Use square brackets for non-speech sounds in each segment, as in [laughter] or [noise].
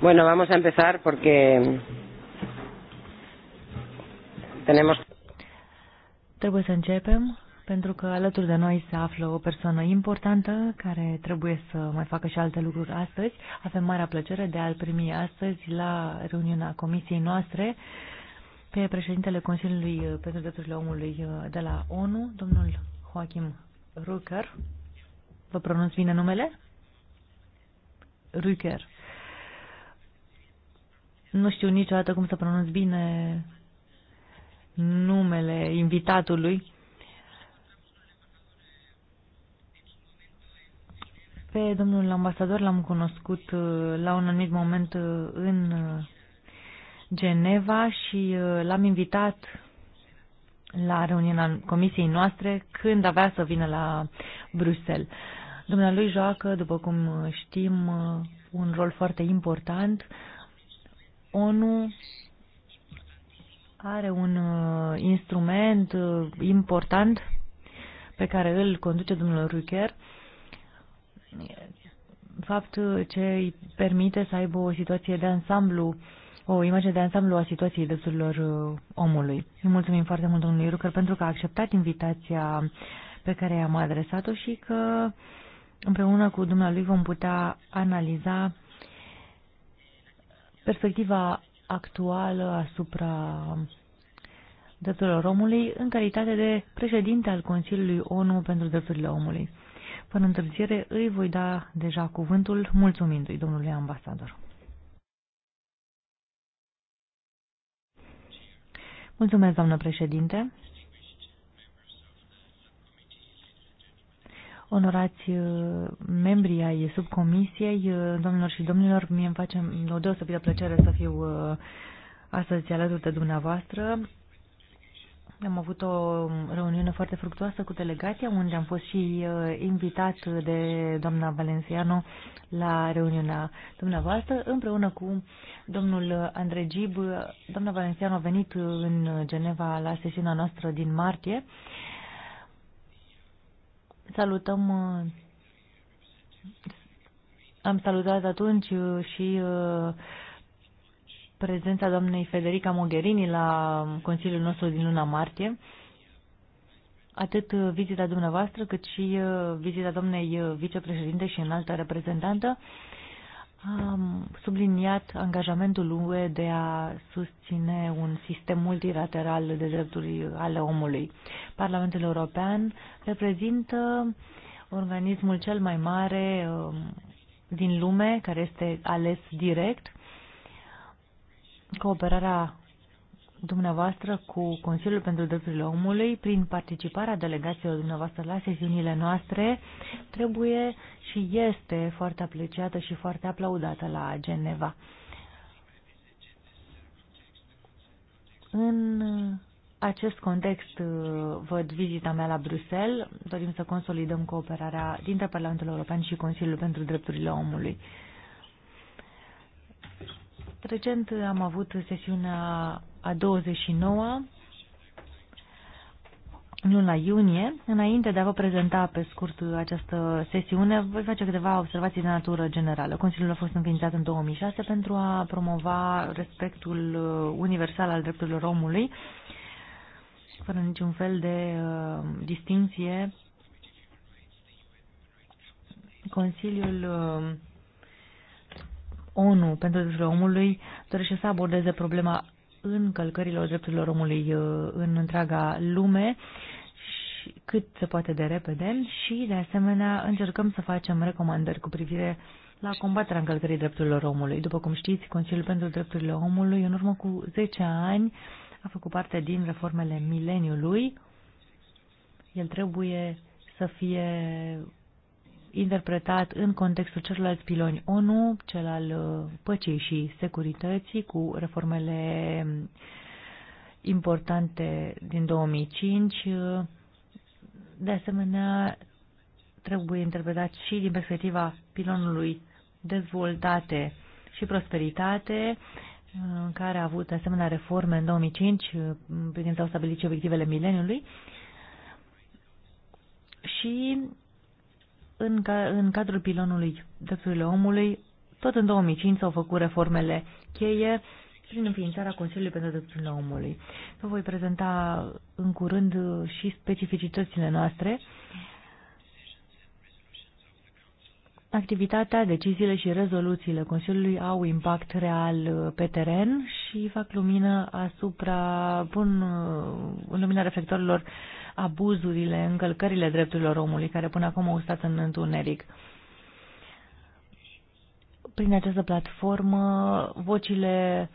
Bueno, vamos a empezar porque tenemos. Trebuie să începem pentru că alături de noi se află o persoană importantă care trebuie să mai facă și alte lucruri astăzi. Avem marea plăcere de a-l primi astăzi la reuniunea comisiei noastre pe președintele Consiliului pentru Drepturile Omului uh, de la ONU, domnul Joachim Rucker. Vă pronunț bine numele? Rücker. Nu știu niciodată cum să pronunț bine numele invitatului. Pe domnul ambasador l-am cunoscut uh, la un anumit moment uh, în uh, Geneva și l-am invitat la reuniunea comisiei noastre când avea să vină la Bruxelles. Dumnealui joacă, după cum știm, un rol foarte important. ONU are un uh, instrument uh, important pe care îl conduce domnul Rucker, fapt uh, ce îi permite să aibă o situație de ansamblu, o imagine de ansamblu a situației drepturilor omului. Îi mulțumim foarte mult domnului Rucker pentru că a acceptat invitația pe care i-am adresat-o și că Împreună cu dumnealui vom putea analiza perspectiva actuală asupra drepturilor omului în calitate de președinte al Consiliului ONU pentru drepturile omului. Până întârziere îi voi da deja cuvântul mulțumindu-i domnului ambasador. Mulțumesc, doamnă președinte. Onorați uh, membrii ai subcomisiei, uh, domnilor și domnilor, mie îmi face o deosebită plăcere să fiu uh, astăzi alături de dumneavoastră. Am avut o reuniune foarte fructuoasă cu delegația, unde am fost și invitat de doamna Valenciano la reuniunea dumneavoastră, împreună cu domnul Andrei Gib. Doamna Valenciano a venit în Geneva la sesiunea noastră din martie Salutăm, uh, am salutat atunci uh, și uh, prezența doamnei Federica Mogherini la Consiliul nostru din luna martie. Atât vizita dumneavoastră, cât și vizita doamnei vicepreședinte și înaltă reprezentantă am subliniat angajamentul UE de a susține un sistem multilateral de drepturi ale omului. Parlamentul European reprezintă organismul cel mai mare um, din lume, care este ales direct. Cooperarea dumneavoastră cu Consiliul pentru Drepturile Omului, prin participarea delegațiilor dumneavoastră la sesiunile noastre, trebuie și este foarte apreciată și foarte aplaudată la Geneva. În acest context văd vizita mea la Bruxelles. Dorim să consolidăm cooperarea dintre Parlamentul European și Consiliul pentru Drepturile Omului. Recent am avut sesiunea a 29 luna iunie. Înainte de a vă prezenta pe scurt această sesiune, voi face câteva observații de natură generală. Consiliul a fost înființat în 2006 pentru a promova respectul universal al drepturilor omului, fără niciun fel de uh, distinție. Consiliul uh, ONU pentru drepturile omului dorește să abordeze problema încălcărilor drepturilor omului uh, în întreaga lume și cât se poate de repede și, de asemenea, încercăm să facem recomandări cu privire la combaterea încălcării drepturilor omului. După cum știți, Consiliul pentru Drepturile Omului, în urmă cu 10 ani, a făcut parte din reformele mileniului. El trebuie să fie interpretat în contextul celorlalți piloni ONU, cel al uh, păcii și securității, cu reformele um, importante din 2005. Uh, de asemenea, trebuie interpretat și din perspectiva pilonului dezvoltate și prosperitate, uh, care a avut asemenea reforme în 2005, privind s-au stabilit obiectivele mileniului. Și în, ca, în cadrul pilonului drepturile omului, tot în 2005 s-au făcut reformele cheie prin înființarea Consiliului pentru Drepturile Omului. Vă voi prezenta în curând și specificitățile noastre, Activitatea, deciziile și rezoluțiile Consiliului au impact real pe teren și fac lumină asupra, pun în lumina reflectorilor abuzurile, încălcările drepturilor omului, care până acum au stat în întuneric. Prin această platformă, vocile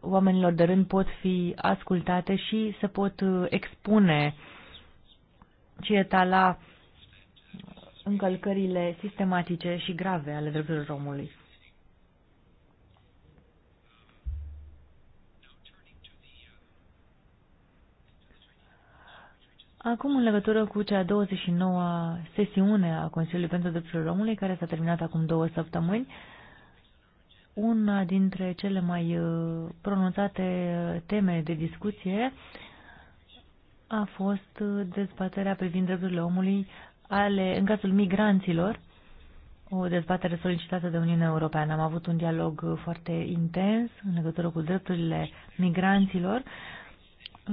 oamenilor de rând pot fi ascultate și se pot uh, expune și etala încălcările sistematice și grave ale drepturilor omului. Acum, în legătură cu cea 29-a sesiune a Consiliului pentru Drepturile Omului, care s-a terminat acum două săptămâni, una dintre cele mai uh, pronunțate uh, teme de discuție a fost uh, dezbaterea privind drepturile omului ale, în cazul migranților, o dezbatere solicitată de Uniunea Europeană. Am avut un dialog foarte intens în legătură cu drepturile migranților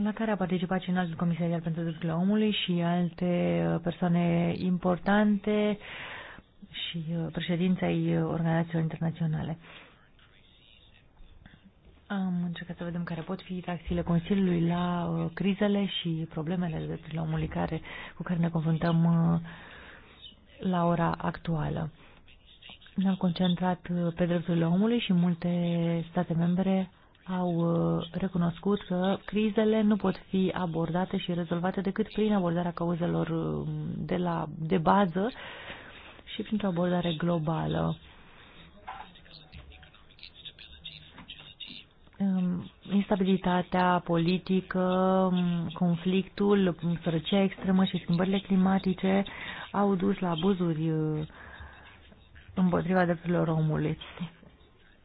la care a participat și înaltul alt comisariat pentru drepturile omului și alte uh, persoane importante și uh, președința ei uh, organizațiilor internaționale. Am încercat să vedem care pot fi reacțiile Consiliului la crizele și problemele drepturilor omului care, cu care ne confruntăm la ora actuală. Ne-am concentrat pe drepturile omului și multe state membre au uh, recunoscut că crizele nu pot fi abordate și rezolvate decât prin abordarea cauzelor uh, de, la, de bază și printr-o abordare globală. Um, instabilitatea politică, um, conflictul, um, sărăcia extremă și schimbările climatice au dus la abuzuri uh, împotriva drepturilor omului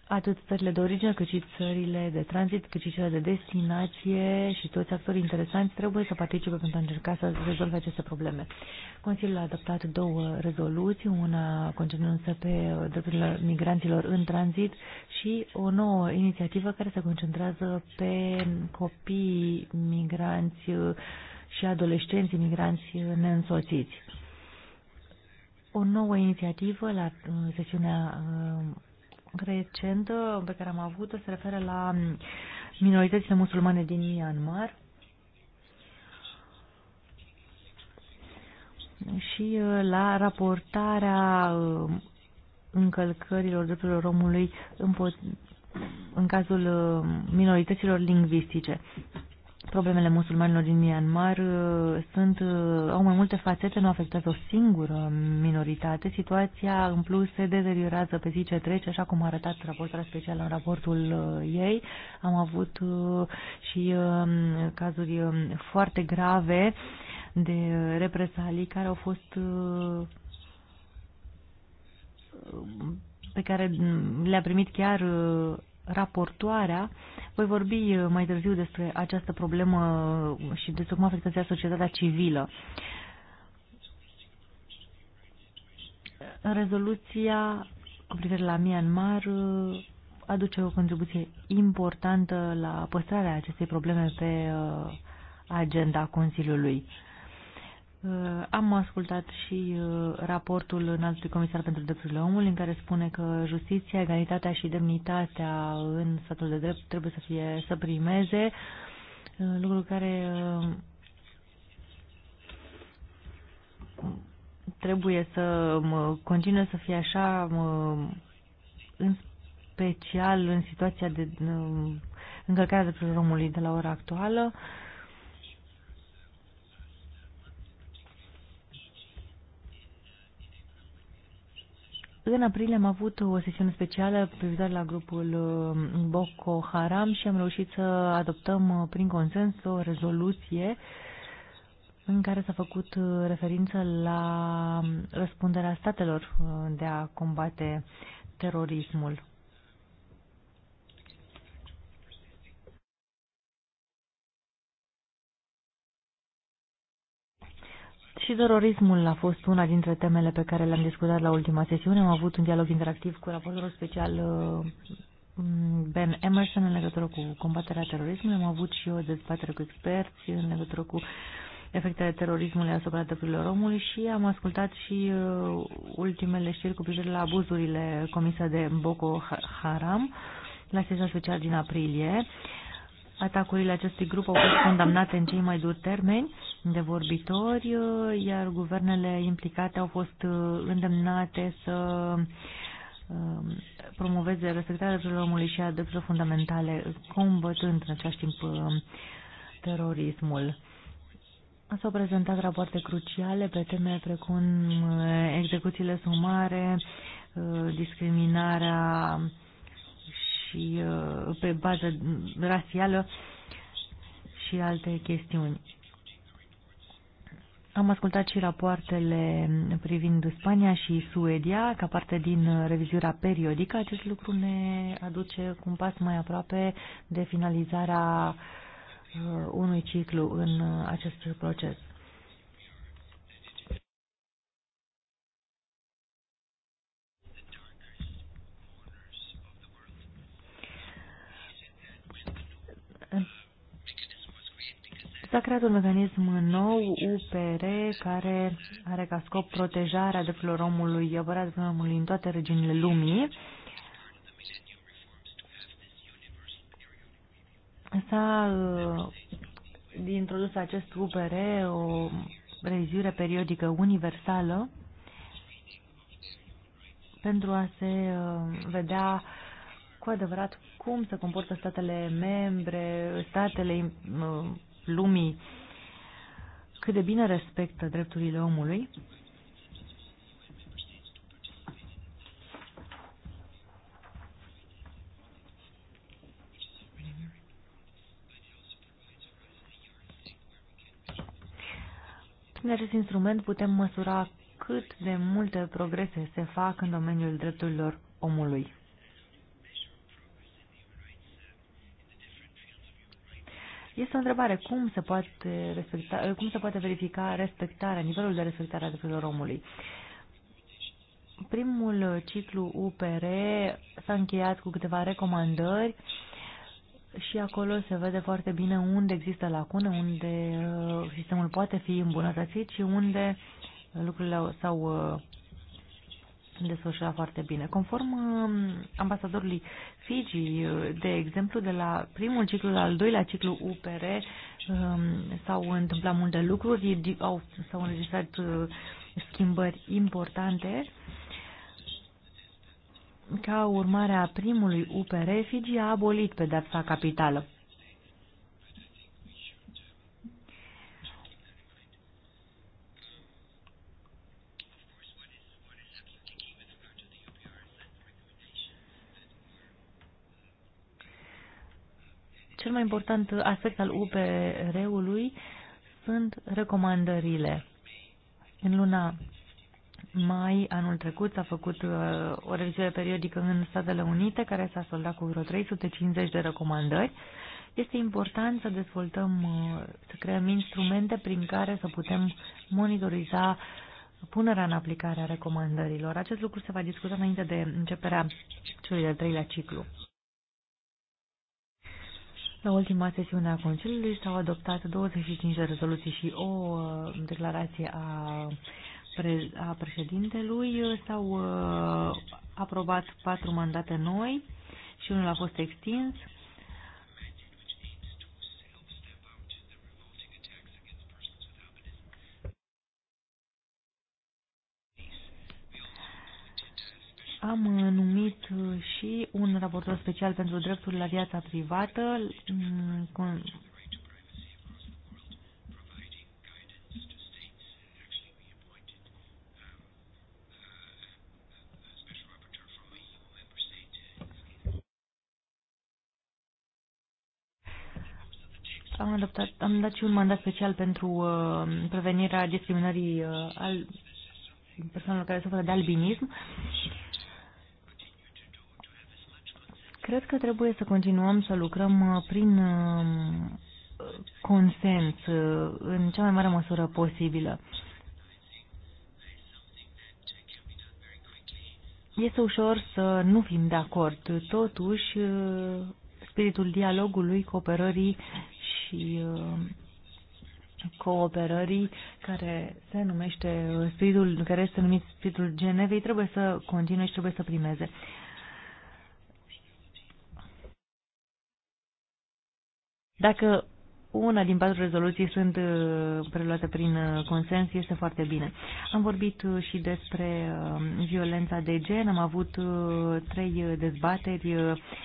atât țările de origine, cât și țările de tranzit, cât și cele de destinație și toți actorii interesanți trebuie să participe pentru a încerca să rezolve aceste probleme. Consiliul a adoptat două rezoluții, una concernându-se pe drepturile migranților în tranzit și o nouă inițiativă care se concentrează pe copiii migranți și adolescenții migranți neînsoțiți. O nouă inițiativă la uh, sesiunea uh, recentă uh, pe care am avut-o se referă la um, minoritățile musulmane din Myanmar și uh, la raportarea uh, încălcărilor drepturilor omului în, în cazul minorităților lingvistice problemele musulmanilor din Myanmar uh, sunt, uh, au mai multe fațete, nu afectează o singură minoritate. Situația, în plus, se deteriorează pe zi ce trece, așa cum a arătat raportarea specială în raportul uh, ei. Am avut și um, cazuri um, foarte grave de represalii care au fost pe care le-a primit chiar raportoarea voi vorbi uh, mai târziu despre această problemă uh, și despre cum afectează societatea civilă. Rezoluția cu privire la Myanmar uh, aduce o contribuție importantă la păstrarea acestei probleme pe agenda Consiliului. Uh, am ascultat și uh, raportul înaltului comisar pentru drepturile omului în care spune că justiția, egalitatea și demnitatea în statul de drept trebuie să fie să primeze, uh, lucru care trebuie să continue să fie așa în special în situația de încălcarea drepturilor omului de la ora actuală. În aprilie am avut o sesiune specială privitoare la grupul uh, Boko Haram și am reușit să adoptăm uh, prin consens o rezoluție în care s-a făcut uh, referință la um, răspunderea statelor de a combate terorismul. Și terorismul a fost una dintre temele pe care le-am discutat la ultima sesiune. Am avut un dialog interactiv cu raportorul special uh, Ben Emerson în legătură cu combaterea terorismului. Am avut și o dezbatere cu experți în legătură cu efectele terorismului asupra drepturilor omului și am ascultat și uh, ultimele știri cu privire la abuzurile comise de Boko Haram la sesiunea special din aprilie. Atacurile acestui grup au fost condamnate în cei mai duri termeni de vorbitori, iar guvernele implicate au fost uh, îndemnate să um, promoveze respectarea drepturilor omului și a drepturilor fundamentale, combătând în același timp uh, terorismul. S-au prezentat rapoarte cruciale pe teme precum uh, execuțiile sumare, discriminarea și uh, pe bază rasială și alte chestiuni. Am ascultat și rapoartele privind Spania și Suedia, ca parte din revizuirea periodică. Acest lucru ne aduce cu un pas mai aproape de finalizarea uh, unui ciclu în uh, acest proces. S-a creat un mecanism nou, UPR, care are ca scop protejarea drepturilor omului, apărarea drepturilor omului în toate regiunile lumii. S-a uh, introdus acest UPR, o reziune periodică universală, pentru a se uh, vedea cu adevărat cum se comportă statele membre, statele uh, lumii cât de bine respectă drepturile omului. Prin acest instrument putem măsura cât de multe progrese se fac în domeniul drepturilor omului. Este o întrebare, cum se poate, respecta, cum se poate verifica respectarea, nivelul de respectare a drepturilor omului? Primul ciclu UPR s-a încheiat cu câteva recomandări și acolo se vede foarte bine unde există lacune, unde uh, sistemul poate fi îmbunătățit și unde lucrurile s-au uh, desfășura foarte bine. Conform um, ambasadorului Fiji, de exemplu, de la primul ciclu la al doilea ciclu UPR um, s-au întâmplat multe lucruri, au, s-au înregistrat uh, schimbări importante. Ca urmare a primului UPR, Fiji a abolit pedepsa capitală. Cel mai important aspect al UPR-ului sunt recomandările. În luna mai anul trecut s-a făcut uh, o revizuire periodică în Statele Unite, care s-a soldat cu vreo 350 de recomandări. Este important să dezvoltăm, uh, să creăm instrumente prin care să putem monitoriza punerea în aplicare a recomandărilor. Acest lucru se va discuta înainte de începerea celui de-al treilea ciclu. La ultima sesiune a Consiliului s-au adoptat 25 de rezoluții și o uh, declarație a, pre a președintelui. S-au uh, aprobat patru mandate noi și unul a fost extins. Am numit uh, și un raportor special pentru dreptul la viața privată, mm, Am, adoptat, am dat și un mandat special pentru uh, prevenirea discriminării uh, al persoanelor care suferă de albinism. Uh, Cred că trebuie să continuăm să lucrăm uh, prin uh, consens uh, în cea mai mare măsură posibilă. Este ușor să nu fim de acord, totuși spiritul dialogului, cooperării și cooperării care se numește spiritul, care este numit spiritul Genevei, trebuie să continue și trebuie să primeze. Dacă una din patru rezoluții sunt uh, preluate prin uh, consens, este foarte bine. Am vorbit uh, și despre violența de gen, am avut trei dezbateri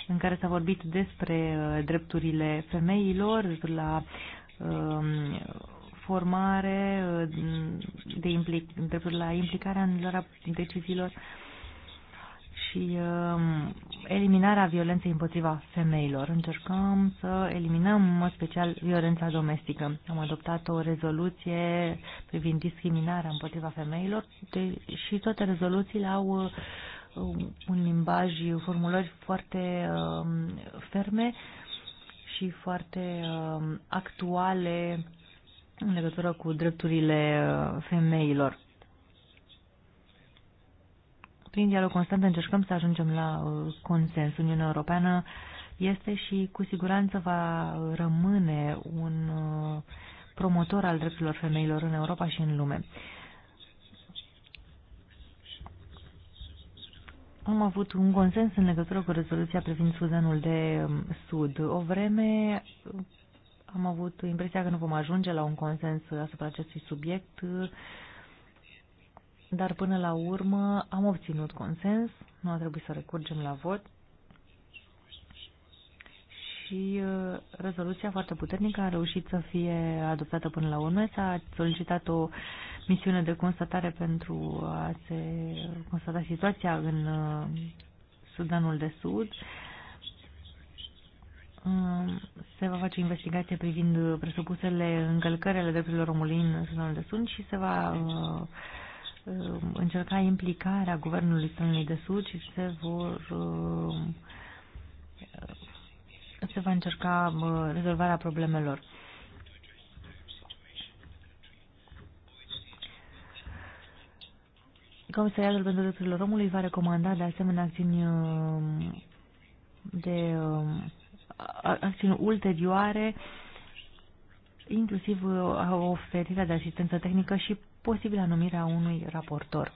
în care s-a vorbit despre drepturile femeilor la um, formare, de implic, dreptul la implicarea în luarea deciziilor și um, eliminarea violenței împotriva femeilor. Încercăm să eliminăm, în special, violența domestică. Am adoptat o rezoluție privind discriminarea împotriva femeilor și toate rezoluțiile au um, un limbaj, formulări foarte um, ferme și foarte actuale în legătură cu drepturile uh, femeilor prin dialog constant încercăm să ajungem la uh, consens. Uniunea Europeană este și cu siguranță va rămâne un uh, promotor al drepturilor femeilor în Europa și în lume. Am avut un consens în legătură cu rezoluția privind Sudanul de um, Sud. O vreme uh, am avut impresia că nu vom ajunge la un consens asupra acestui subiect dar până la urmă am obținut consens, nu a trebuit să recurgem la vot și uh, rezoluția foarte puternică a reușit să fie adoptată până la urmă. S-a solicitat o misiune de constatare pentru a se constata situația în uh, Sudanul de Sud. Um, se va face investigație privind uh, presupusele încălcări ale drepturilor omului în Sudanul de Sud și se va uh, Um, încerca implicarea Guvernului Stânului de Sud și se vor um, se va încerca um, rezolvarea problemelor. Comisariatul pentru drepturile omului va recomanda de asemenea acțiuni de acțiuni ulterioare, inclusiv uh, oferirea de asistență tehnică și posibilă numirea unui raportor.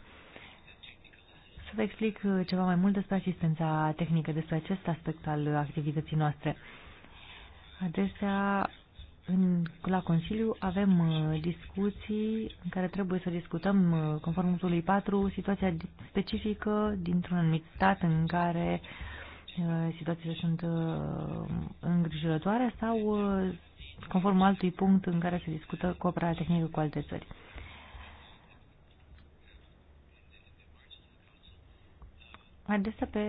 Să vă explic uh, ceva mai mult despre asistența tehnică, despre acest aspect al activității noastre. Adesea, în, la Consiliu avem uh, discuții în care trebuie să discutăm, uh, conform punctului 4, situația specifică dintr-un anumit stat în care situațiile sunt îngrijorătoare sau conform altui punct în care se discută cooperarea tehnică cu alte țări. Adesea pe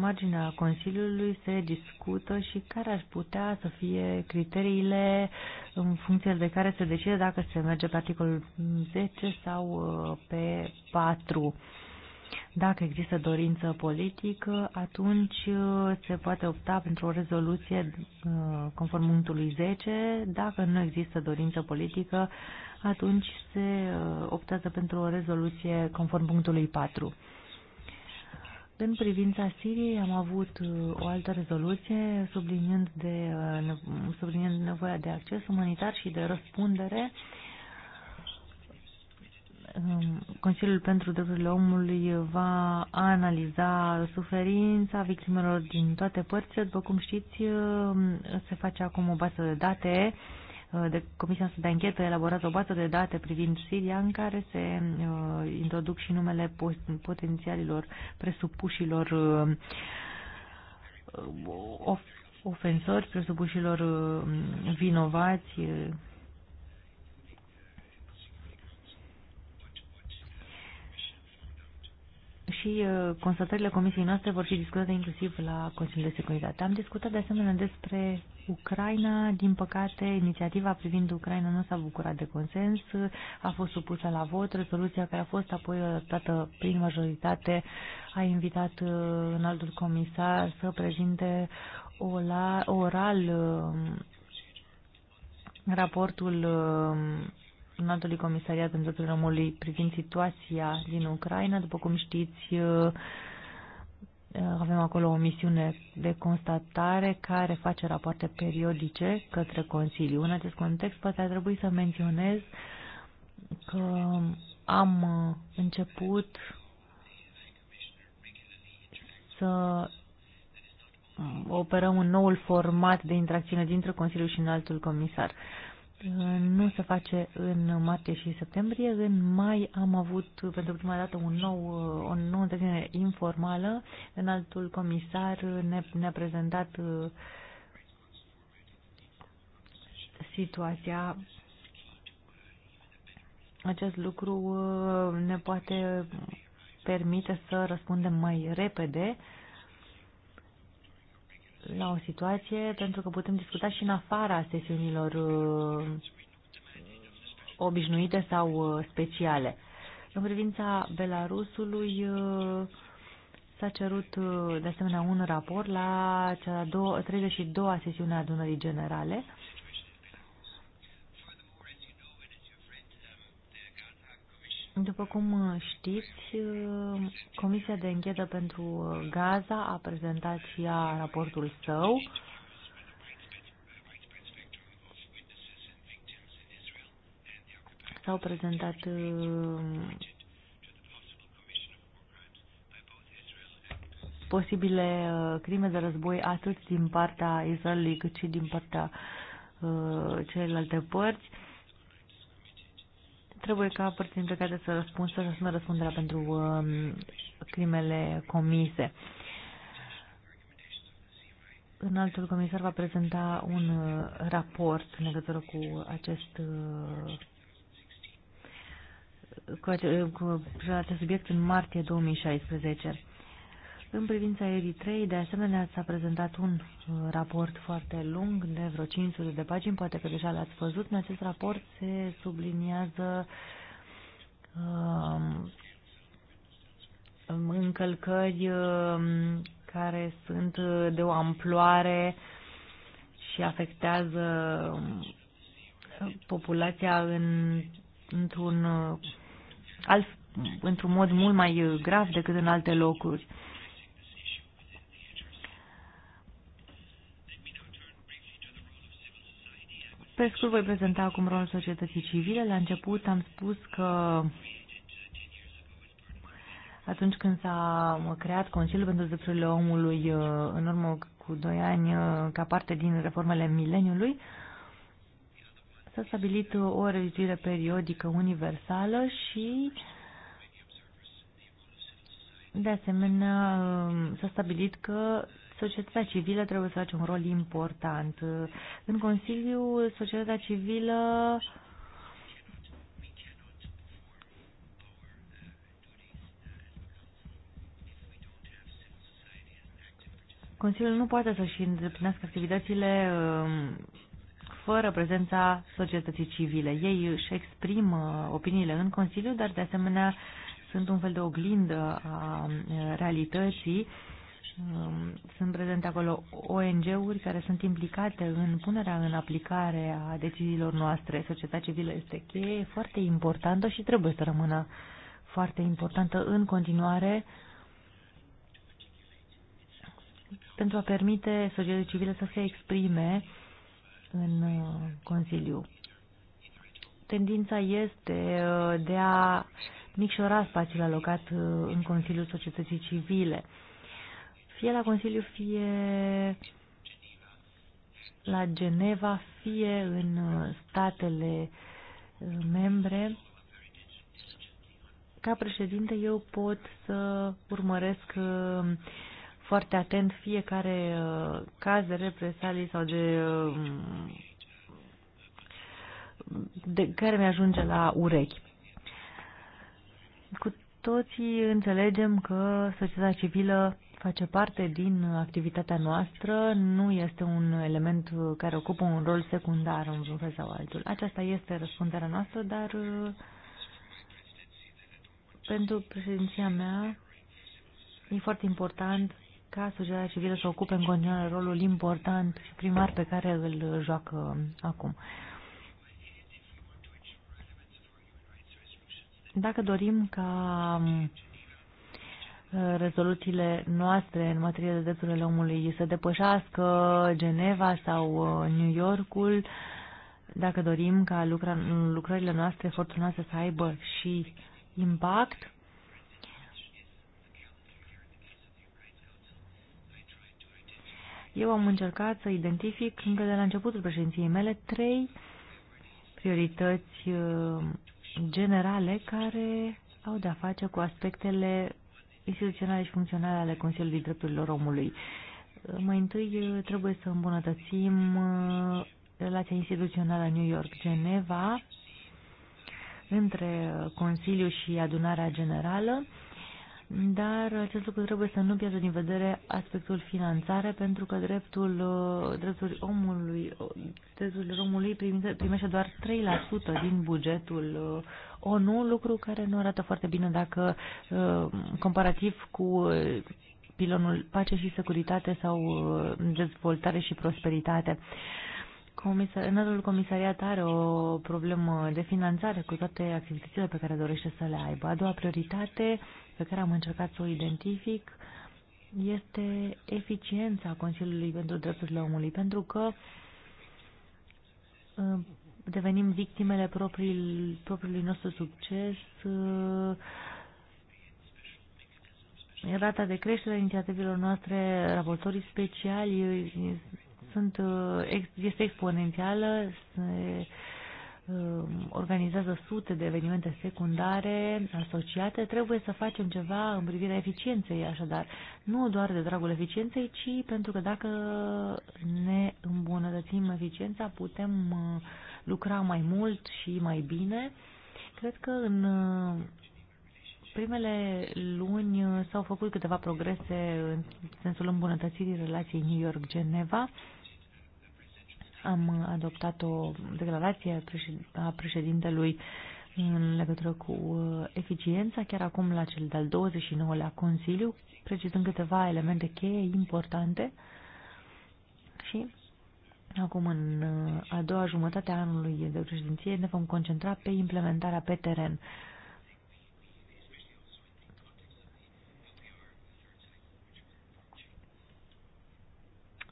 marginea Consiliului se discută și care ar putea să fie criteriile în funcție de care se decide dacă se merge pe articolul 10 sau uh, pe 4. Dacă există dorință politică, atunci uh, se poate opta pentru o rezoluție uh, conform punctului 10. Dacă nu există dorință politică, atunci se optează pentru o rezoluție conform punctului 4. În privința Siriei am avut uh, o altă rezoluție subliniind, de, uh, subliniind nevoia de acces umanitar și de răspundere. Um, Consiliul pentru Drepturile Omului va analiza suferința victimelor din toate părțile. După cum știți, uh, se face acum o bază de date Uh, de Comisia de Anchetă elaborează o bază de date privind Siria în care se uh, introduc și numele potențialilor presupușilor uh, ofensori, presupușilor uh, vinovați, uh, și uh, constatările comisiei noastre vor fi discutate inclusiv la Consiliul de Securitate. Am discutat de asemenea despre Ucraina. Din păcate, inițiativa privind Ucraina nu s-a bucurat de consens, a fost supusă la vot. Rezoluția care a fost apoi adoptată prin majoritate a invitat în uh, altul comisar să prezinte oral um, raportul um, înaltului comisariat pentru drepturile omului privind situația din Ucraina. După cum știți, uh, avem acolo o misiune de constatare care face rapoarte periodice către Consiliu. În acest context, poate ar trebui să menționez că am început să operăm un noul format de interacțiune dintre Consiliu și înaltul comisar. Uh, nu se face în martie și septembrie. În mai am avut pentru prima dată un nou, o nouă întâlnire informală. În altul comisar ne, ne-a prezentat uh, situația. Acest lucru uh, ne poate permite să răspundem mai repede uh, la o situație pentru că putem discuta și în afara sesiunilor uh, obișnuite sau uh, speciale. În privința Belarusului uh, s-a cerut de asemenea un raport la cea 32-a sesiune a adunării generale După cum uh, știți, uh, Comisia de Închetă pentru uh, Gaza a prezentat și ea raportul său. S-au prezentat posibile crime de război atât din partea Israelului cât și din partea celelalte părți Trebuie ca părții implicate să răspundă, să răspundă răspunderea pentru um, crimele comise. În altul comisar va prezenta un uh, raport în legătură cu acest uh, cu acest, cu acest subiect în martie 2016. În privința Eritrei, de asemenea, s-a prezentat un uh, raport foarte lung, de vreo 500 de pagini, poate că deja l-ați văzut. În acest raport se subliniază um, um încălcări um, care sunt uh, de o amploare și afectează um, populația în, într-un uh, alt într-un mod mult mai grav decât în alte locuri. Uh, Pe scurt, voi prezenta acum rolul societății civile. La început am spus că atunci când s-a uh, creat Consiliul pentru Drepturile Omului uh, în urmă cu doi ani uh, ca parte din reformele mileniului, s-a stabilit o revizuire periodică universală și de asemenea s-a stabilit că societatea civilă trebuie să joace un rol important. În Consiliu, societatea civilă Consiliul nu poate să-și îndeplinească activitățile um, fără prezența societății civile. Ei își exprimă opiniile în Consiliu, dar de asemenea sunt un fel de oglindă a um, realității Um, sunt prezente acolo ONG-uri care sunt implicate în punerea în aplicare a deciziilor noastre. Societatea civilă este cheie, foarte importantă și trebuie să rămână foarte importantă în continuare pentru a permite societatea civilă să se exprime în uh, Consiliu. Tendința este uh, de a micșora spațiul alocat uh, în Consiliul Societății Civile fie la Consiliu, fie la Geneva, fie în uh, statele uh, membre, ca președinte eu pot să urmăresc uh, foarte atent fiecare caz de represalii sau de, de care mi-ajunge la urechi. Cu toții înțelegem că societatea civilă face parte din activitatea noastră, nu este un element care ocupă un rol secundar în vreun fel sau altul. Aceasta este răspunderea noastră, dar uh, pentru președinția mea e foarte important ca societatea civilă să ocupe în continuare rolul important și primar pe care îl joacă acum. Dacă dorim ca rezoluțiile noastre în materie de drepturile omului să depășească Geneva sau uh, New Yorkul, dacă dorim ca lucrările noastre, eforturile noastre să aibă și impact. Eu am încercat să identific încă de la începutul președinției mele trei priorități uh, generale care au de-a face cu aspectele instituționale și funcționale ale Consiliului Drepturilor Omului. Mai întâi trebuie să îmbunătățim uh, relația instituțională New York-Geneva între Consiliu și Adunarea Generală dar acest lucru trebuie să nu pierdă din vedere aspectul finanțare, pentru că dreptul, uh, dreptul omului, uh, dreptul omului primește doar 3% din bugetul uh, ONU, lucru care nu arată foarte bine dacă comparativ cu pilonul pace și securitate sau dezvoltare și prosperitate. Comisar, înaltul comisariat are o problemă de finanțare cu toate activitățile pe care dorește să le aibă. A doua prioritate pe care am încercat să o identific este eficiența Consiliului pentru Drepturile Omului, pentru că uh, devenim victimele propriului, nostru succes, uh, rata de creștere a inițiativelor noastre, raportorii speciali sunt, uh, este exponențială, se Um, organizează sute de evenimente secundare asociate, trebuie să facem ceva în privirea eficienței, așadar, nu doar de dragul eficienței, ci pentru că dacă ne îmbunătățim eficiența, putem uh, lucra mai mult și mai bine. Cred că în uh, primele luni s-au făcut câteva progrese în sensul îmbunătățirii relației New York-Geneva. Am adoptat o declarație a președintelui în legătură cu uh, eficiența, chiar acum la cel de-al 29-lea Consiliu, precizând câteva elemente cheie importante și acum în uh, a doua jumătate a anului de președinție ne vom concentra pe implementarea pe teren.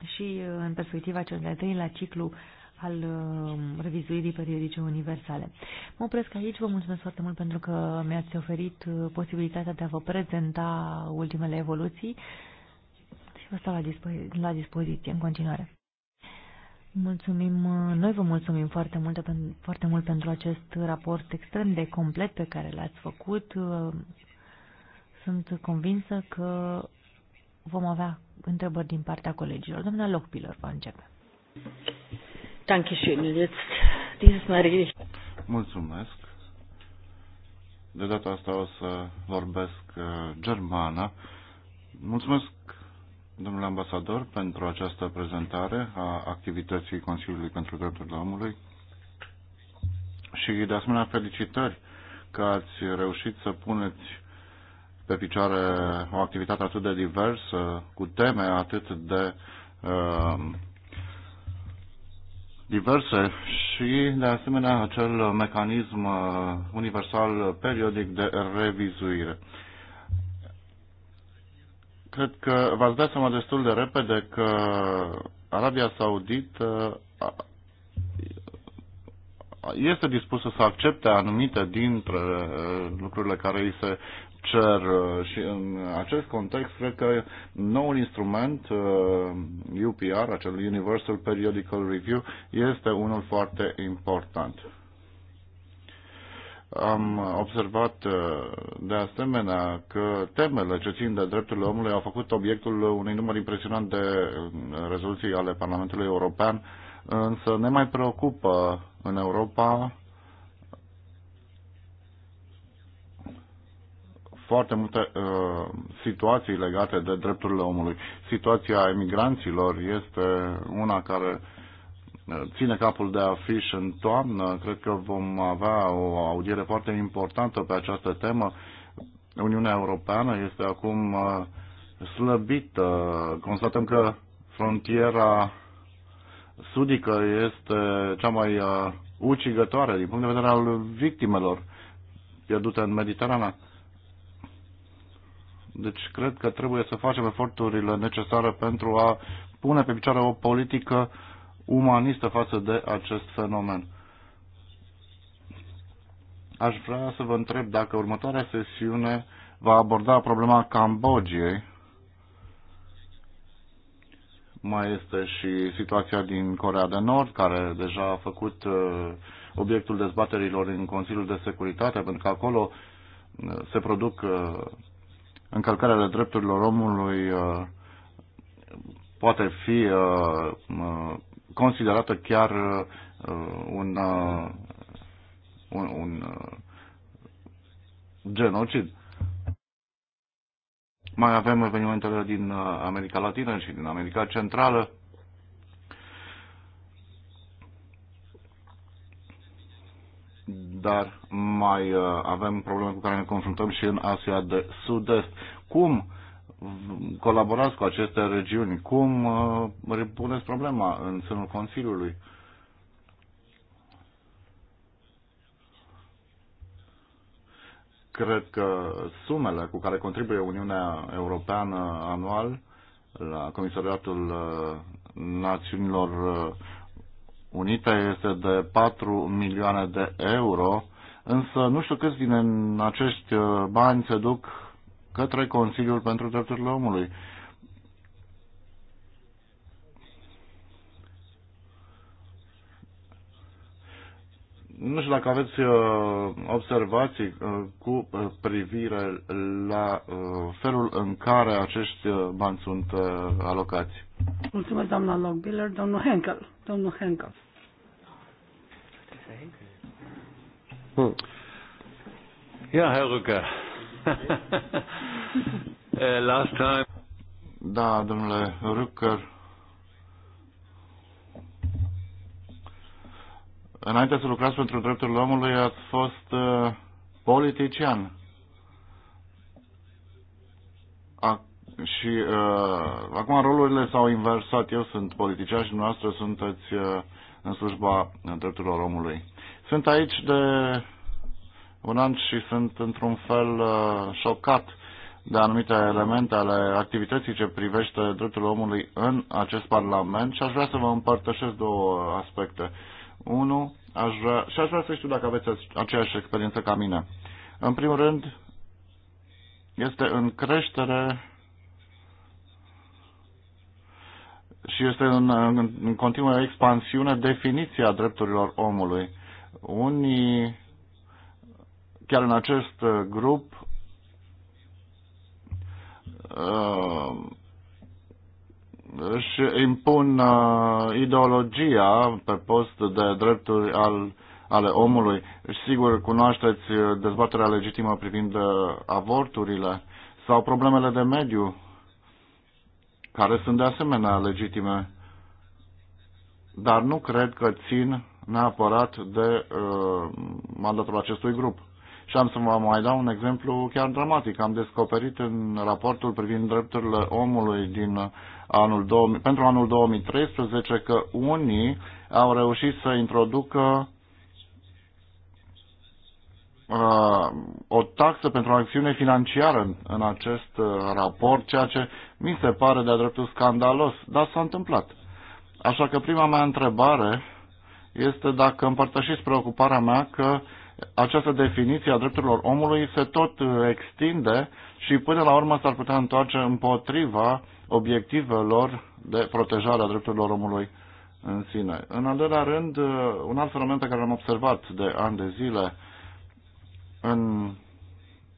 și uh, în perspectiva cel de-al treilea ciclu al uh, revizuirii periodice universale. Mă opresc aici, vă mulțumesc foarte mult pentru că mi-ați oferit uh, posibilitatea de a vă prezenta ultimele evoluții și vă stau la, dispo- la dispoziție în continuare. Mulțumim, noi vă mulțumim foarte mult, foarte mult pentru acest raport extrem de complet pe care l-ați făcut. Sunt convinsă că vom avea întrebări din partea colegilor. Doamna Lochpiller va începe. Mulțumesc. De data asta o să vorbesc uh, germană. Mulțumesc, domnule ambasador, pentru această prezentare a activității Consiliului pentru Drepturile Omului și, de asemenea, felicitări că ați reușit să puneți pe picioare o activitate atât de diversă, cu teme atât de uh, diverse și, de asemenea, acel mecanism uh, universal periodic de revizuire. Cred că v-ați dat seama destul de repede că Arabia Saudită uh, este dispusă să accepte anumite dintre lucrurile care îi se cer uh, și în acest context cred că noul instrument UPR, uh, acel Universal Periodical Review, este unul foarte important. Am observat uh, de asemenea că temele ce țin de drepturile omului au făcut obiectul unui număr impresionant de rezoluții ale Parlamentului European, însă ne mai preocupă în Europa foarte multe uh, situații legate de drepturile omului. Situația emigranților este una care uh, ține capul de afiș în toamnă. Cred că vom avea o audiere foarte importantă pe această temă. Uniunea Europeană este acum uh, slăbită. Constatăm că frontiera sudică este cea mai uh, ucigătoare din punct de vedere al victimelor pierdute în Mediterana. Deci cred că trebuie să facem eforturile necesare pentru a pune pe picioare o politică umanistă față de acest fenomen. Aș vrea să vă întreb dacă următoarea sesiune va aborda problema Cambodgiei. Mai este și situația din Corea de Nord, care deja a făcut uh, obiectul dezbaterilor în Consiliul de Securitate, pentru că acolo uh, se produc uh, încălcarea de drepturilor omului uh, poate fi uh, uh, considerată chiar un, un, un genocid. Mai avem evenimentele din America Latină și din America Centrală, dar mai uh, avem probleme cu care ne confruntăm și în Asia de Sud-Est. Cum colaborați cu aceste regiuni? Cum uh, repuneți problema în sânul Consiliului? Cred că sumele cu care contribuie Uniunea Europeană anual la Comisariatul uh, Națiunilor unită este de 4 milioane de euro, însă nu știu câți din acești uh, bani se duc către Consiliul pentru Drepturile Omului. Nu știu dacă aveți uh, observații uh, cu uh, privire la felul în care acești bani sunt alocați. Mulțumesc, doamna Logbiller. Domnul Henkel. Domnul Henkel. Hmm. Ja, Herr [laughs] uh, Last time. Da, domnule Rücker, înainte să lucrați pentru drepturile omului, ați fost uh, politician. A, și uh, acum rolurile s-au inversat. Eu sunt politician și dumneavoastră sunteți uh, în slujba drepturilor omului. Sunt aici de un an și sunt într-un fel uh, șocat de anumite elemente ale activității ce privește drepturile omului în acest Parlament și aș vrea să vă împărtășesc două aspecte. Uh, 1 aș vrea, și aș vrea să știu dacă aveți aceeași experiență ca mine. În primul rând, este în creștere și este în, în, în continuă expansiune definiția drepturilor omului. Unii, chiar în acest grup, uh, își impun uh, ideologia pe post de drepturi al, ale omului. Sigur, cunoașteți uh, dezbaterea legitimă privind uh, avorturile sau problemele de mediu, care sunt de asemenea legitime, dar nu cred că țin neapărat de uh, mandatul acestui grup. Și am să vă mai dau un exemplu chiar dramatic. Am descoperit în raportul privind drepturile omului din anul 2000, pentru anul 2013 că unii au reușit să introducă uh, o taxă pentru acțiune financiară în, în acest uh, raport, ceea ce mi se pare de-a dreptul scandalos, dar s-a întâmplat. Așa că prima mea întrebare este dacă împărtășiți preocuparea mea că uh, această definiție a drepturilor omului se tot uh, extinde și până la urmă s-ar putea întoarce împotriva obiectivelor de protejare a drepturilor omului în sine. În al doilea rând, uh, un alt fenomen pe care l-am observat de ani de zile în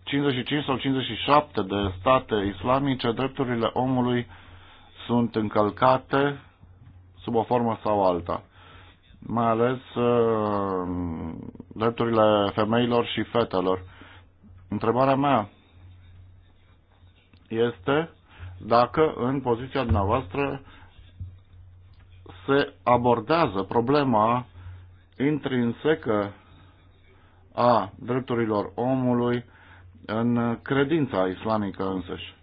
55 sau 57 de state islamice, drepturile omului sunt încălcate sub o formă sau alta mai ales uh, drepturile femeilor și fetelor. Întrebarea mea este dacă în poziția dumneavoastră se abordează problema intrinsecă a drepturilor omului în credința islamică însăși.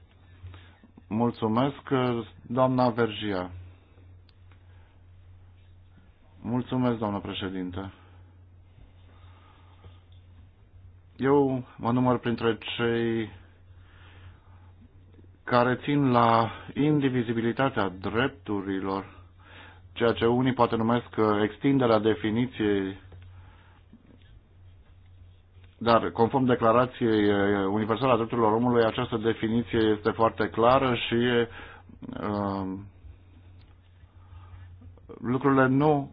Mulțumesc, doamna Vergia. Mulțumesc, doamnă președinte. Eu mă număr printre cei care țin la indivizibilitatea drepturilor, ceea ce unii poate numesc uh, extinderea definiției, dar conform declarației uh, universale a drepturilor omului, această definiție este foarte clară și uh, lucrurile nu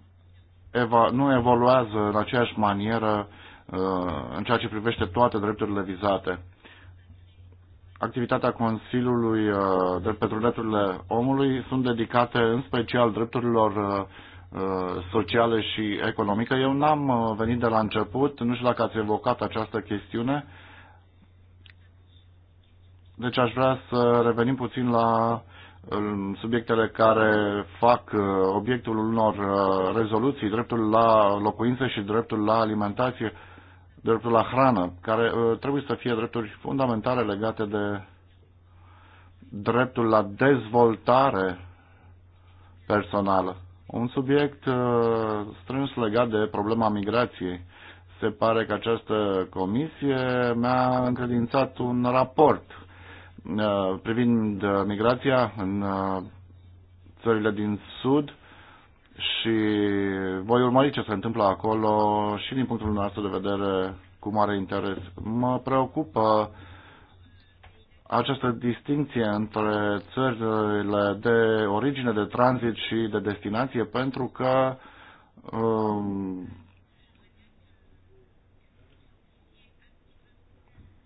eva, nu evoluează în aceeași manieră uh, în ceea ce privește toate drepturile vizate. Activitatea Consiliului uh, de pentru drepturile omului sunt dedicate în special drepturilor uh, sociale și economică. Eu n-am venit de la început, nu știu dacă ați evocat această chestiune, deci aș vrea să revenim puțin la subiectele care fac uh, obiectul unor uh, rezoluții, dreptul la locuință și dreptul la alimentație, dreptul la hrană, care uh, trebuie să fie drepturi fundamentale legate de dreptul la dezvoltare personală. Un subiect strâns legat de problema migrației. Se pare că această comisie mi-a încredințat un raport Uh, privind uh, migrația în uh, țările din Sud și voi urmări ce se întâmplă acolo și din punctul nostru de vedere cu mare interes. Mă preocupă această distinție între țările de origine, de tranzit și de destinație, pentru că um,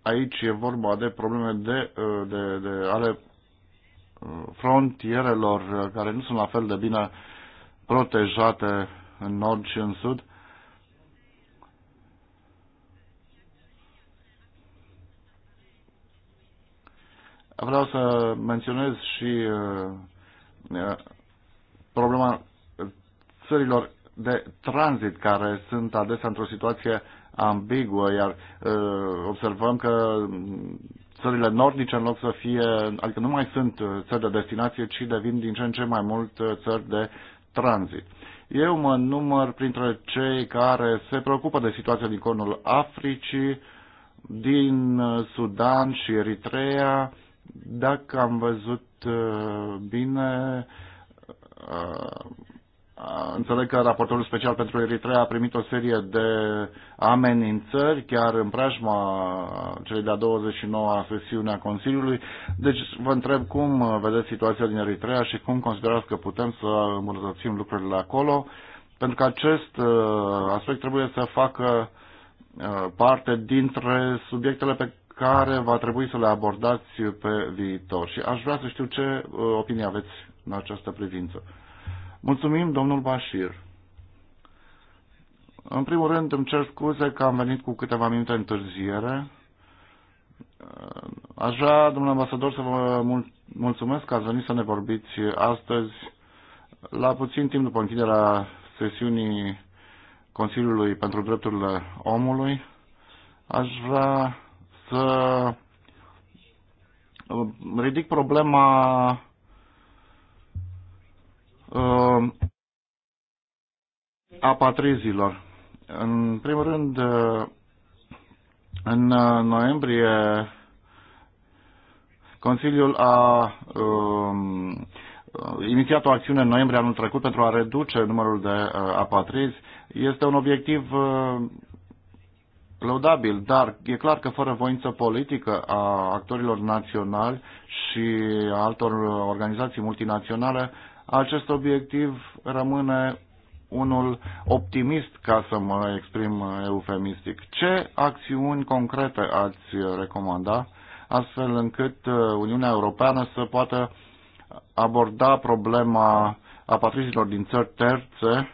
aici e vorba de probleme de, uh, de, de ale uh, frontierelor uh, care nu sunt la fel de bine protejate în nord și în sud. Vreau să menționez și problema țărilor de tranzit care sunt adesea într-o situație ambiguă, iar observăm că țările nordice, în loc să fie, adică nu mai sunt țări de destinație, ci devin din ce în ce mai mult țări de tranzit. Eu mă număr printre cei care se preocupă de situația din conul Africii, din Sudan și Eritrea. Dacă am văzut bine, Ah, înțeleg că raportorul special pentru Eritrea a primit o serie de amenințări chiar în preajma celei de-a 29-a sesiune a Consiliului. Deci vă întreb cum vedeți situația din Eritrea și cum considerați că putem să îmbunătățim lucrurile acolo, pentru că acest uh, aspect trebuie să facă uh, parte dintre subiectele pe care va trebui să le abordați pe viitor. Și aș vrea să știu ce uh, opinie aveți în această privință. Mulțumim, domnul Bashir. În primul rând, îmi cer scuze că am venit cu câteva minute întârziere. Aș vrea, domnule ambasador, să vă mulțumesc că ați venit să ne vorbiți astăzi, la puțin timp după închiderea sesiunii Consiliului pentru Drepturile Omului. Aș vrea să ridic problema uh, um, patrizilor. În primul rând, uh, în uh, noiembrie, Consiliul a um, uh, inițiat o acțiune în noiembrie anul trecut pentru a reduce numărul de uh, apatrizi. Este un obiectiv uh, lăudabil, dar e clar că fără voință politică a actorilor naționali și a altor organizații multinaționale acest obiectiv rămâne unul optimist, ca să mă exprim eufemistic. Ce acțiuni concrete ați recomanda astfel încât uh, Uniunea Europeană să poată aborda problema apatrizilor din țări terțe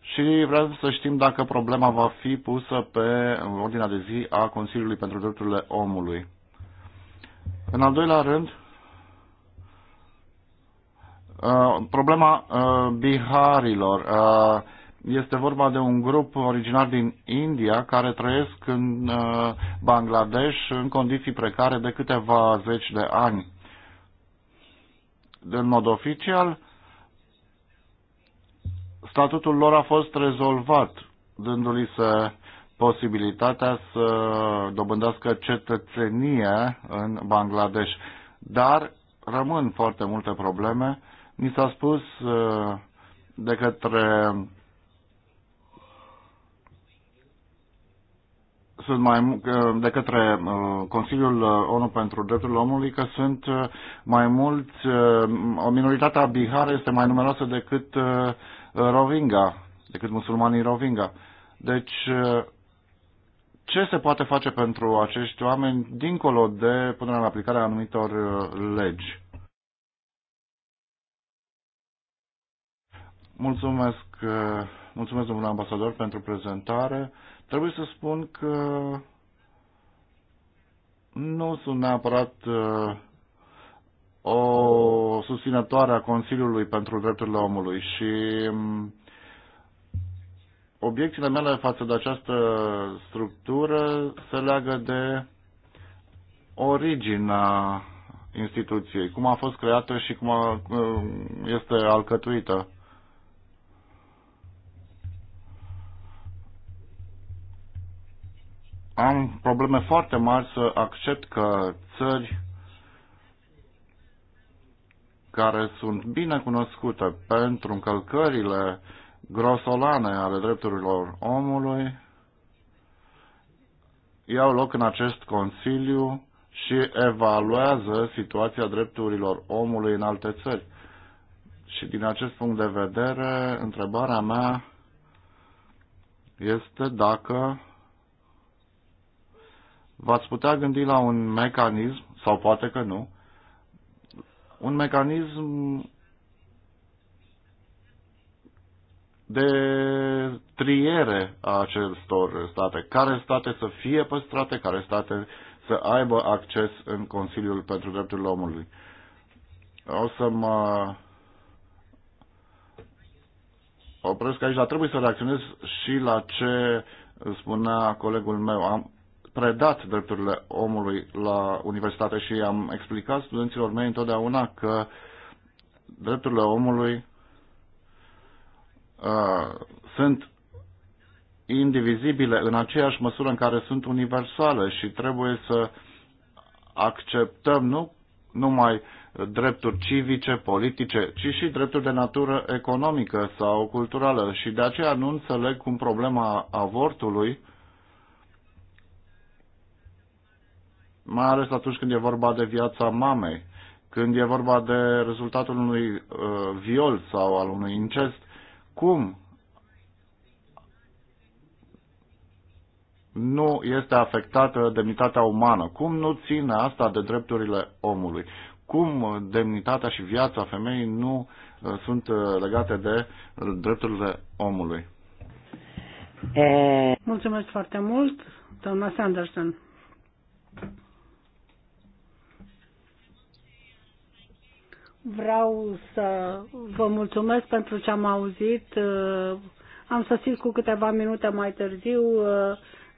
și vreau să știm dacă problema va fi pusă pe ordinea de zi a Consiliului pentru Drepturile Omului. În al doilea rând, Uh, problema uh, biharilor. Uh, este vorba de un grup originar din India care trăiesc în Bangladesh în condiții precare de câteva zeci de ani. În mod oficial, statutul lor a fost rezolvat, dându-li să posibilitatea să dobândească cetățenie în Bangladesh. Dar rămân foarte multe probleme Ni s-a spus uh, de către sunt mai, uh, de către uh, Consiliul ONU pentru Drepturile Omului că sunt mai mulți, o a Bihar este mai numeroasă decât Rovinga, decât musulmanii rovinga. Deci, ce se poate face pentru acești oameni dincolo de punerea în aplicare a anumitor legi? Mulțumesc, uh, mulțumesc domnule ambasador pentru prezentare. Trebuie să spun că nu sunt neapărat uh, o susținătoare a Consiliului pentru Drepturile Omului și um, obiecțiile mele față de această structură se leagă de originea instituției, cum a fost creată și cum a, uh, este alcătuită. am probleme foarte mari să accept că țări care sunt bine cunoscute pentru încălcările grosolane ale drepturilor omului iau loc în acest Consiliu și evaluează situația drepturilor omului în alte țări. Și din acest punct de vedere, întrebarea mea este dacă V-ați putea gândi la un mecanism, sau poate că nu, un mecanism de triere a acestor state. Care state să fie păstrate, care state să aibă acces în Consiliul pentru Drepturile Omului. O să mă opresc aici, dar trebuie să reacționez și la ce spunea colegul meu. Am predat drepturile omului la universitate și am explicat studenților mei întotdeauna că drepturile omului uh, sunt indivizibile în aceeași măsură în care sunt universale și trebuie să acceptăm nu numai drepturi civice, politice, ci și drepturi de natură economică sau culturală. Și de aceea nu înțeleg cum problema avortului mai ales atunci când e vorba de viața mamei, când e vorba de rezultatul unui uh, viol sau al unui incest. Cum nu este afectată demnitatea umană? Cum nu ține asta de drepturile omului? Cum demnitatea și viața femeii nu uh, sunt uh, legate de uh, drepturile omului? Eh. Mulțumesc foarte mult, doamna Sanderson. Vreau să vă mulțumesc pentru ce am auzit. Uh, am sosit cu câteva minute mai târziu. Uh,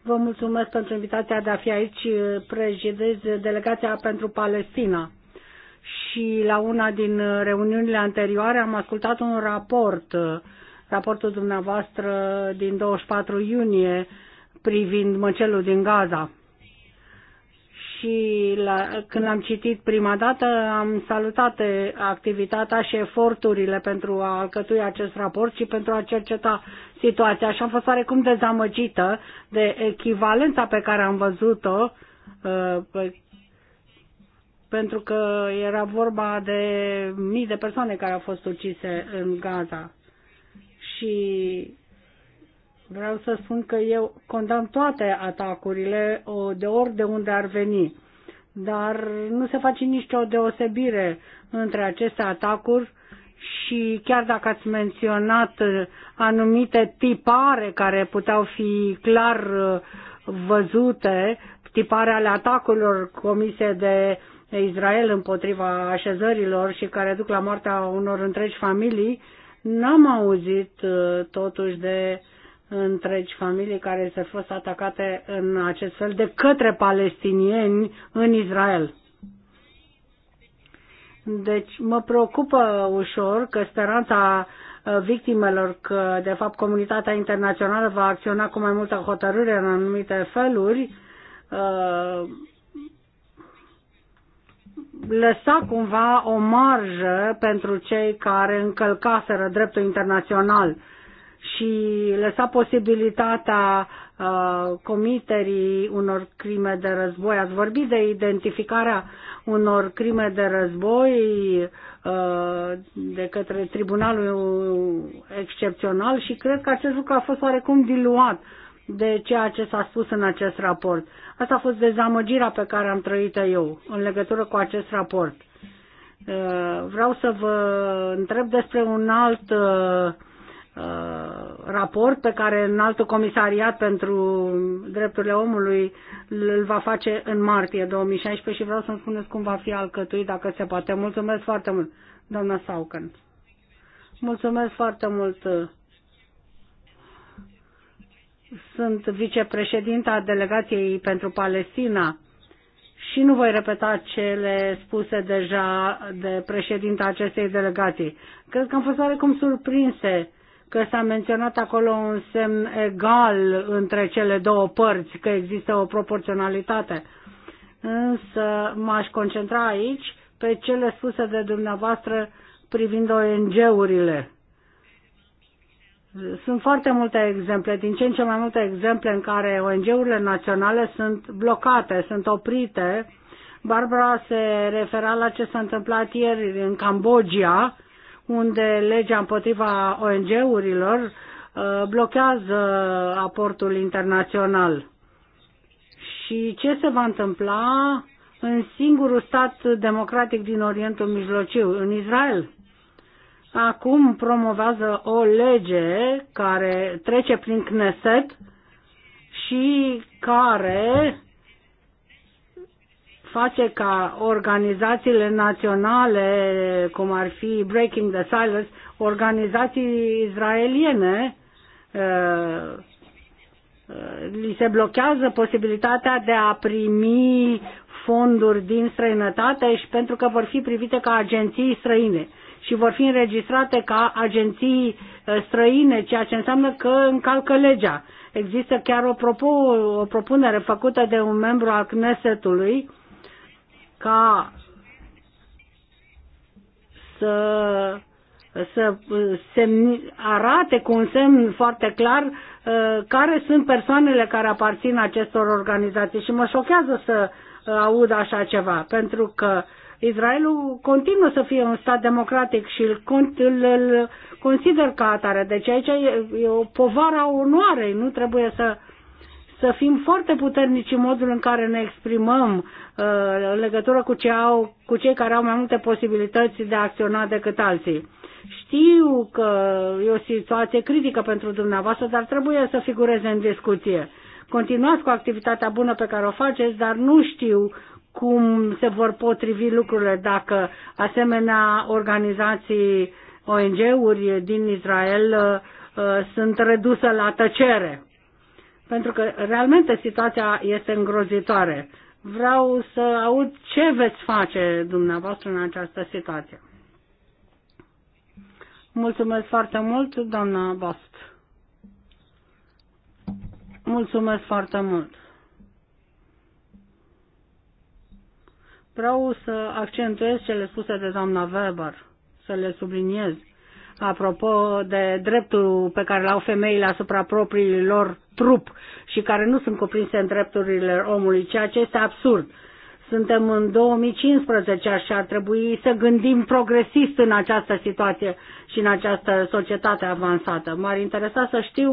vă mulțumesc pentru invitația de a fi aici, uh, prejidez delegația pentru Palestina. Și la una din reuniunile anterioare am ascultat un raport, raportul dumneavoastră din 24 iunie, privind măcelul din Gaza și la, când l-am citit prima dată am salutat activitatea și eforturile pentru a alcătui acest raport și pentru a cerceta situația și am fost oarecum dezamăgită de echivalența pe care am văzut-o uh, pentru că era vorba de mii de persoane care au fost ucise în Gaza și Vreau să spun că eu condamn toate atacurile de ori de unde ar veni, dar nu se face nicio deosebire între aceste atacuri și chiar dacă ați menționat uh, anumite tipare care puteau fi clar uh, văzute, tipare ale atacurilor comise de Israel împotriva așezărilor și care duc la moartea unor întregi familii, n-am auzit uh, totuși de uh, întregi familii care se fost atacate în acest fel de către palestinieni în Israel. Deci mă preocupă ușor că speranța uh, victimelor că, de fapt, comunitatea internațională va acționa cu mai multă hotărâre în anumite feluri, uh, lăsa cumva o marjă pentru cei care încălcaseră dreptul internațional și lăsa posibilitatea uh, comiterii unor crime de război. Ați vorbit de identificarea unor crime de război uh, de către Tribunalul Excepțional și cred că acest lucru a fost oarecum diluat de ceea ce s-a spus în acest raport. Asta a fost dezamăgirea pe care am trăit-o eu în legătură cu acest raport. Uh, vreau să vă întreb despre un alt uh, Uh, raport pe care înaltul comisariat pentru drepturile omului îl va face în martie 2016 și vreau să-mi spuneți cum va fi alcătuit, dacă se poate. Mulțumesc foarte mult, doamna Saucan. Mulțumesc foarte mult. Sunt vicepreședinta delegației pentru Palestina și nu voi repeta cele spuse deja de președinta acestei delegații. Cred că am fost oarecum surprinse că s-a menționat acolo un semn egal între cele două părți, că există o proporționalitate. Însă m-aș concentra aici pe cele spuse de dumneavoastră privind ONG-urile. Sunt foarte multe exemple, din ce în ce mai multe exemple în care ONG-urile naționale sunt blocate, sunt oprite. Barbara se refera la ce s-a întâmplat ieri în Cambodgia, unde legea împotriva ONG-urilor uh, blochează aportul internațional. Și ce se va întâmpla în singurul stat democratic din Orientul Mijlociu, în Israel? Acum promovează o lege care trece prin Knesset și care face ca organizațiile naționale, cum ar fi Breaking the Silence, organizații izraeliene, uh, uh, li se blochează posibilitatea de a primi fonduri din străinătate și pentru că vor fi privite ca agenții străine și vor fi înregistrate ca agenții uh, străine, ceea ce înseamnă că încalcă legea. Există chiar o, propo, o propunere făcută de un membru al uh, ca să, să se arate cu un semn foarte clar uh, care sunt persoanele care aparțin acestor organizații. Și mă șochează să uh, aud așa ceva, pentru că Israelul continuă să fie un stat democratic și îl, îl, îl consider ca atare. Deci aici e, e o povară a onoarei, nu trebuie să să fim foarte puternici în modul în care ne exprimăm uh, în legătură cu, ce au, cu cei care au mai multe posibilități de a acționa decât alții. Știu că e o situație critică pentru dumneavoastră, dar trebuie să figureze în discuție. Continuați cu activitatea bună pe care o faceți, dar nu știu cum se vor potrivi lucrurile dacă asemenea organizații ONG-uri din Israel uh, sunt reduse la tăcere pentru că realmente situația este îngrozitoare. Vreau să aud ce veți face dumneavoastră în această situație. Mulțumesc foarte mult, doamna Bast. Mulțumesc foarte mult. Vreau să accentuez cele spuse de doamna Weber, să le subliniez apropo de dreptul pe care l-au femeile asupra propriilor trup și care nu sunt cuprinse în drepturile omului, ceea ce este absurd. Suntem în 2015 și ar trebui să gândim progresist în această situație și în această societate avansată. M-ar interesa să știu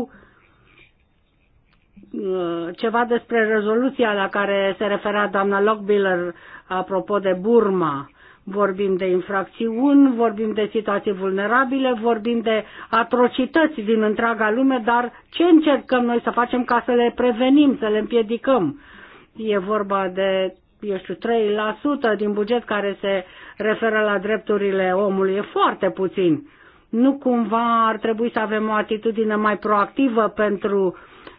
uh, ceva despre rezoluția la care se referea doamna Lockbiller apropo de Burma Vorbim de infracțiuni, vorbim de situații vulnerabile, vorbim de atrocități din întreaga lume, dar ce încercăm noi să facem ca să le prevenim, să le împiedicăm? E vorba de eu știu, 3% din buget care se referă la drepturile omului. E foarte puțin. Nu cumva ar trebui să avem o atitudine mai proactivă pentru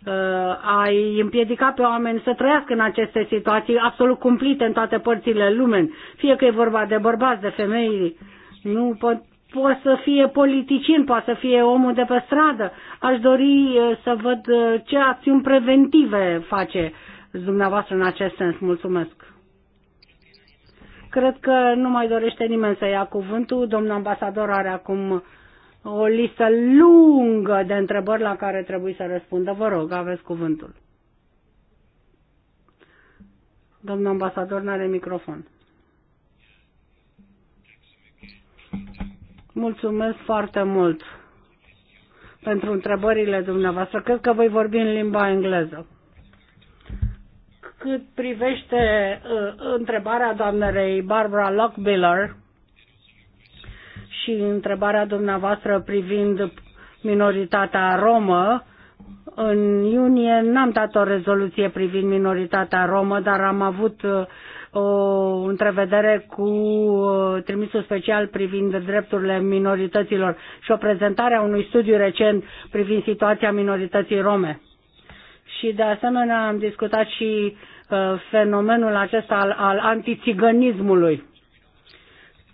Uh, ai împiedica pe oameni să trăiască în aceste situații absolut cumplite în toate părțile lumii, fie că e vorba de bărbați, de femei, nu pot, poate să fie politicien, poate să fie omul de pe stradă. Aș dori uh, să văd uh, ce acțiuni preventive face dumneavoastră în acest sens. Mulțumesc. Cred că nu mai dorește nimeni să ia cuvântul. Domnul ambasador are acum o listă lungă de întrebări la care trebuie să răspundă. Vă rog, aveți cuvântul. Domnul ambasador nu are microfon. Mulțumesc foarte mult pentru întrebările dumneavoastră. Cred că voi vorbi în limba engleză. Cât privește uh, întrebarea doamnei Barbara Lockbiller, și întrebarea dumneavoastră privind minoritatea romă. În iunie n-am dat o rezoluție privind minoritatea romă, dar am avut uh, o întrevedere cu uh, trimisul special privind drepturile minorităților și o prezentare a unui studiu recent privind situația minorității rome. Și de asemenea am discutat și uh, fenomenul acesta al, al antițigănismului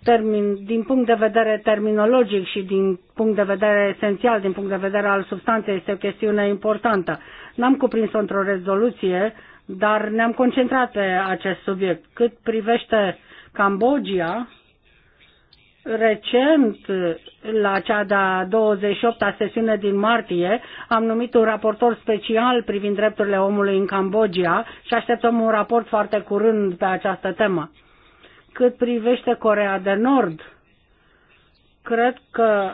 termin, din punct de vedere terminologic și din punct de vedere esențial, din punct de vedere al substanței, este o chestiune importantă. N-am cuprins-o într-o rezoluție, dar ne-am concentrat pe acest subiect. Cât privește Cambodgia, recent, la cea de-a 28-a sesiune din martie, am numit un raportor special privind drepturile omului în Cambodgia și așteptăm un raport foarte curând pe această temă. Cât privește Corea de Nord, cred că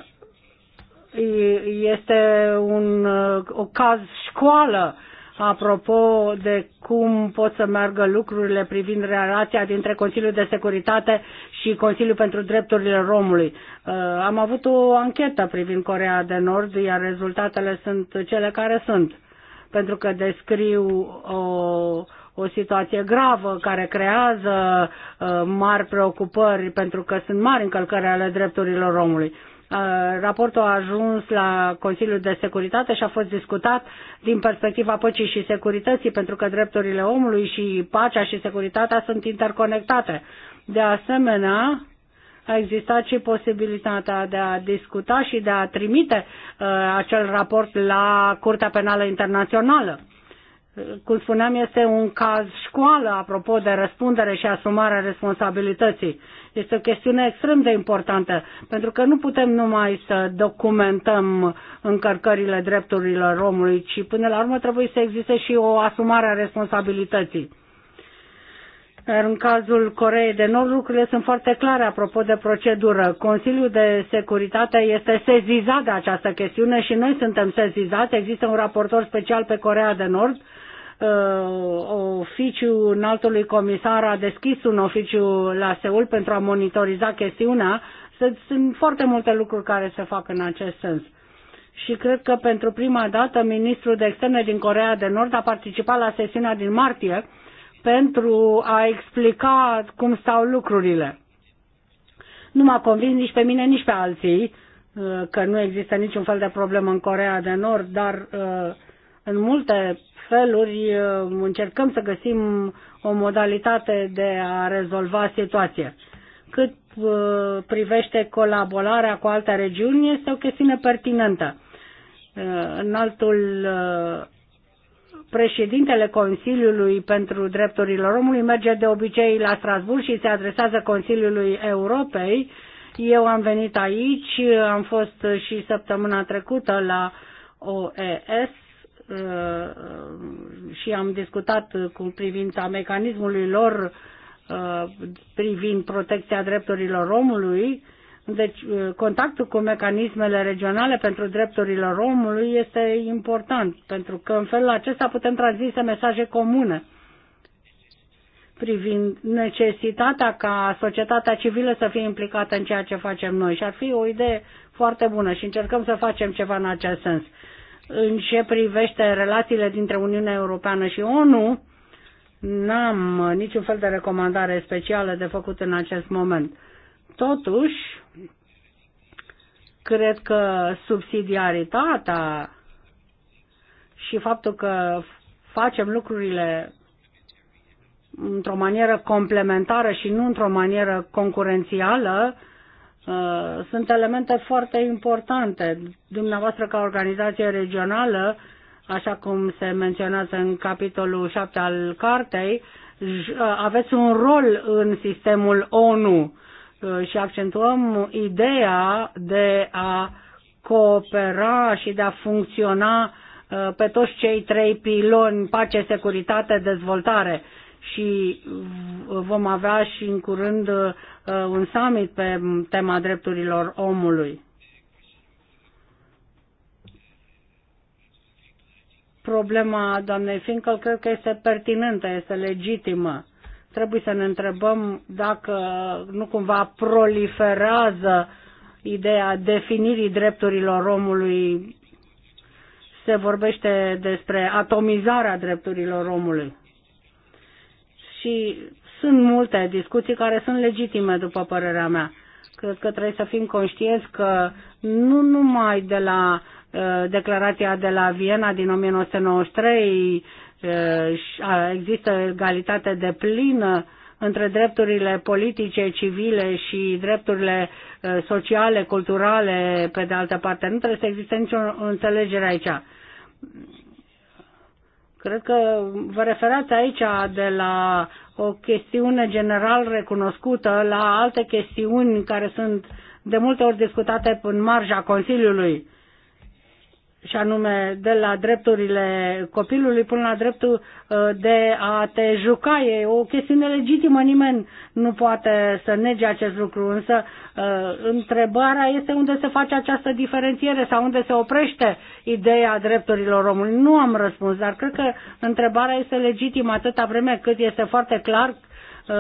este un, o caz școală apropo de cum pot să meargă lucrurile privind relația dintre Consiliul de Securitate și Consiliul pentru Drepturile Romului. Uh, am avut o anchetă privind Corea de Nord, iar rezultatele sunt cele care sunt, pentru că descriu o o situație gravă care creează uh, mari preocupări pentru că sunt mari încălcări ale drepturilor omului. Uh, raportul a ajuns la Consiliul de Securitate și a fost discutat din perspectiva păcii și securității, pentru că drepturile omului și pacea și securitatea sunt interconectate. De asemenea, a existat și posibilitatea de a discuta și de a trimite uh, acel raport la Curtea Penală Internațională cum spuneam, este un caz școală apropo de răspundere și asumarea responsabilității. Este o chestiune extrem de importantă, pentru că nu putem numai să documentăm încărcările drepturilor omului, ci până la urmă trebuie să existe și o asumare a responsabilității. Iar în cazul Coreei de Nord, lucrurile sunt foarte clare apropo de procedură. Consiliul de Securitate este sezizat de această chestiune și noi suntem sezizați. Există un raportor special pe Corea de Nord Uh, oficiu înaltului comisar a deschis un oficiu la Seul pentru a monitoriza chestiunea. Sunt foarte multe lucruri care se fac în acest sens. Și cred că pentru prima dată ministrul de externe din Corea de Nord a participat la sesiunea din martie pentru a explica cum stau lucrurile. Nu m-a convins nici pe mine, nici pe alții uh, că nu există niciun fel de problemă în Corea de Nord, dar uh, în multe feluri uh, încercăm să găsim o modalitate de a rezolva situația. Cât uh, privește colaborarea cu alte regiuni, este o chestiune pertinentă. Uh, în altul președintele Consiliului pentru Drepturile Omului merge de obicei la Strasburg și se adresează Consiliului Europei. Eu am venit aici, am fost și săptămâna trecută la OES Uh, și am discutat cu privința mecanismului lor uh, privind protecția drepturilor omului. Deci uh, contactul cu mecanismele regionale pentru drepturile omului este important, pentru că în felul acesta putem transmite mesaje comune privind necesitatea ca societatea civilă să fie implicată în ceea ce facem noi. Și ar fi o idee foarte bună și încercăm să facem ceva în acest sens. În ce privește relațiile dintre Uniunea Europeană și ONU, n-am niciun fel de recomandare specială de făcut în acest moment. Totuși, cred că subsidiaritatea și faptul că facem lucrurile într-o manieră complementară și nu într-o manieră concurențială Uh, sunt elemente foarte importante. Dumneavoastră, ca organizație regională, așa cum se menționează în capitolul 7 al cartei, uh, aveți un rol în sistemul ONU uh, și accentuăm ideea de a coopera și de a funcționa pe toți cei trei piloni, pace, securitate, dezvoltare și vom avea și în curând uh, un summit pe tema drepturilor omului. Problema doamnei Finkel cred că este pertinentă, este legitimă. Trebuie să ne întrebăm dacă nu cumva proliferează ideea definirii drepturilor omului. Se vorbește despre atomizarea drepturilor omului și sunt multe discuții care sunt legitime, după părerea mea. Cred că trebuie să fim conștienți că nu numai de la uh, declarația de la Viena din 1993 uh, există egalitate de plină între drepturile politice, civile și drepturile uh, sociale, culturale, pe de altă parte. Nu trebuie să existe nicio înțelegere aici Cred că vă referați aici de la o chestiune general recunoscută la alte chestiuni care sunt de multe ori discutate în marja Consiliului și anume de la drepturile copilului până la dreptul uh, de a te juca. E o chestiune legitimă, nimeni nu poate să nege acest lucru, însă uh, întrebarea este unde se face această diferențiere sau unde se oprește ideea drepturilor omului. Nu am răspuns, dar cred că întrebarea este legitimă atâta vreme cât este foarte clar Uh,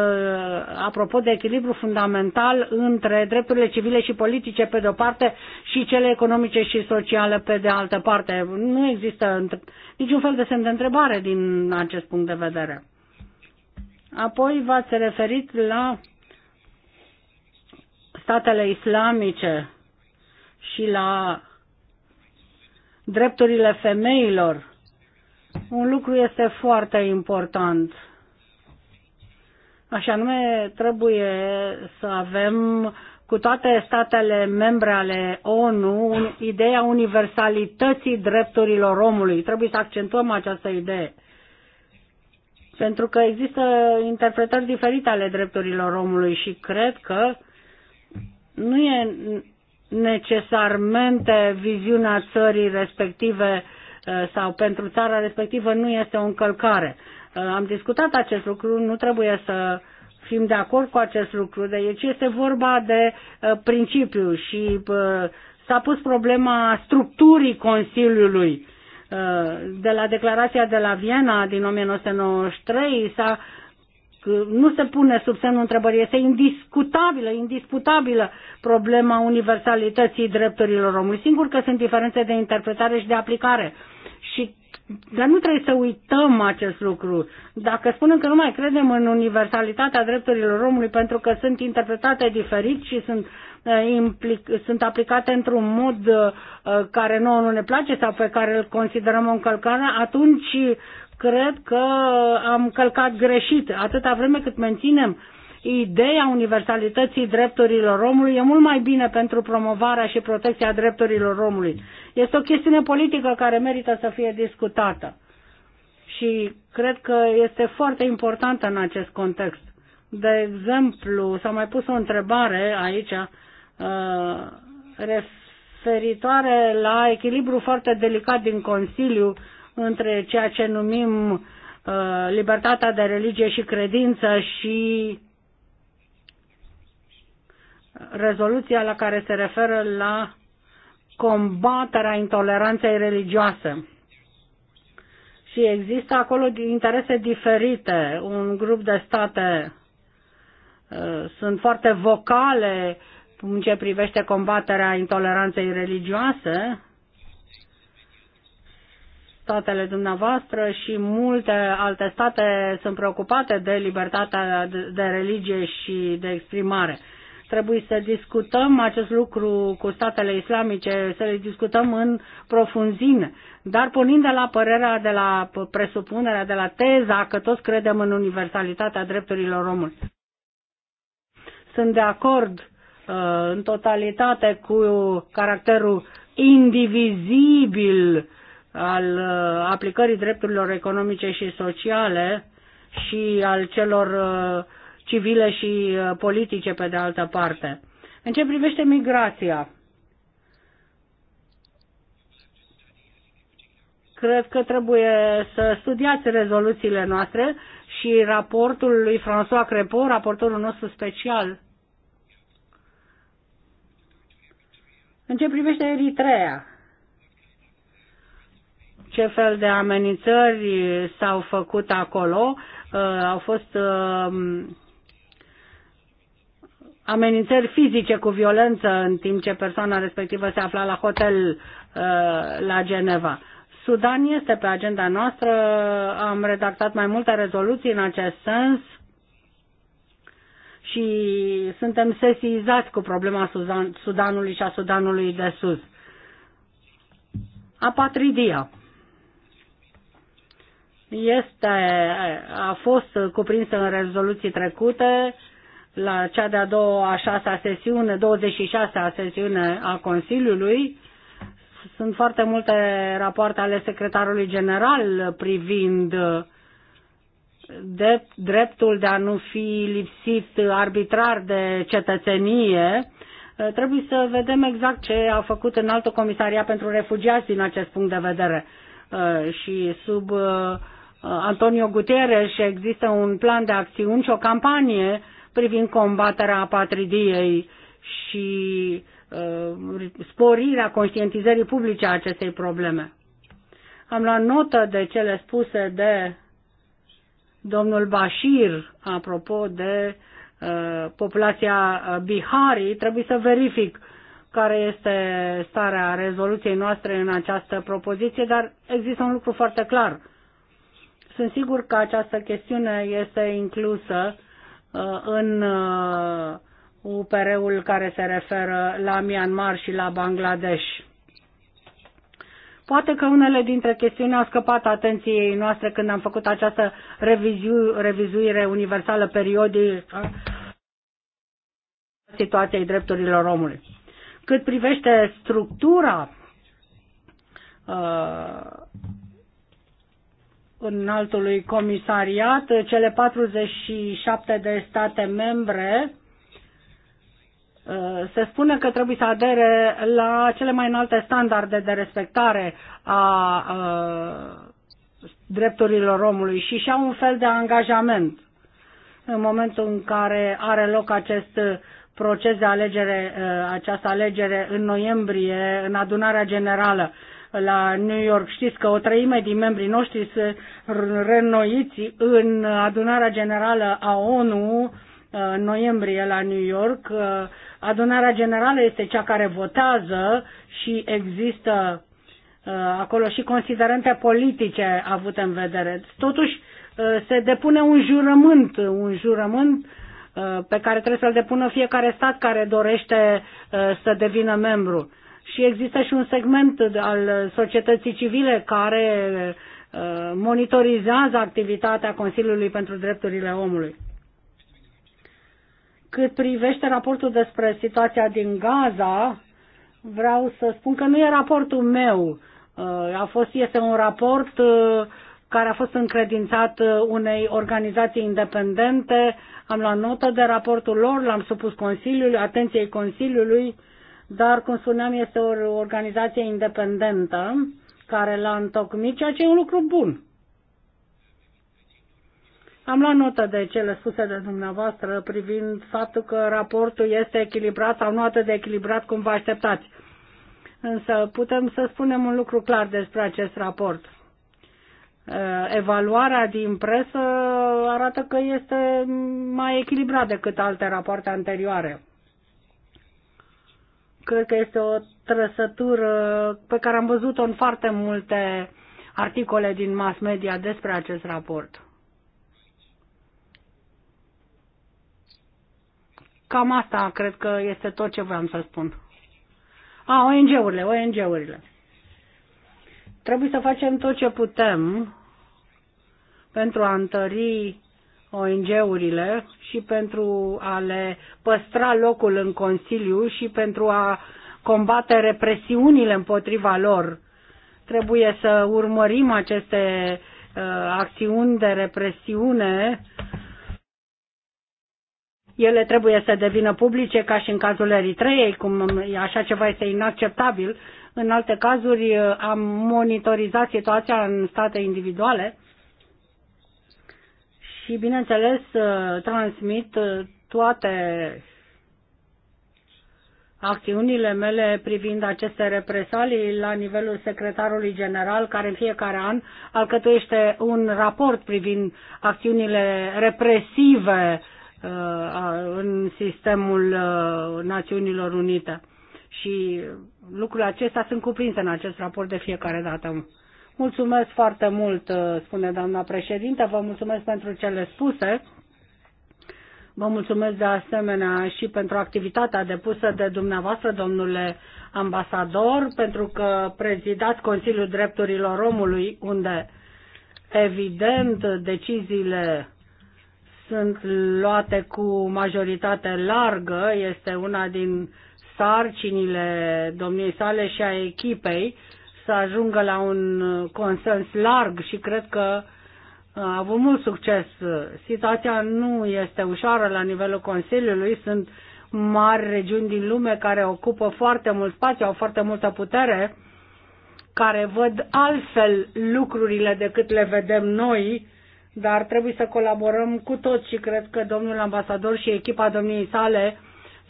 apropo de echilibru fundamental între drepturile civile și politice pe de-o parte și cele economice și sociale pe de altă parte. Nu există niciun fel de semn de întrebare din acest punct de vedere. Apoi v-ați referit la statele islamice și la drepturile femeilor. Un lucru este foarte important Așa nume, trebuie să avem cu toate statele membre ale ONU ideea universalității drepturilor omului. Trebuie să accentuăm această idee. Pentru că există interpretări diferite ale drepturilor omului și cred că nu e necesarmente viziunea țării respective uh, sau pentru țara respectivă nu este o încălcare. Uh, am discutat acest lucru, nu trebuie să fim de acord cu acest lucru, deci este vorba de uh, principiu și uh, s-a pus problema structurii Consiliului. De la declarația de la Viena din 1993 nu se pune sub semnul întrebării, este indiscutabilă, indisputabilă problema universalității drepturilor omului. Singur că sunt diferențe de interpretare și de aplicare. Și dar nu trebuie să uităm acest lucru. Dacă spunem că nu mai credem în universalitatea drepturilor omului pentru că sunt interpretate diferit și sunt, eh, implic, sunt aplicate într-un mod eh, care nouă nu ne place sau pe care îl considerăm o încălcare, atunci cred că am călcat greșit. Atâta vreme cât menținem ideea universalității drepturilor omului e mult mai bine pentru promovarea și protecția drepturilor omului. Este o chestiune politică care merită să fie discutată și cred că este foarte importantă în acest context. De exemplu, s-a mai pus o întrebare aici uh, referitoare la echilibru foarte delicat din Consiliu între ceea ce numim uh, libertatea de religie și credință și rezoluția la care se referă la combaterea intoleranței religioase. Și există acolo interese diferite. Un grup de state uh, sunt foarte vocale în ce privește combaterea intoleranței religioase, statele dumneavoastră și multe alte state sunt preocupate de libertatea de religie și de exprimare. Trebuie să discutăm acest lucru cu statele islamice, să le discutăm în profunzime. Dar punind de la părerea, de la presupunerea, de la teza că toți credem în universalitatea drepturilor omului. Sunt de acord uh, în totalitate cu caracterul indivizibil al uh, aplicării drepturilor economice și sociale și al celor uh, civile și uh, politice pe de altă parte. În ce privește migrația, cred că trebuie să studiați rezoluțiile noastre și raportul lui François Crepo, raportorul nostru special. În ce privește Eritrea, ce fel de amenințări s-au făcut acolo, uh, au fost uh, amenințări fizice cu violență în timp ce persoana respectivă se afla la hotel uh, la Geneva. Sudan este pe agenda noastră, am redactat mai multe rezoluții în acest sens și suntem sesizați cu problema Sudan, Sudanului și a Sudanului de sus. Apatridia este, a fost cuprinsă în rezoluții trecute, la cea de-a doua, a șasea sesiune, 26-a sesiune a Consiliului. Sunt foarte multe rapoarte ale secretarului general privind de, dreptul de a nu fi lipsit arbitrar de cetățenie. Trebuie să vedem exact ce a făcut în altă comisaria pentru refugiați din acest punct de vedere. Uh, și sub uh, Antonio Guterres există un plan de acțiuni și o campanie privind combaterea apatridiei și uh, sporirea conștientizării publice a acestei probleme. Am luat notă de cele spuse de domnul Bashir apropo de uh, populația uh, Bihari. Trebuie să verific care este starea rezoluției noastre în această propoziție, dar există un lucru foarte clar. Sunt sigur că această chestiune este inclusă Uh, în UPR-ul uh, care se referă la Myanmar și la Bangladesh. Poate că unele dintre chestiuni au scăpat atenției noastre când am făcut această reviziu, revizuire universală periodică situației drepturilor omului. Cât privește structura uh, înaltului comisariat, cele 47 de state membre uh, se spune că trebuie să adere la cele mai înalte standarde de respectare a, a uh, drepturilor omului și și au un fel de angajament în momentul în care are loc acest proces de alegere, uh, această alegere în noiembrie, în adunarea generală la New York. Știți că o treime din membrii noștri sunt renoiți în adunarea generală a ONU în uh, noiembrie la New York. Uh, adunarea generală este cea care votează și există uh, acolo și considerente politice avute în vedere. Totuși se depune un jurământ, un jurământ pe care trebuie să-l depună fiecare stat care dorește să devină membru și există și un segment al societății civile care uh, monitorizează activitatea Consiliului pentru Drepturile Omului. Cât privește raportul despre situația din Gaza, vreau să spun că nu e raportul meu. Uh, a fost, este un raport uh, care a fost încredințat unei organizații independente. Am luat notă de raportul lor, l-am supus Consiliului, atenției Consiliului dar, cum spuneam, este o organizație independentă care l-a întocmit, ceea ce e un lucru bun. Am luat notă de cele spuse de dumneavoastră privind faptul că raportul este echilibrat sau nu atât de echilibrat cum vă așteptați. Însă putem să spunem un lucru clar despre acest raport. Uh, evaluarea din presă arată că este mai echilibrat decât alte rapoarte anterioare cred că este o trăsătură pe care am văzut-o în foarte multe articole din mass media despre acest raport. Cam asta cred că este tot ce vreau să spun. A, ONG-urile, ONG-urile. Trebuie să facem tot ce putem pentru a întări ONG-urile și pentru a le păstra locul în Consiliu și pentru a combate represiunile împotriva lor. Trebuie să urmărim aceste uh, acțiuni de represiune. Ele trebuie să devină publice, ca și în cazul Eritreei, cum așa ceva este inacceptabil. În alte cazuri uh, am monitorizat situația în state individuale și, bineînțeles, uh, transmit uh, toate acțiunile mele privind aceste represalii la nivelul secretarului general, care în fiecare an alcătuiește un raport privind acțiunile represive uh, în sistemul Națiunilor Unite. Și lucrurile acestea sunt cuprinse în acest raport de fiecare dată. Mulțumesc foarte mult, uh, spune doamna președinte, vă mulțumesc pentru cele spuse. Vă mulțumesc de asemenea și pentru activitatea depusă de dumneavoastră, domnule ambasador, pentru că prezidați Consiliul Drepturilor Omului, unde, evident, deciziile sunt luate cu majoritate largă, este una din sarcinile domniei sale și a echipei să ajungă la un consens larg și cred că a avut mult succes. Situația nu este ușoară la nivelul Consiliului, sunt mari regiuni din lume care ocupă foarte mult spațiu, au foarte multă putere, care văd altfel lucrurile decât le vedem noi, dar trebuie să colaborăm cu toți și cred că domnul ambasador și echipa domniei sale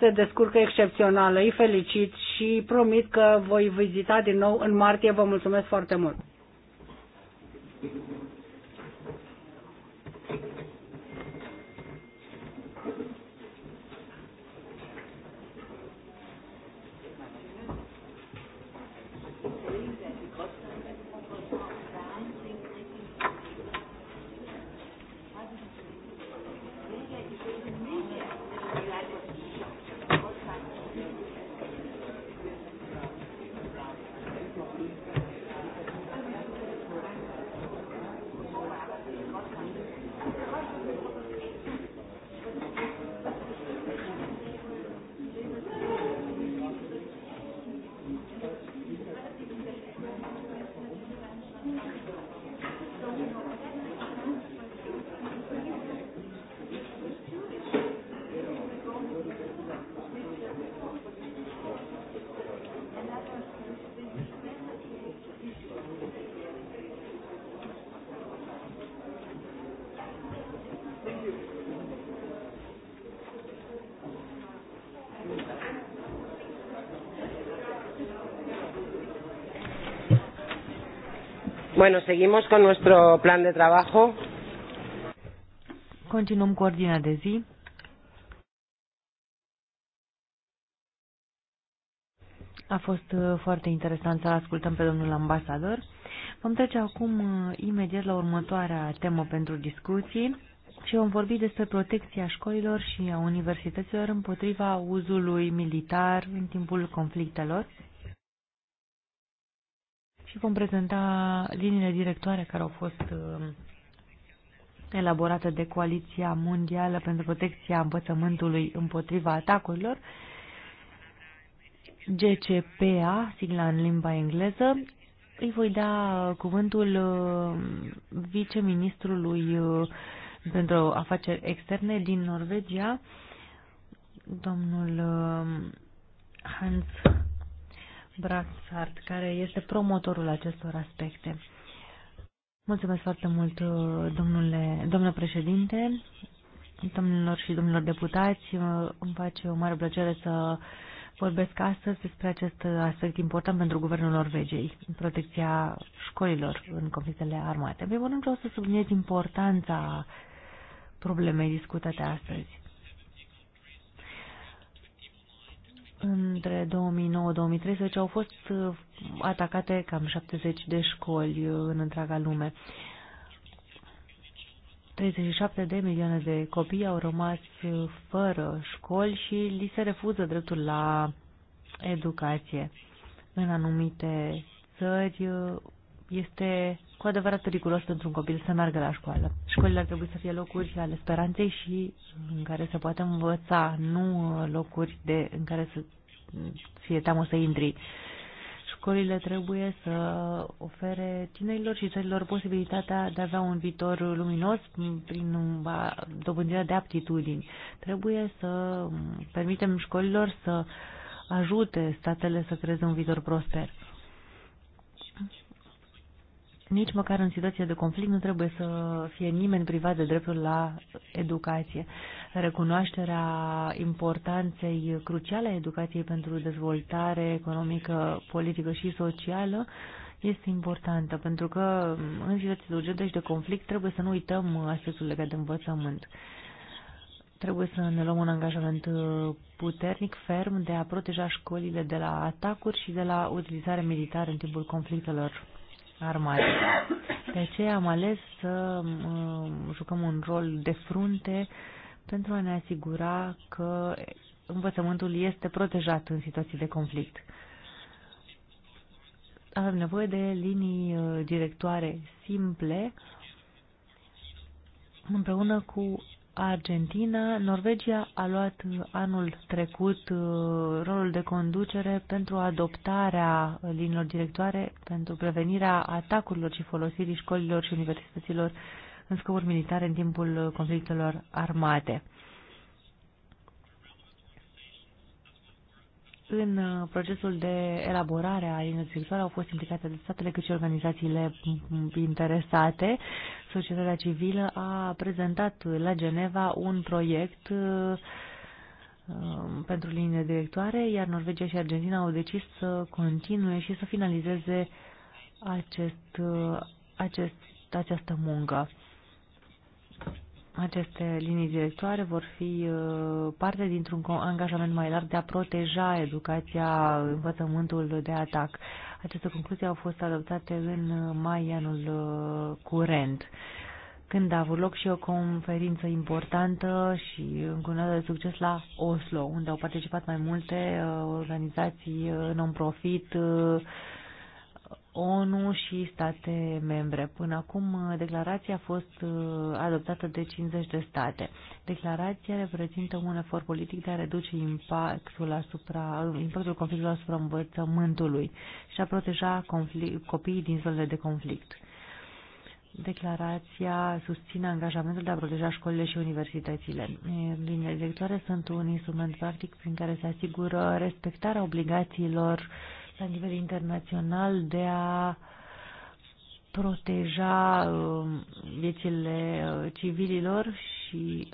se descurcă excepțional. Îi felicit și promit că voi vizita din nou în martie. Vă mulțumesc foarte mult! Bueno, seguimos con nuestro plan de trabajo. Continuăm cu ordinea de zi. A fost uh, foarte interesant să-l ascultăm pe domnul ambasador. Vom trece acum uh, imediat la următoarea temă pentru discuții și vom vorbi despre protecția școlilor și a universităților împotriva uzului militar în timpul conflictelor și vom prezenta liniile directoare care au fost uh, elaborată de Coaliția Mondială pentru Protecția Învățământului împotriva atacurilor, GCPA, sigla în limba engleză. Îi voi da uh, cuvântul uh, viceministrului pentru afaceri externe din Norvegia, domnul Hans Braxhart, care este promotorul acestor aspecte. Mulțumesc foarte mult, domnule, domnule președinte, domnilor și domnilor deputați. Îmi face o mare plăcere să vorbesc astăzi despre acest aspect important pentru Guvernul Norvegiei, protecția școlilor în conflictele armate. În primul rând, vreau să subliniez importanța problemei discutate astăzi. Între 2009-2013 au fost uh, atacate cam 70 de școli uh, în întreaga lume. 37 de milioane de copii au rămas uh, fără școli și li se refuză dreptul la educație. În anumite țări este cu adevărat periculos pentru un copil să meargă la școală. Școlile ar trebui să fie locuri ale speranței și în care se poate învăța, nu locuri de, în care să fie teamă să intri. Școlile trebuie să ofere tinerilor și țărilor posibilitatea de a avea un viitor luminos prin dobândirea de aptitudini. Trebuie să permitem școlilor să ajute statele să creeze un viitor prosper. Nici măcar în situația de conflict nu trebuie să fie nimeni privat de dreptul la educație. Recunoașterea importanței cruciale a educației pentru dezvoltare economică, politică și socială este importantă, pentru că în situații de urgență și de conflict trebuie să nu uităm aspectul legat de învățământ. Trebuie să ne luăm un angajament puternic, ferm, de a proteja școlile de la atacuri și de la utilizare militară în timpul conflictelor armate. De aceea am ales să uh, jucăm un rol de frunte pentru a ne asigura că învățământul este protejat în situații de conflict. Avem nevoie de linii uh, directoare simple împreună cu Argentina. Norvegia a luat uh, anul trecut uh, rolul de conducere pentru adoptarea linilor directoare, pentru prevenirea atacurilor și folosirii școlilor și universităților în scopuri militare în timpul uh, conflictelor armate. În procesul de elaborare a directoare au fost implicate de statele cât și organizațiile interesate societatea civilă a prezentat la Geneva un proiect uh, um, pentru linie directoare, iar Norvegia și Argentina au decis să continue și să finalizeze acest, uh, acest, această muncă. Aceste linii directoare vor fi uh, parte dintr-un angajament mai larg de a proteja educația, învățământul de atac. Aceste concluzii au fost adoptate în uh, mai anul uh, curent, când a avut loc și o conferință importantă și încunată de succes la Oslo, unde au participat mai multe organizații non-profit, ONU și state membre. Până acum, uh, declarația a fost uh, adoptată de 50 de state. Declarația reprezintă un efort politic de a reduce impactul, asupra, uh, impactul conflictului asupra învățământului și a proteja conflict, copiii din zonele de conflict. Declarația susține angajamentul de a proteja școlile și universitățile. Liniile directoare sunt un instrument practic prin care se asigură respectarea obligațiilor uh, la nivel internațional de a proteja um, viețile uh, civililor și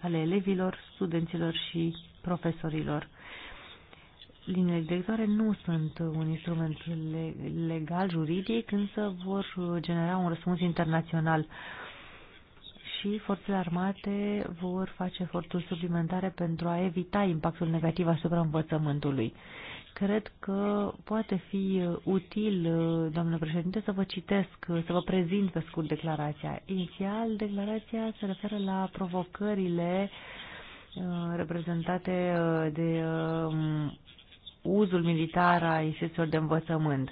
ale elevilor, studenților și profesorilor. Liniile directoare nu sunt un instrument legal, juridic, însă vor genera un răspuns internațional și forțele armate vor face eforturi suplimentare pentru a evita impactul negativ asupra învățământului. Cred că poate fi uh, util, uh, doamnă președinte, să vă citesc, uh, să vă prezint pe scurt declarația. Inițial, declarația se referă la provocările reprezentate de uzul militar a instituțiilor de învățământ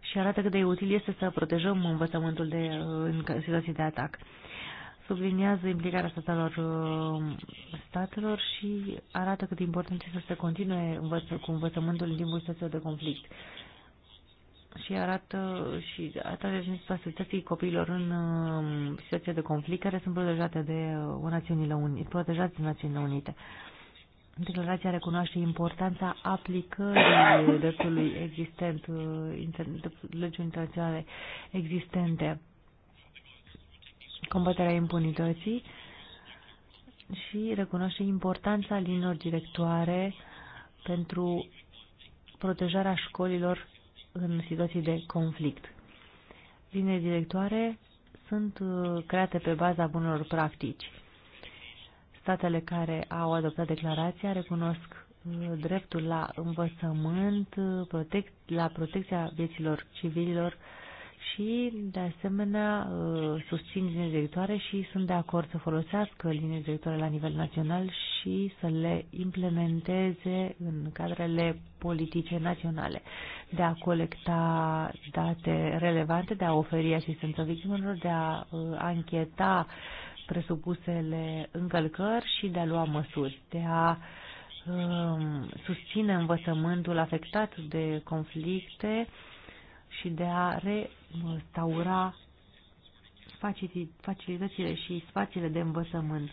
și arată cât de util este să protejăm învățământul de, în situații de atac subliniază implicarea statelor, uh, statelor și arată cât de important este să se continue învăță, cu învățământul în timpul situației de conflict. Și arată și arată responsabilității copiilor în uh, situația de conflict care sunt protejate de uh, Națiunile Unite, protejați de Națiunile Unite. Declarația recunoaște importanța aplicării dreptului existent, legii internaționale existente combaterea impunității și recunoaște importanța linilor directoare pentru protejarea școlilor în situații de conflict. Linile directoare sunt uh, create pe baza bunelor practici. Statele care au adoptat declarația recunosc uh, dreptul la învățământ, uh, protect, la protecția vieților civililor, și, de asemenea, uh, susțin linii directoare și sunt de acord să folosească linii directoare la nivel național și să le implementeze în cadrele politice naționale, de a colecta date relevante, de a oferi asistență victimelor, de a uh, ancheta presupusele încălcări și de a lua măsuri, de a um, susține învățământul afectat de conflicte și de a re instaura facilitățile și spațiile de învățământ,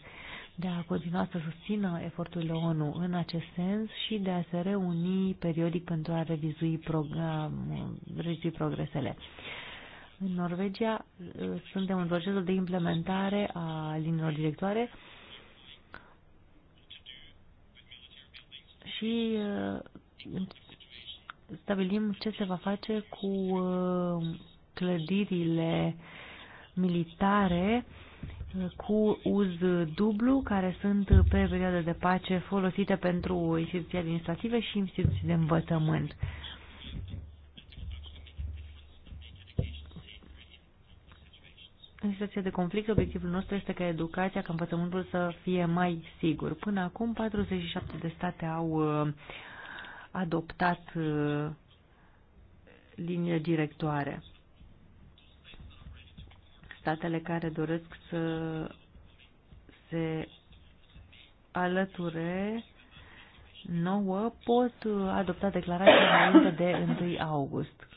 de a continua să susțină eforturile ONU în acest sens și de a se reuni periodic pentru a revizui, prog- revizui progresele. În Norvegia uh, suntem în procesul de implementare a liniilor directoare și uh, stabilim ce se va face cu uh, clădirile militare uh, cu uz dublu, care sunt pe perioada de pace folosite pentru instituții administrative și instituții de învățământ. În situația de conflict, obiectivul nostru este ca educația, ca învățământul să fie mai sigur. Până acum, 47 de state au uh, adoptat uh, linia directoare statele care doresc să se alăture nouă pot adopta declarația înainte de 1 august.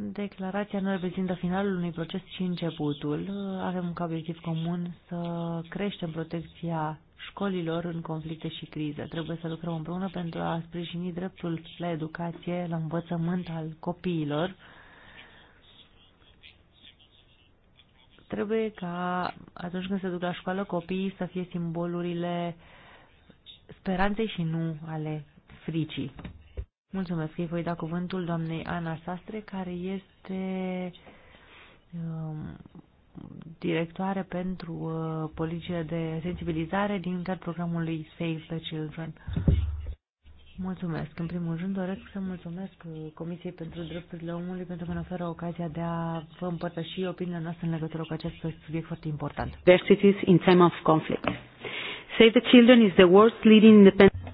Declarația nu reprezintă finalul unui proces, ci începutul. Avem ca obiectiv comun să creștem protecția școlilor în conflicte și crize. Trebuie să lucrăm împreună pentru a sprijini dreptul la educație, la învățământ al copiilor. Trebuie ca atunci când se duc la școală copiii să fie simbolurile speranței și nu ale fricii. Mulțumesc. Îi voi da cuvântul doamnei Ana Sastre, care este um, directoare pentru uh, de sensibilizare din cadrul programului Save the Children. Mulțumesc. În primul rând doresc să mulțumesc uh, Comisiei pentru Drepturile Omului pentru că ne oferă ocazia de a vă împărtăși opinia noastră în legătură cu acest subiect foarte important. Diversities in time of conflict. Save the Children is the world's leading independent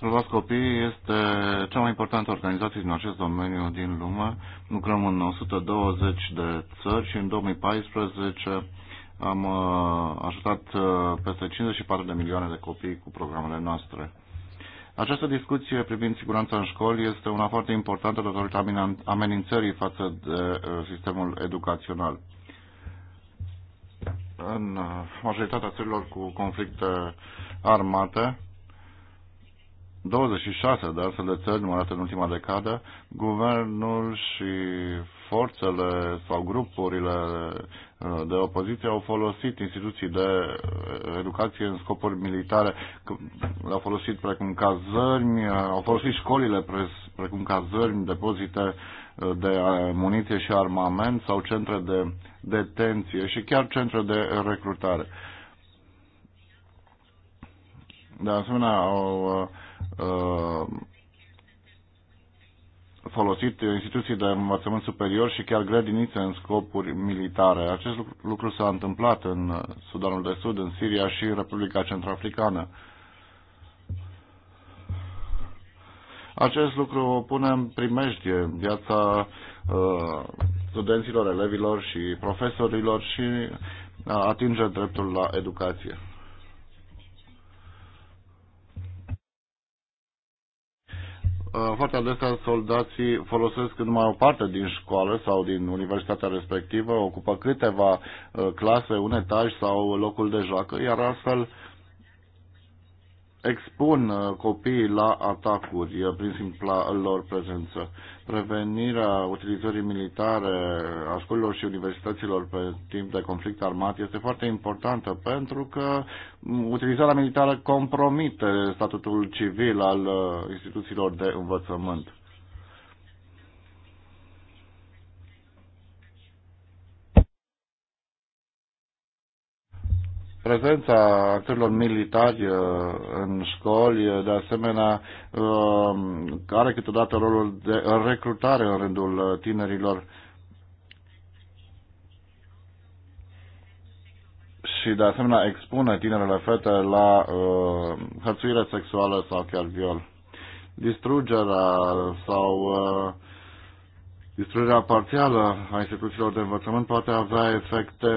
Salvați Copii este cea mai importantă organizație din acest domeniu din lume. Lucrăm în 120 de țări și în 2014 am uh, ajutat uh, peste 54 de milioane de copii cu programele noastre. Această discuție privind siguranța în școli este una foarte importantă datorită amenințării față de uh, sistemul educațional. În majoritatea țărilor cu conflicte armate, 26 de astfel de țări numărate în ultima decadă, guvernul și forțele sau grupurile uh, de opoziție au folosit instituții de uh, educație în scopuri militare, le-au folosit precum cazărmi, uh, au folosit școlile precum cazărmi, depozite de muniție și armament sau centre de detenție și chiar centre de recrutare. De asemenea, au Uh, folosit instituții de învățământ superior și chiar grădinițe în scopuri militare. Acest lucru, s-a întâmplat în Sudanul de Sud, în Siria și Republica Centrafricană. Acest lucru o pune în primejdie viața uh, studenților, elevilor și profesorilor și uh, atinge dreptul la educație. Uh, foarte adesea soldații folosesc numai o parte din școală sau din universitatea respectivă, ocupă câteva uh, clase, un etaj sau locul de joacă, iar astfel expun uh, copiii la atacuri prin simpla lor prezență. Prevenirea utilizării militare a școlilor și universităților pe timp de conflict armat este foarte importantă pentru că utilizarea militară compromite statutul civil al uh, instituțiilor de învățământ. Prezența actorilor militari uh, în școli, uh, de asemenea, um, are câteodată rolul de recrutare în rândul uh, tinerilor și de asemenea expune tinerele fete la uh, hărțuire sexuală sau chiar viol. Distrugerea sau uh, distrugerea parțială a instituțiilor de învățământ poate avea efecte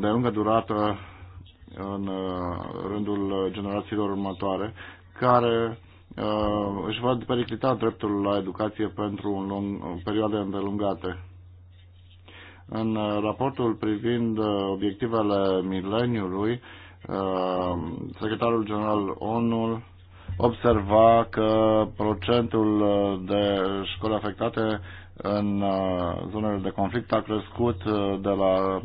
de lungă durată în uh, rândul generațiilor următoare, care uh, își văd periclita dreptul la educație pentru un lung, perioade îndelungate. În uh, raportul privind obiectivele mileniului, secretarul general ONU observa că procentul de școli afectate în uh, zonele de conflict a crescut uh, de la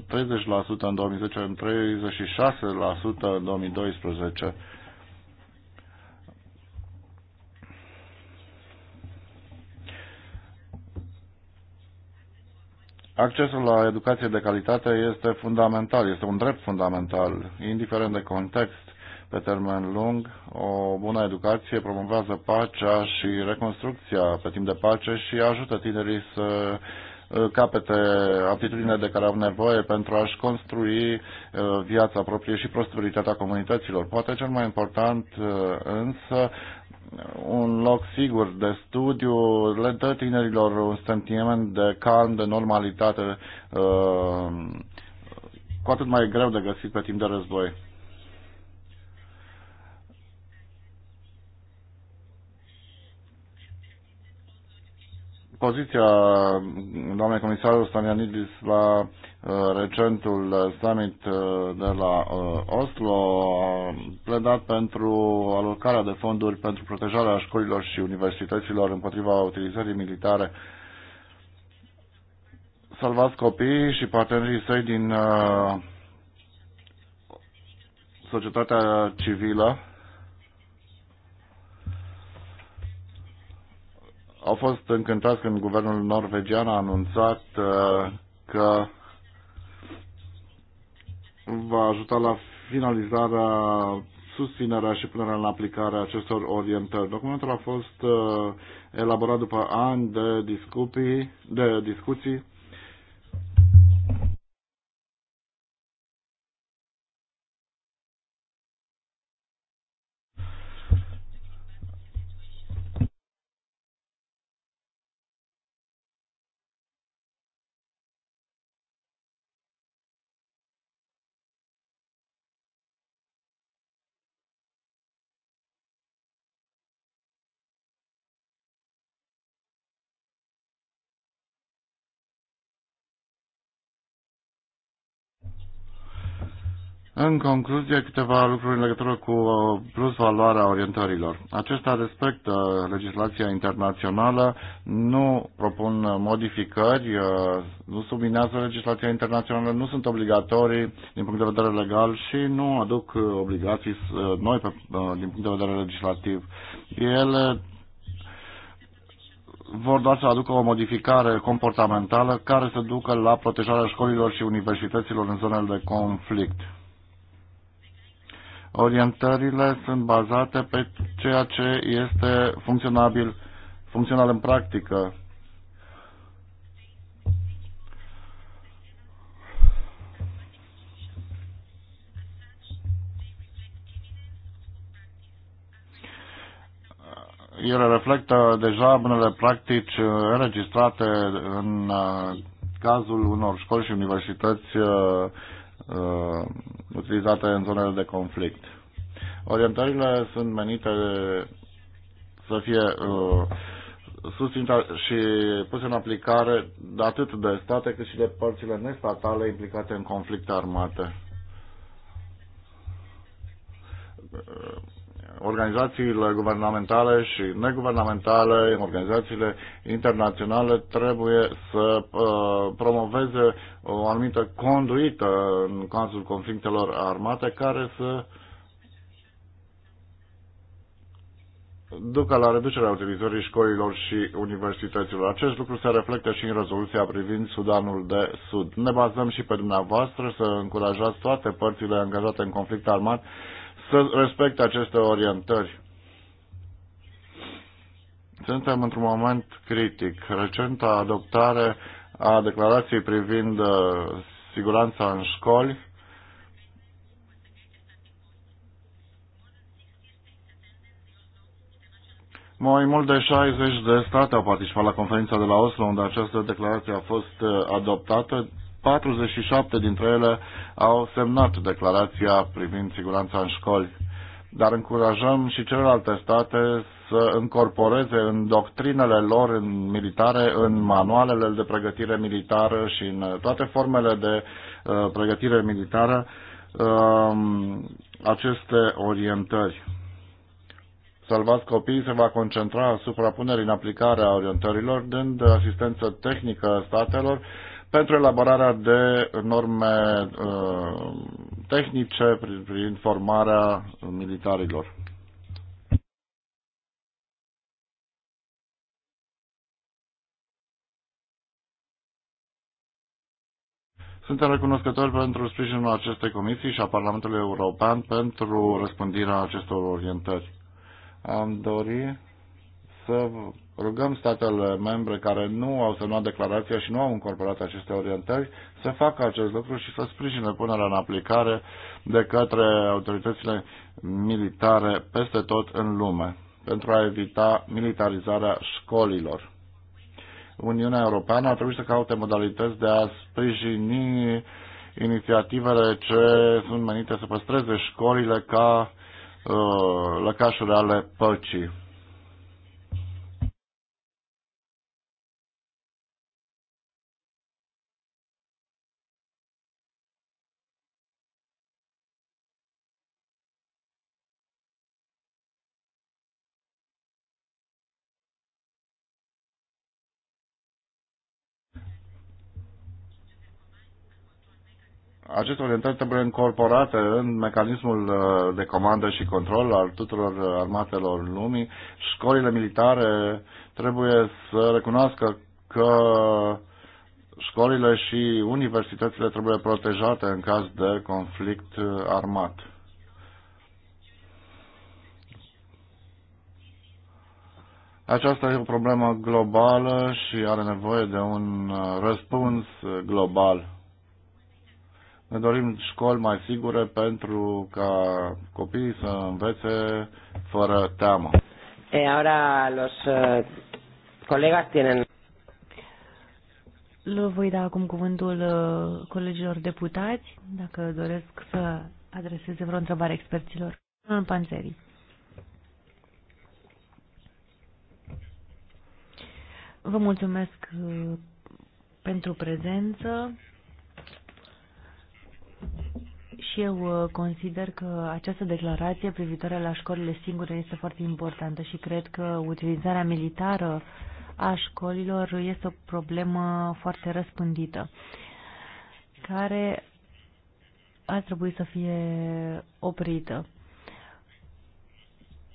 30% în 2010 în 36% în 2012. Accesul la educație de calitate este fundamental, este un drept fundamental, indiferent de context pe termen lung. O bună educație promovează pacea și reconstrucția pe timp de pace și ajută tinerii să uh, capete aptitudine de care au nevoie pentru a-și construi uh, viața proprie și prosperitatea comunităților. Poate cel mai important uh, însă un loc sigur de studiu, le dă tinerilor un sentiment de calm, de normalitate, cu atât mai greu de găsit pe timp de război. poziția doamnei comisarul Stanianidis la uh, recentul summit uh, de la uh, Oslo a pledat pentru alocarea de fonduri pentru protejarea școlilor și universităților împotriva utilizării militare. Salvați copiii și partenerii săi din societatea civilă Au fost încântați când guvernul norvegian a anunțat uh, că va ajuta la finalizarea, susținerea și punerea în aplicare acestor orientări. Documentul a fost uh, elaborat după ani de discuții, de discuții În concluzie, câteva lucruri în legătură cu uh, plus valoarea orientărilor. Acesta respectă legislația internațională, nu propun modificări, uh, nu subminează legislația internațională, nu sunt obligatorii din punct de vedere legal și nu aduc uh, obligații noi din punct de vedere legislativ. Ele vor doar să aducă o modificare comportamentală care să ducă la protejarea școlilor și universităților în zonele de conflict orientările sunt bazate pe ceea ce este funcționabil, funcțional în practică. Ele reflectă deja bunele practici înregistrate în uh, cazul unor școli și universități uh, uh, utilizate în zonele de conflict. Orientările sunt menite de, să fie uh, susținute și puse în aplicare de atât de state cât și de părțile nestatale implicate în conflicte armate. Uh, organizațiile guvernamentale și neguvernamentale, organizațiile internaționale trebuie să uh, promoveze o anumită conduită în cazul conflictelor armate care să ducă la reducerea utilizării școlilor și universităților. Acest lucru se reflectă și în rezoluția privind Sudanul de Sud. Ne bazăm și pe dumneavoastră să încurajați toate părțile angajate în conflict armat să respecte aceste orientări. Suntem într-un moment critic. Recenta adoptare a declarației privind uh, siguranța în școli Mai mult de 60 de state au participat la conferința de la Oslo, unde această declarație a fost uh, adoptată. 47 dintre ele au semnat declarația privind siguranța în școli, dar încurajăm și celelalte state să incorporeze în doctrinele lor în militare, în manualele de pregătire militară și în toate formele de uh, pregătire militară uh, aceste orientări. Salvați Copiii se va concentra asupra punerii în aplicare a orientărilor, dând asistență tehnică statelor pentru elaborarea de norme uh, tehnice prin, prin formarea militarilor. Suntem recunoscători pentru sprijinul acestei comisii și a Parlamentului European pentru răspândirea acestor orientări. Am dori să Rugăm statele membre care nu au semnat declarația și nu au incorporat aceste orientări să facă acest lucru și să sprijine punerea în aplicare de către autoritățile militare peste tot în lume pentru a evita militarizarea școlilor. Uniunea Europeană ar trebui să caute modalități de a sprijini inițiativele ce sunt menite să păstreze școlile ca uh, lăcașuri ale păcii. aceste orientări trebuie incorporate în mecanismul uh, de comandă și control al tuturor uh, armatelor lumii. Școlile militare trebuie să recunoască că școlile și universitățile trebuie protejate în caz de conflict uh, armat. Aceasta e o problemă globală și are nevoie de un răspuns global. Ne dorim școli mai sigure pentru ca copiii să învețe fără teamă. E, ahora los uh, colegas tienen... Le voi da acum cuvântul eh, colegilor deputați, dacă doresc să adreseze vreo întrebare experților. Domnul Panzeri. Vă mulțumesc eh, pentru prezență și eu uh, consider că această declarație privitoare la școlile singure este foarte importantă și cred că utilizarea militară a școlilor este o problemă foarte răspândită, care ar trebui să fie oprită.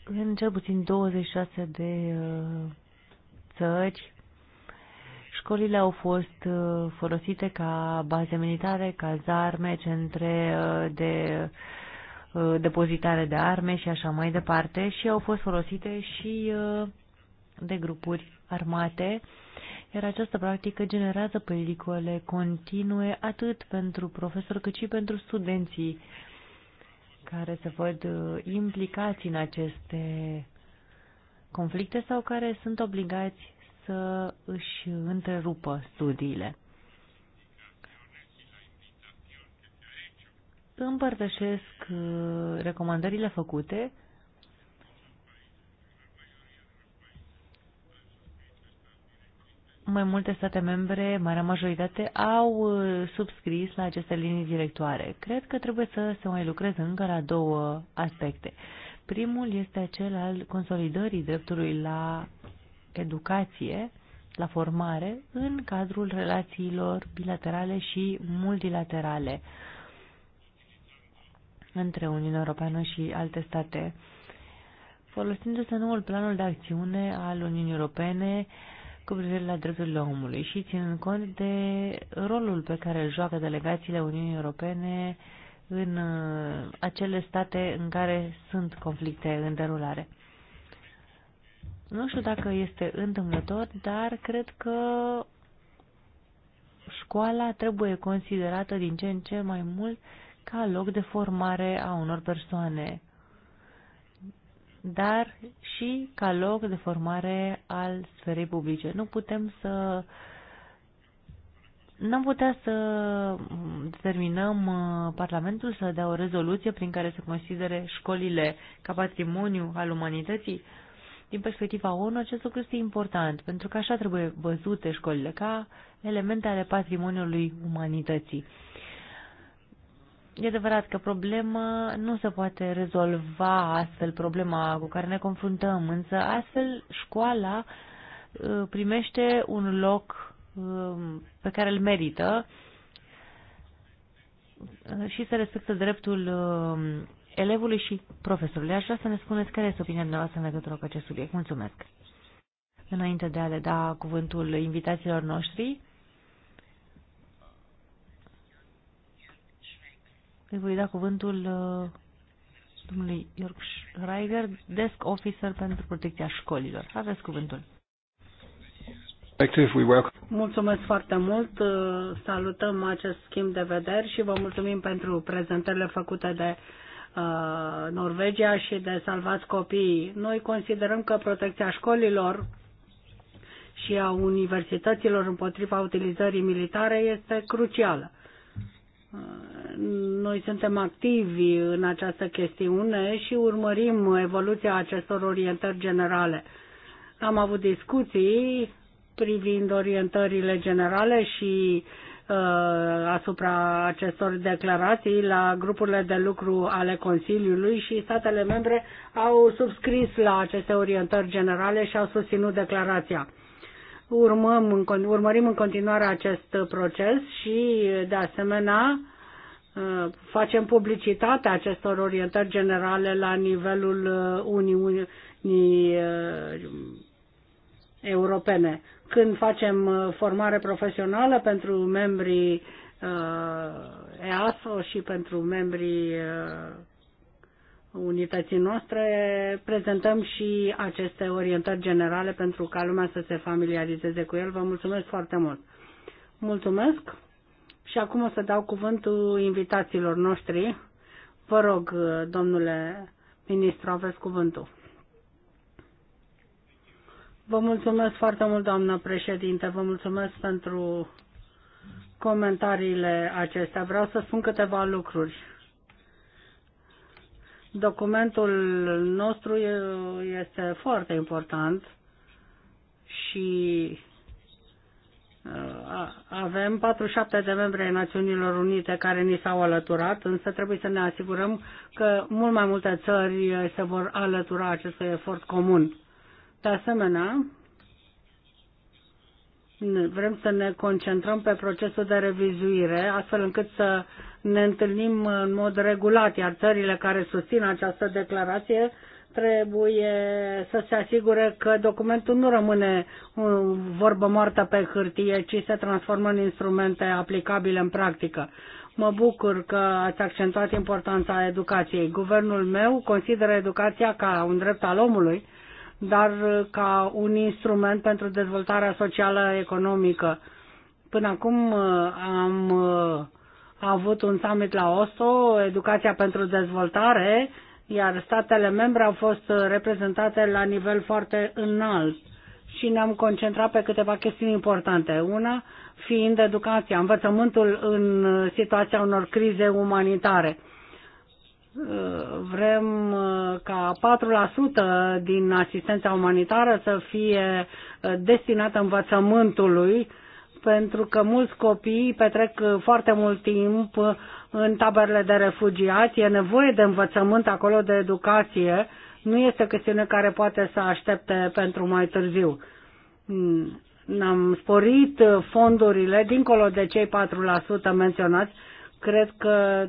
În cel puțin 26 de uh, țări Școlile au fost uh, folosite ca baze militare, cazarme, centre uh, de uh, depozitare de arme și așa mai departe și au fost folosite și de grupuri armate, iar această practică generează pericole continue atât pentru profesori cât și pentru studenții care se văd implicați în aceste conflicte sau care sunt obligați să își întrerupă studiile. Împărtășesc uh, recomandările făcute mai multe state membre, marea majoritate, au uh, subscris la aceste linii directoare. Cred că trebuie să se mai lucreze încă la două aspecte. Primul este acel al consolidării dreptului la educație, la formare, în cadrul relațiilor bilaterale și multilaterale între Uniunea Europeană și alte state. Folosindu-se noul planul de acțiune al Uniunii Europene cu privire la drepturile omului și ținând cont de rolul pe care îl joacă delegațiile Uniunii Europene în uh, acele state în care sunt conflicte în derulare. Nu știu dacă este întâmplător, dar cred că școala trebuie considerată din ce în ce mai mult ca loc de formare a unor persoane, dar și ca loc de formare al sferei publice. Nu putem să n-am putea să determinăm uh, Parlamentul să dea o rezoluție prin care să considere școlile ca patrimoniu al umanității. Din perspectiva ONU, acest lucru este important, pentru că așa trebuie văzute școlile, ca elemente ale patrimoniului umanității. E adevărat că problema nu se poate rezolva astfel, problema cu care ne confruntăm, însă astfel școala uh, primește un loc um, pe care îl merită uh, și se respectă dreptul um, elevului și profesorului. Aș vrea să ne spuneți care este opinia dumneavoastră în legătură cu acest subiect. Mulțumesc! Înainte de a le da cuvântul invitațiilor noștri, îi voi da cuvântul uh, domnului York Schreiger, desk officer pentru protecția școlilor. Aveți cuvântul. Mulțumesc foarte mult, uh, salutăm acest schimb de vederi și vă mulțumim pentru prezentările făcute de Uh, Norvegia și de salvați copiii. Noi considerăm că protecția școlilor și a universităților împotriva utilizării militare este crucială. Uh, noi suntem activi în această chestiune și urmărim evoluția acestor orientări generale. Am avut discuții privind orientările generale și uh, Uh, asupra acestor declarații la grupurile de lucru ale Consiliului și statele membre au subscris la aceste orientări generale și au susținut declarația. Urmăm, urmărim în continuare acest proces și, de asemenea, uh, facem publicitatea acestor orientări generale la nivelul uh, Uniunii europene. Când facem uh, formare profesională pentru membrii uh, EASO și pentru membrii uh, unității noastre, prezentăm și aceste orientări generale pentru ca lumea să se familiarizeze cu el. Vă mulțumesc foarte mult! Mulțumesc și acum o să dau cuvântul invitațiilor noștri. Vă rog, domnule ministru, aveți cuvântul. Vă mulțumesc foarte mult, doamnă președinte. Vă mulțumesc pentru comentariile acestea. Vreau să spun câteva lucruri. Documentul nostru este foarte important și uh, avem 47 de membri ai Națiunilor Unite care ni s-au alăturat, însă trebuie să ne asigurăm că mult mai multe țări se vor alătura acestui efort comun. De asemenea, vrem să ne concentrăm pe procesul de revizuire, astfel încât să ne întâlnim în mod regulat, iar țările care susțin această declarație trebuie să se asigure că documentul nu rămâne vorbă moartă pe hârtie, ci se transformă în instrumente aplicabile în practică. Mă bucur că ați accentuat importanța educației. Guvernul meu consideră educația ca un drept al omului, dar ca un instrument pentru dezvoltarea socială economică. Până acum uh, am uh, avut un summit la OSO, Educația pentru Dezvoltare, iar statele membre au fost uh, reprezentate la nivel foarte înalt și ne-am concentrat pe câteva chestiuni importante. Una fiind educația, învățământul în situația unor crize umanitare vrem uh, ca 4% din asistența umanitară să fie uh, destinată învățământului, pentru că mulți copii petrec uh, foarte mult timp în taberele de refugiați, e nevoie de învățământ acolo, de educație, nu este o chestiune care poate să aștepte pentru mai târziu. Mm, am sporit fondurile dincolo de cei 4% menționați Cred că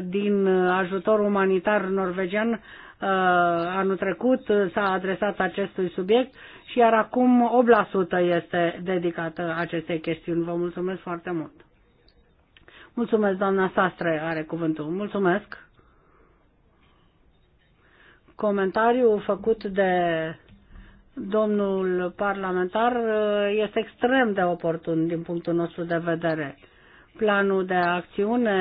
3% din ajutorul umanitar norvegian uh, anul trecut s-a adresat acestui subiect și iar acum 8% este dedicată acestei chestiuni. Vă mulțumesc foarte mult. Mulțumesc, doamna Sastre are cuvântul. Mulțumesc. Comentariul făcut de domnul parlamentar este extrem de oportun din punctul nostru de vedere. Planul de acțiune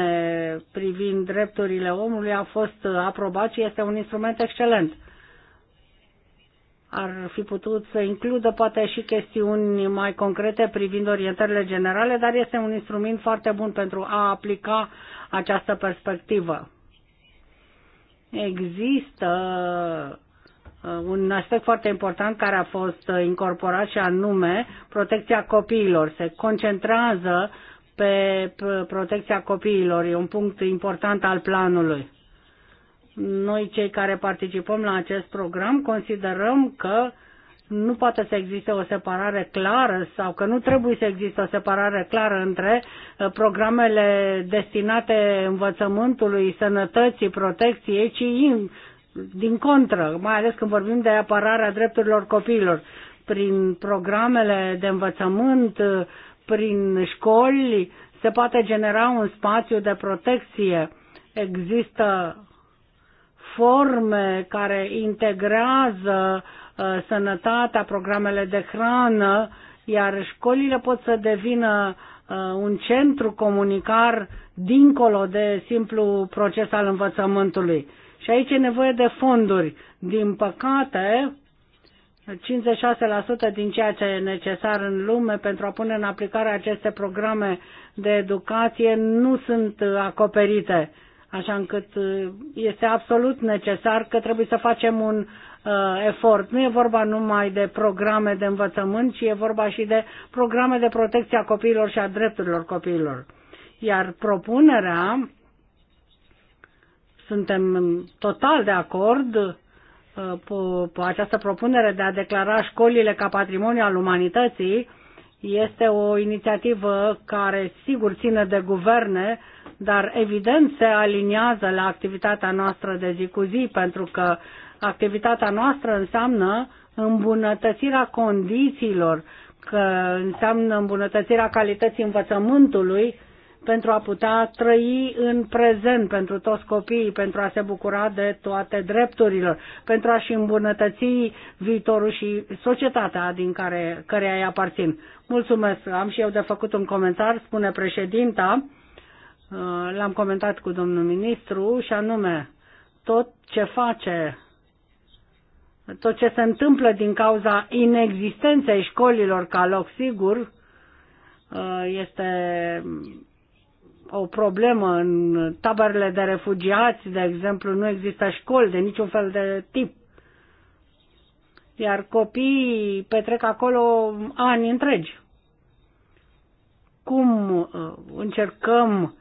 privind drepturile omului a fost aprobat și este un instrument excelent. Ar fi putut să includă poate și chestiuni mai concrete privind orientările generale, dar este un instrument foarte bun pentru a aplica această perspectivă. Există uh, un aspect foarte important care a fost incorporat și anume protecția copiilor. Se concentrează pe protecția copiilor. E un punct important al planului. Noi, cei care participăm la acest program, considerăm că nu poate să existe o separare clară sau că nu trebuie să existe o separare clară între uh, programele destinate învățământului, sănătății, protecției, ci din contră, mai ales când vorbim de apărarea drepturilor copiilor. Prin programele de învățământ, uh, prin școli se poate genera un spațiu de protecție. Există forme care integrează uh, sănătatea, programele de hrană, iar școlile pot să devină uh, un centru comunicar dincolo de simplu proces al învățământului. Și aici e nevoie de fonduri. Din păcate, 56% din ceea ce e necesar în lume pentru a pune în aplicare aceste programe de educație nu sunt acoperite, așa încât uh, este absolut necesar că trebuie să facem un uh, efort. Nu e vorba numai de programe de învățământ, ci e vorba și de programe de protecție a copiilor și a drepturilor copiilor. Iar propunerea, suntem total de acord, Uh, această propunere de a declara școlile ca patrimoniu al umanității este o inițiativă care sigur ține de guverne, dar evident se aliniază la activitatea noastră de zi cu zi, pentru că activitatea noastră înseamnă îmbunătățirea condițiilor, că înseamnă îmbunătățirea calității învățământului pentru a putea trăi în prezent pentru toți copiii, pentru a se bucura de toate drepturile, pentru a-și îmbunătăți viitorul și societatea din care, care îi aparțin. Mulțumesc, am și eu de făcut un comentar, spune președinta, uh, l-am comentat cu domnul ministru și anume, tot ce face tot ce se întâmplă din cauza inexistenței școlilor ca loc sigur uh, este o problemă în taberele de refugiați, de exemplu, nu există școli de niciun fel de tip. Iar copiii petrec acolo ani întregi. Cum uh, încercăm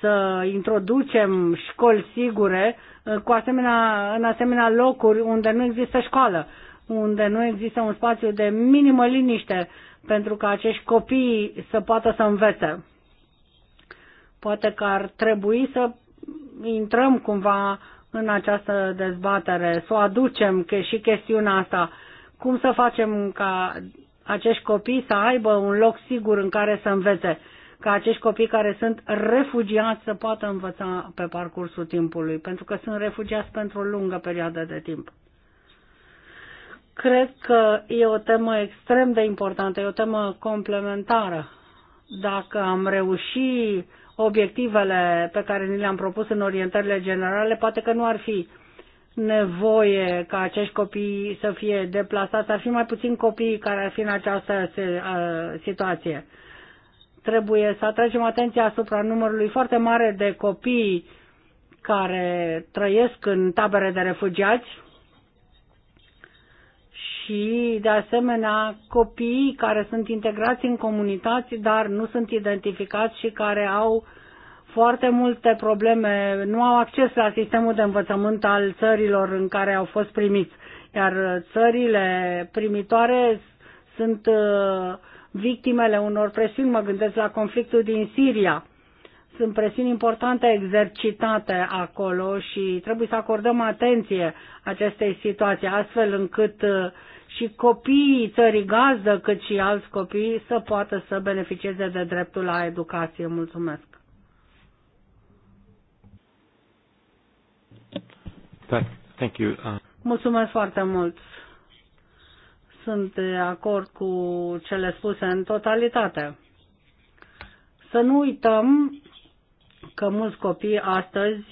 să introducem școli sigure uh, cu asemenea, în asemenea locuri unde nu există școală, unde nu există un spațiu de minimă liniște pentru ca acești copii să poată să învețe. Poate că ar trebui să intrăm cumva în această dezbatere, să o aducem că și chestiunea asta. Cum să facem ca acești copii să aibă un loc sigur în care să învețe, ca acești copii care sunt refugiați să poată învăța pe parcursul timpului, pentru că sunt refugiați pentru o lungă perioadă de timp. Cred că e o temă extrem de importantă, e o temă complementară. Dacă am reușit obiectivele pe care ni le-am propus în orientările generale, poate că nu ar fi nevoie ca acești copii să fie deplasați, ar fi mai puțin copii care ar fi în această situație. Trebuie să atragem atenția asupra numărului foarte mare de copii care trăiesc în tabere de refugiați, și, de asemenea, copiii care sunt integrați în comunități, dar nu sunt identificați și care au foarte multe probleme, nu au acces la sistemul de învățământ al țărilor în care au fost primiți. Iar țările primitoare sunt uh, victimele unor presiuni, mă gândesc la conflictul din Siria. Sunt presiuni importante exercitate acolo și trebuie să acordăm atenție acestei situații, astfel încât uh, și copiii țării gazdă, cât și alți copii, să poată să beneficieze de dreptul la educație. Mulțumesc! Thank you. Uh, Mulțumesc foarte mult! Sunt de acord cu cele spuse în totalitate. Să nu uităm că mulți copii astăzi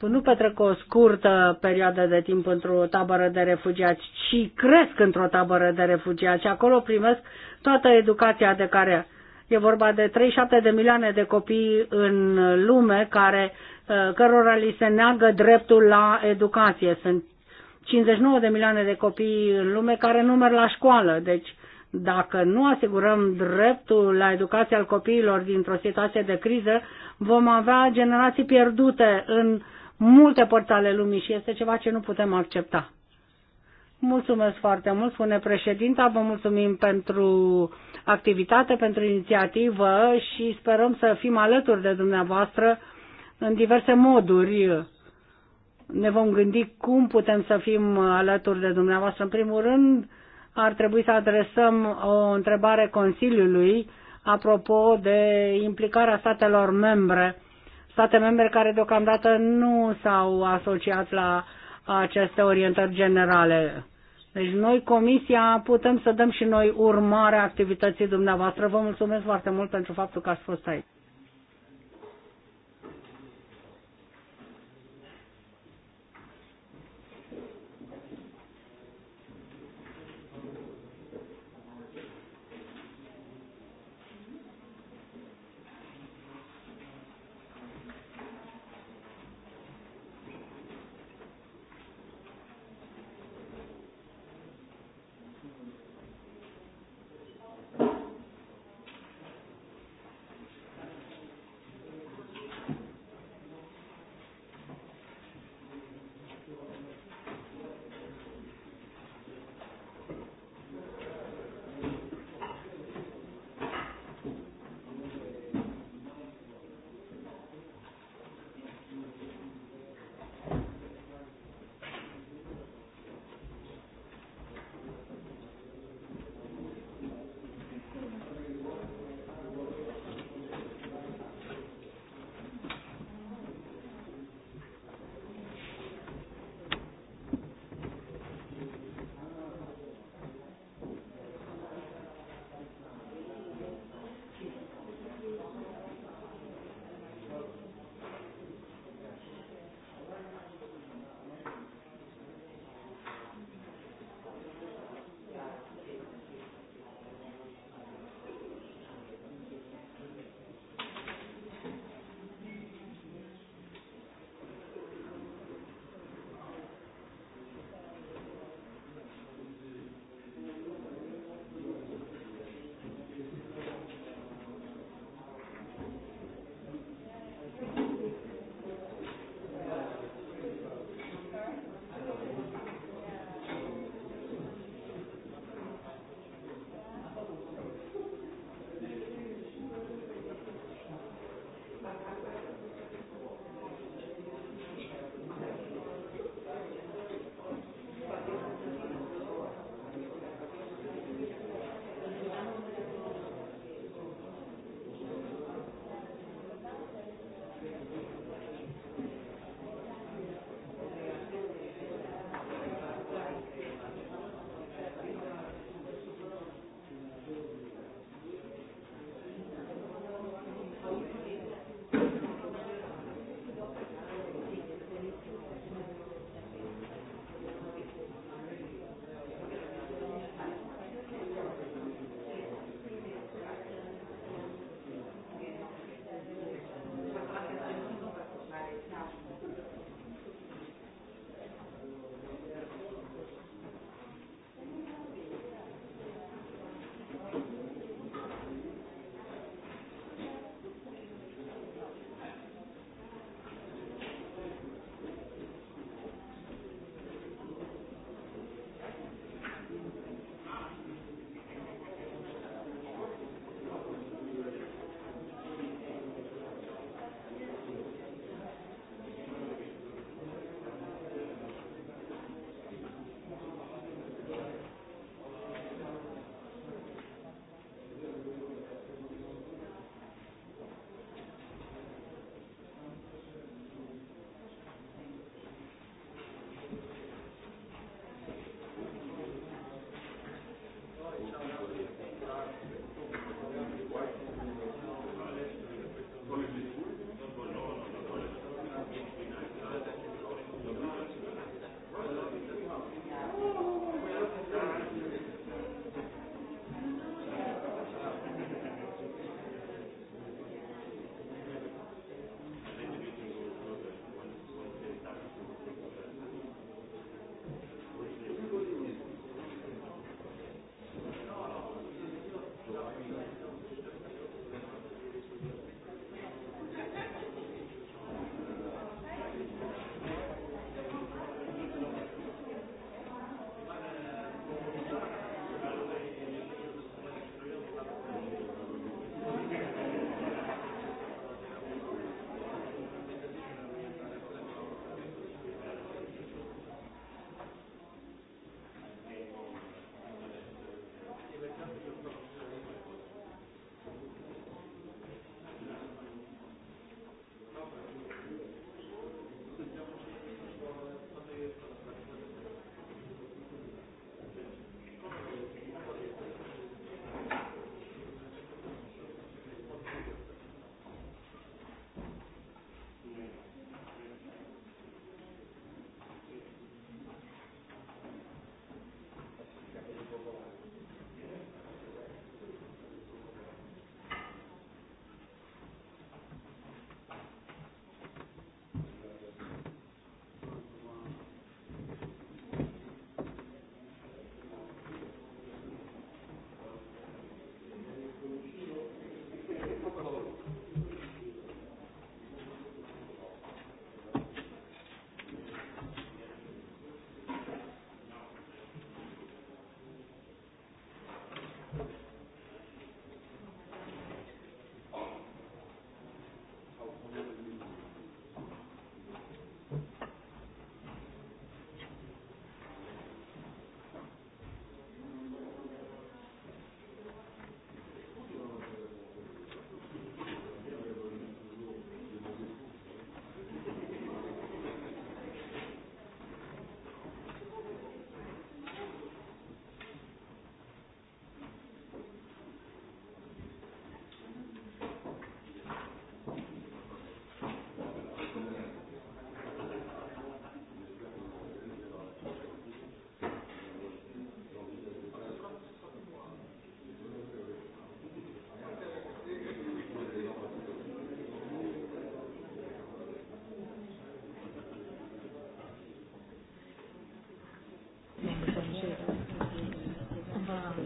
nu petrec o scurtă perioadă de timp într-o tabără de refugiați, ci cresc într-o tabără de refugiați și acolo primesc toată educația de care e vorba de 37 de milioane de copii în lume care, ă, cărora li se neagă dreptul la educație. Sunt 59 de milioane de copii în lume care nu merg la școală. Deci dacă nu asigurăm dreptul la educație al copiilor dintr-o situație de criză, vom avea generații pierdute în multe părți ale lumii și este ceva ce nu putem accepta. Mulțumesc foarte mult, spune președinta, vă mulțumim pentru activitate, pentru inițiativă și sperăm să fim alături de dumneavoastră în diverse moduri. Ne vom gândi cum putem să fim alături de dumneavoastră. În primul rând, ar trebui să adresăm o întrebare Consiliului apropo de implicarea statelor membre, state membre care deocamdată nu s-au asociat la aceste orientări generale. Deci noi, Comisia, putem să dăm și noi urmare activității dumneavoastră. Vă mulțumesc foarte mult pentru faptul că ați fost aici.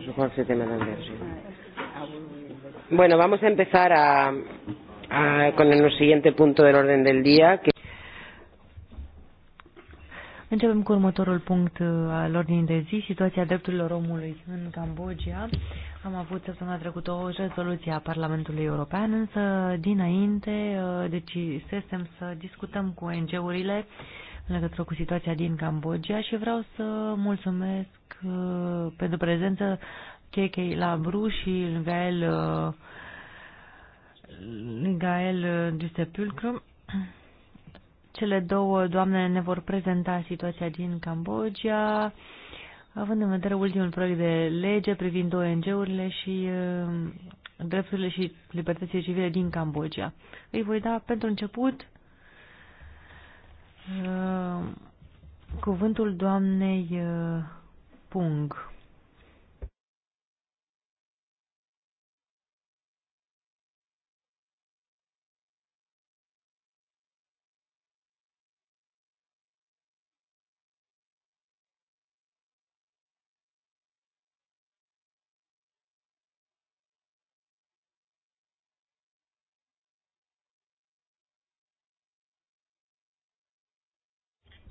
Je crois que c'était Madame Berger. Bueno, vamos a empezar a, a, con el siguiente punto del orden del día. Que... Începem cu următorul punct uh, al ordinii de zi, situația drepturilor omului în Cambodgia. Am avut săptămâna trecută o rezoluție a Parlamentului European, însă dinainte uh, decisesem să discutăm cu ONG-urile uh, în legătură cu situația din Cambodgia și vreau să mulțumesc uh, pentru prezență KK Labru și Gael uh, Gael Distepulcru. Uh, Cele două doamne ne vor prezenta situația din Cambodgia, având în vedere ultimul proiect de lege privind ONG-urile și drepturile și libertățile civile din Cambodgia. Îi voi da pentru început Uh, cuvântul doamnei uh, Pung.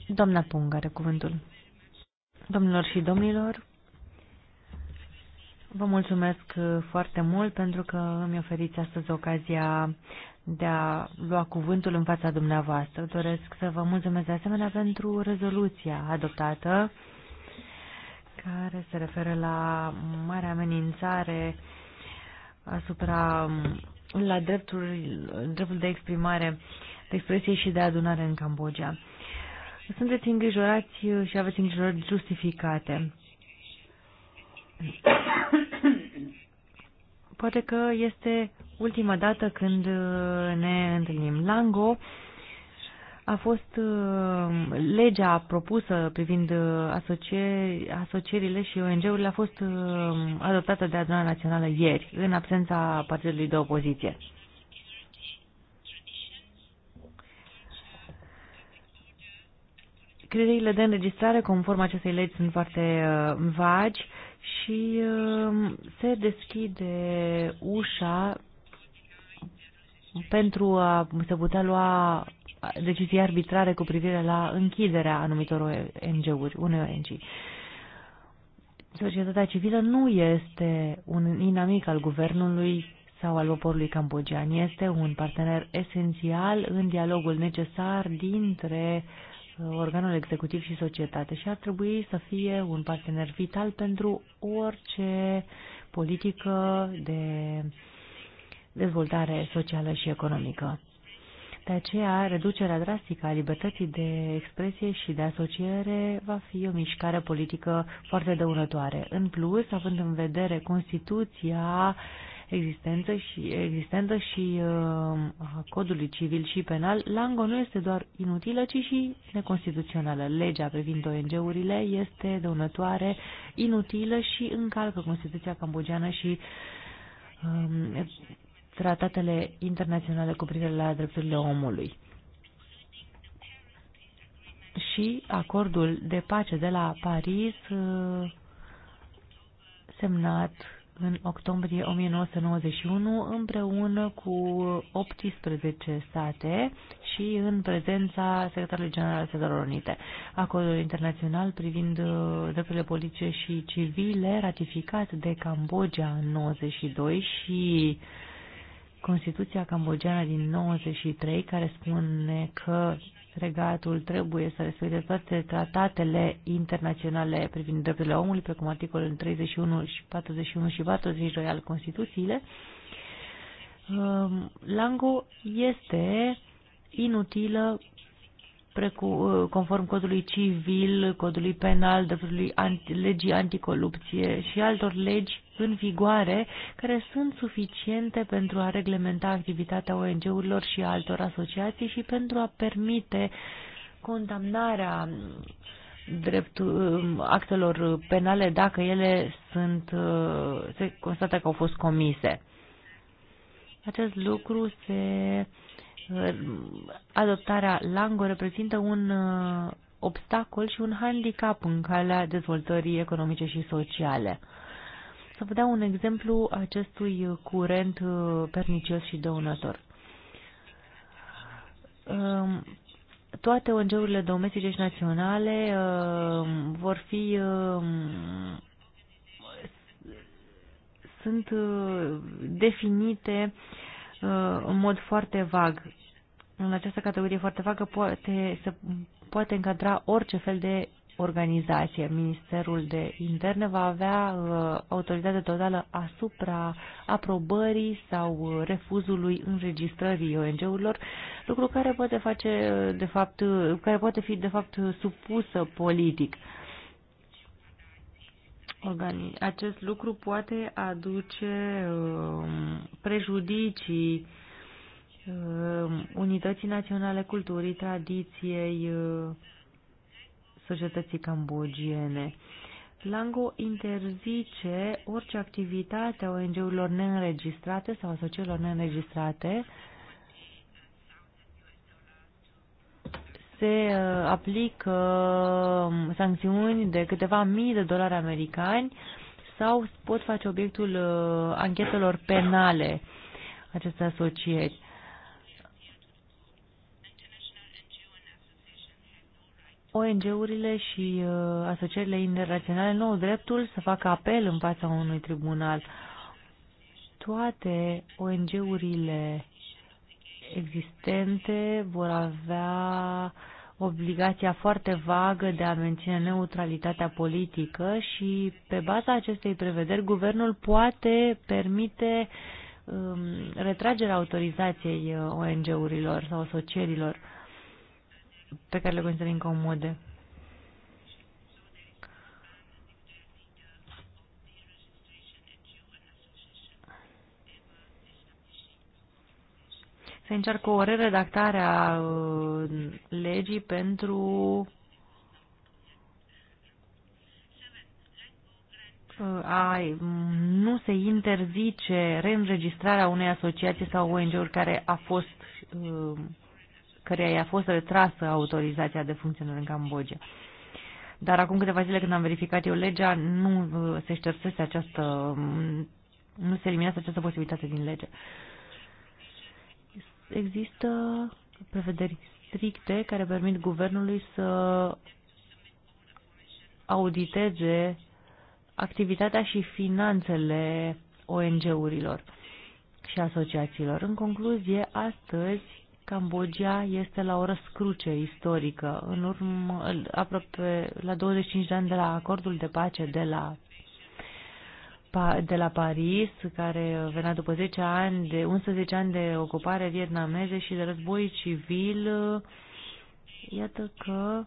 Doamna Pung are cuvântul. Domnilor și domnilor, vă mulțumesc uh, foarte mult pentru că îmi oferiți astăzi ocazia de a lua cuvântul în fața dumneavoastră. Doresc să vă mulțumesc de asemenea pentru rezoluția adoptată care se referă la mare amenințare asupra um, la dreptul, dreptul de exprimare, de expresie și de adunare în Cambodgia sunteți îngrijorați uh, și aveți îngrijorări justificate. [coughs] Poate că este ultima dată când uh, ne întâlnim. Lango a fost uh, legea propusă privind asocierile și ONG-urile a fost adoptată de adunarea națională ieri, în absența partidului de opoziție. Criteriile de înregistrare conform acestei legi sunt foarte uh, vagi și um, se deschide ușa pentru a se putea lua decizii arbitrare cu privire la închiderea anumitor ONG-uri, unei ONG. Societatea civilă nu este un inamic al guvernului sau al poporului cambogian. Este un partener esențial în dialogul necesar dintre uh, organul executiv și societate și ar trebui să fie un partener vital pentru orice politică de dezvoltare socială și economică. De aceea, reducerea drastică a libertății de expresie și de asociere va fi o mișcare politică foarte dăunătoare. În plus, având în vedere Constituția uh, existență și, existentă și uh, a codului civil și penal, Lango nu este doar inutilă, ci și neconstituțională. Legea privind ONG-urile este dăunătoare, inutilă și încalcă Constituția cambogiană și um, tratatele internaționale cu privire la drepturile omului și acordul de pace de la Paris uh, semnat în octombrie 1991 împreună cu 18 state și în prezența secretarului general al Statelor Unite. Acordul internațional privind uh, drepturile politice și civile ratificat de Cambodgia în 92 și Constituția cambogiană din 93 care spune că Regatul trebuie să respecte toate tratatele internaționale privind drepturile omului, precum articolul 31 și 41 și 42 al Constituțiile. Um, Lango este inutilă precu, uh, conform codului civil, codului penal, dreptului anti, legii anticorupție și altor legi în vigoare care sunt suficiente pentru a reglementa activitatea ONG-urilor și altor asociații și pentru a permite condamnarea um, dreptul, um, actelor penale dacă ele sunt, uh, se constată că au fost comise. Acest lucru se adoptarea Lango reprezintă un uh, obstacol și un handicap în calea dezvoltării economice și sociale. Să vă dau un exemplu acestui curent uh, pernicios și dăunător. Um, toate ONG-urile domestice și naționale um, vor fi um, sunt uh, definite uh, Uh, în mod foarte vag. În această categorie foarte vagă poate, se poate încadra orice fel de organizație. Ministerul de Interne va avea uh, autoritate totală asupra aprobării sau refuzului înregistrării ONG-urilor, lucru care poate face de fapt care poate fi de fapt supusă politic organi- acest lucru poate aduce um, prejudicii um, unității naționale culturii, tradiției uh, societății cambogiene. Lango interzice orice activitate a ONG-urilor neînregistrate sau asociațiilor neînregistrate uh, se uh, aplică um, sancțiuni de câteva mii de dolari americani sau pot face obiectul uh, anchetelor penale aceste asocieri. ONG-urile și uh, asocierile internaționale nu au dreptul să facă apel în fața unui tribunal. Toate ONG-urile existente vor avea obligația foarte vagă de a menține neutralitatea politică și pe baza acestei prevederi guvernul poate permite um, retragerea autorizației uh, ONG-urilor sau asocierilor pe care le consider incomode. se încearcă o reredactare a uh, legii pentru a nu se interzice reînregistrarea unei asociații sau ONG-uri care a fost uh, care i-a fost retrasă autorizația de funcționare în Cambodgia. Dar acum câteva zile când am verificat eu legea, nu uh, se ștersese această, nu se eliminează această posibilitate din lege. Uh, există prevederi stricte care permit guvernului să auditeze activitatea și finanțele ONG-urilor și asociațiilor. În concluzie, astăzi Cambodgia este la o răscruce istorică. În urmă, aproape la 25 de ani de la acordul de pace de la de la Paris, care venea după 10 ani de, 11 ani de ocupare vietnameze și de război civil, iată că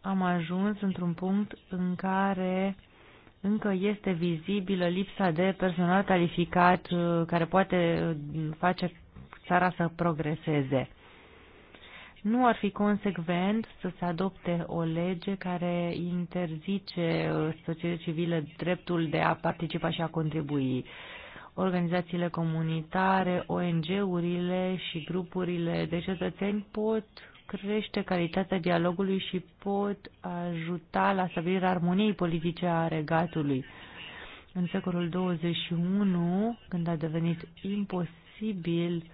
am ajuns într-un punct în care încă este vizibilă lipsa de personal calificat uh, care poate uh, face țara să progreseze. Nu ar fi consecvent să se adopte o lege care interzice uh, societății civile dreptul de a participa și a contribui. Organizațiile comunitare, ONG-urile și grupurile de cetățeni pot crește calitatea dialogului și pot ajuta la stabilirea armoniei politice a regatului. În secolul 21, când a devenit imposibil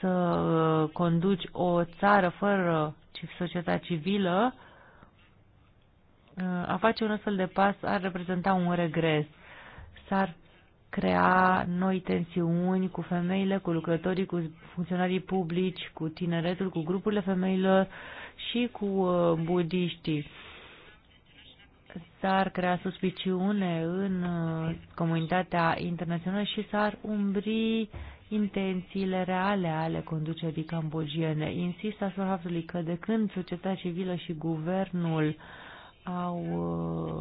să uh, conduci o țară fără societate civilă, uh, a face un astfel de pas ar reprezenta un regres. S-ar crea noi tensiuni cu femeile, cu lucrătorii, cu funcționarii publici, cu tineretul, cu grupurile femeilor și cu uh, budiștii. S-ar crea suspiciune în comunitatea internațională și s-ar umbri intențiile reale ale conducerii cambogiene. Insist asupra faptului că de când societatea civilă și guvernul au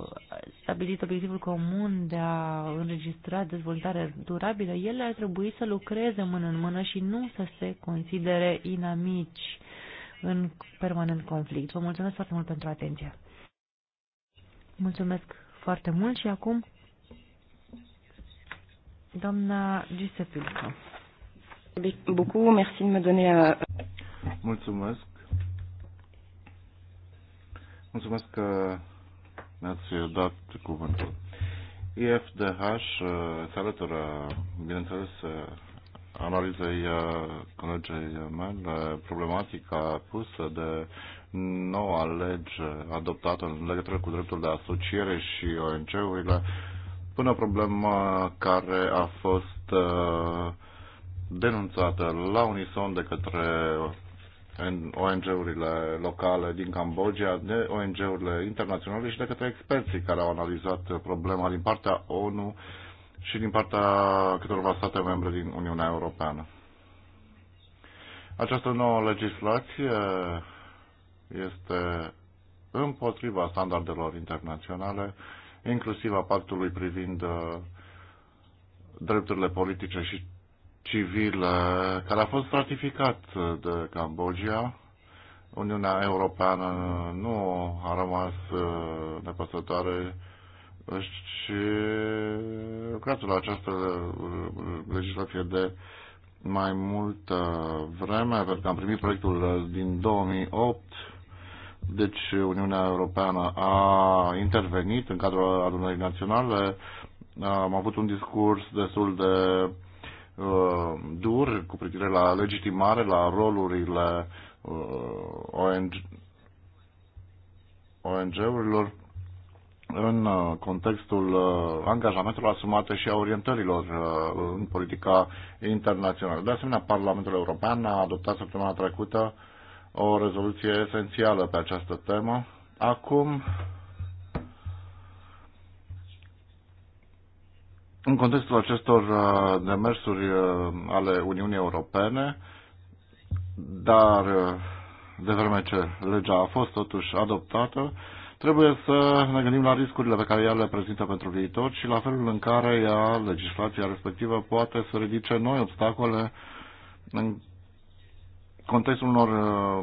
uh, stabilit obiectivul comun de a înregistra dezvoltare durabilă, ele ar trebui să lucreze mână în mână și nu să se considere inamici în permanent conflict. Vă mulțumesc foarte mult pentru atenție. Mulțumesc foarte mult și acum doamna Giuseppe Beaucoup, merci de me donner... Euh, Mulțumesc. Mulțumesc că mi-ați dat cuvântul. IFDH uh, se alătură, bineînțeles, uh, analizei uh, colegei mele problematica pusă de noua lege adoptată în legătură cu dreptul de asociere și ONG-urile până problema care a fost uh, denunțată la unison de către ONG-urile locale din Cambodgia, de ONG-urile internaționale și de către experții care au analizat problema din partea ONU și din partea câtorva state membre din Uniunea Europeană. Această nouă legislație este împotriva standardelor internaționale, inclusiv a pactului privind uh, drepturile politice și civil care a fost ratificat de Cambodgia. Uniunea Europeană nu a rămas uh, nepăsătoare și lucrează la această uh, legislație de mai multă vreme, pentru că am primit proiectul din 2008 deci Uniunea Europeană a intervenit în cadrul adunării naționale. Am avut un discurs destul de uh, dur cu privire la legitimare, la rolurile uh, ONG, ONG-urilor în uh, contextul uh, angajamentelor asumate și a orientărilor uh, în politica internațională. De asemenea, Parlamentul European a adoptat săptămâna trecută o rezoluție esențială pe această temă. Acum În contextul acestor uh, demersuri uh, ale Uniunii Europene, dar uh, de vreme ce legea a fost totuși adoptată, trebuie să ne gândim la riscurile pe care ea le prezintă pentru viitor și la felul în care ea, legislația respectivă, poate să ridice noi obstacole în contextul unor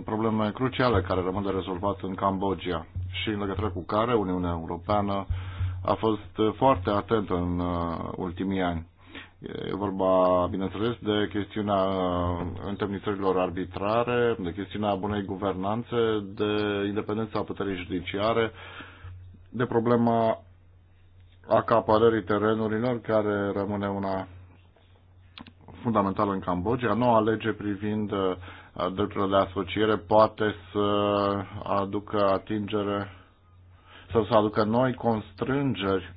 probleme cruciale care rămân de rezolvat în Cambodgia și în legătură cu care Uniunea Europeană a fost uh, foarte atentă în uh, ultimii ani. E vorba, bineînțeles, de chestiunea uh, întemnițărilor arbitrare, de chestiunea bunei guvernanțe, de independența puterii judiciare, de problema acapărării terenurilor, care rămâne una fundamentală în Cambodgia. Noua lege privind drepturile de asociere poate să aducă atingere sau să aducă noi constrângeri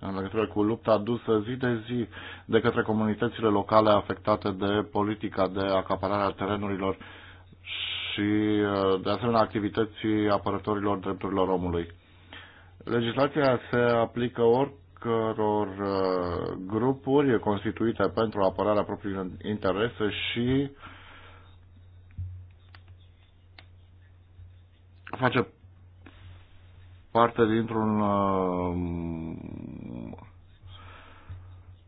în legătură cu lupta adusă zi de zi de către comunitățile locale afectate de politica de acaparare a terenurilor și, de asemenea, activității apărătorilor drepturilor omului. Legislația se aplică oricăror uh, grupuri constituite pentru apărarea propriilor interese și face parte dintr-un uh,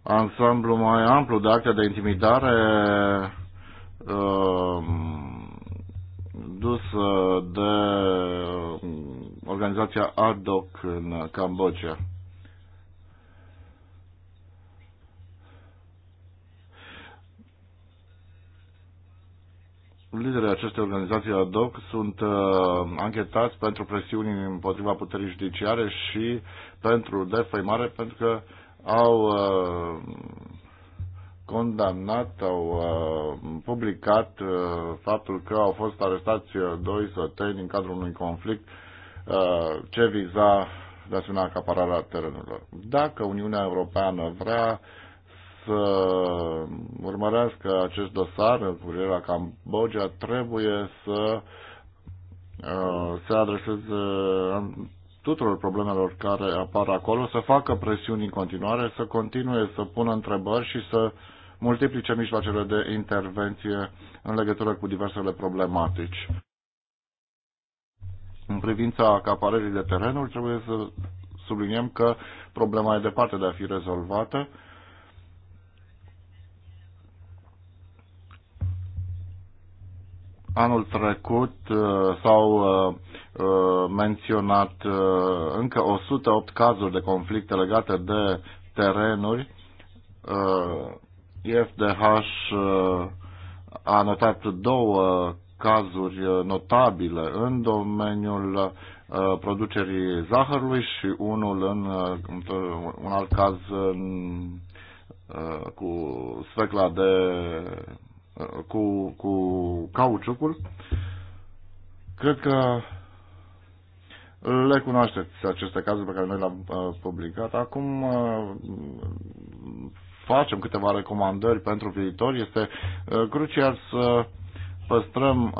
ansamblu mai amplu de acte de intimidare uh, dus uh, de organizația ADOC în Cambodgia. liderii acestei organizații ad hoc sunt uh, anchetați pentru presiuni împotriva puterii judiciare și pentru defăimare pentru că au uh, condamnat, au uh, publicat uh, faptul că au fost arestați uh, doi săteni în cadrul unui conflict uh, ce viza de asemenea acapararea terenurilor. Dacă Uniunea Europeană vrea uh, să urmărească acest dosar, la Cambodgia, trebuie să uh, se adreseze uh, tuturor problemelor care apar acolo, să facă presiuni în continuare, să continue să pună întrebări și să multiplice mijloacele de intervenție în legătură cu diversele problematici. În privința acaparării de terenuri, trebuie să subliniem că problema e departe de a fi rezolvată. Anul trecut uh, s-au uh, uh, menționat încă 108 cazuri de conflicte legate de terenuri. IFDH a notat două cazuri notabile în domeniul producerii zahărului și unul în un alt caz în, cu specla de cu, cu cauciucul. Cred că le cunoașteți aceste cazuri pe care noi le-am uh, publicat. Acum uh, facem câteva recomandări pentru viitor. Este uh, crucial să păstrăm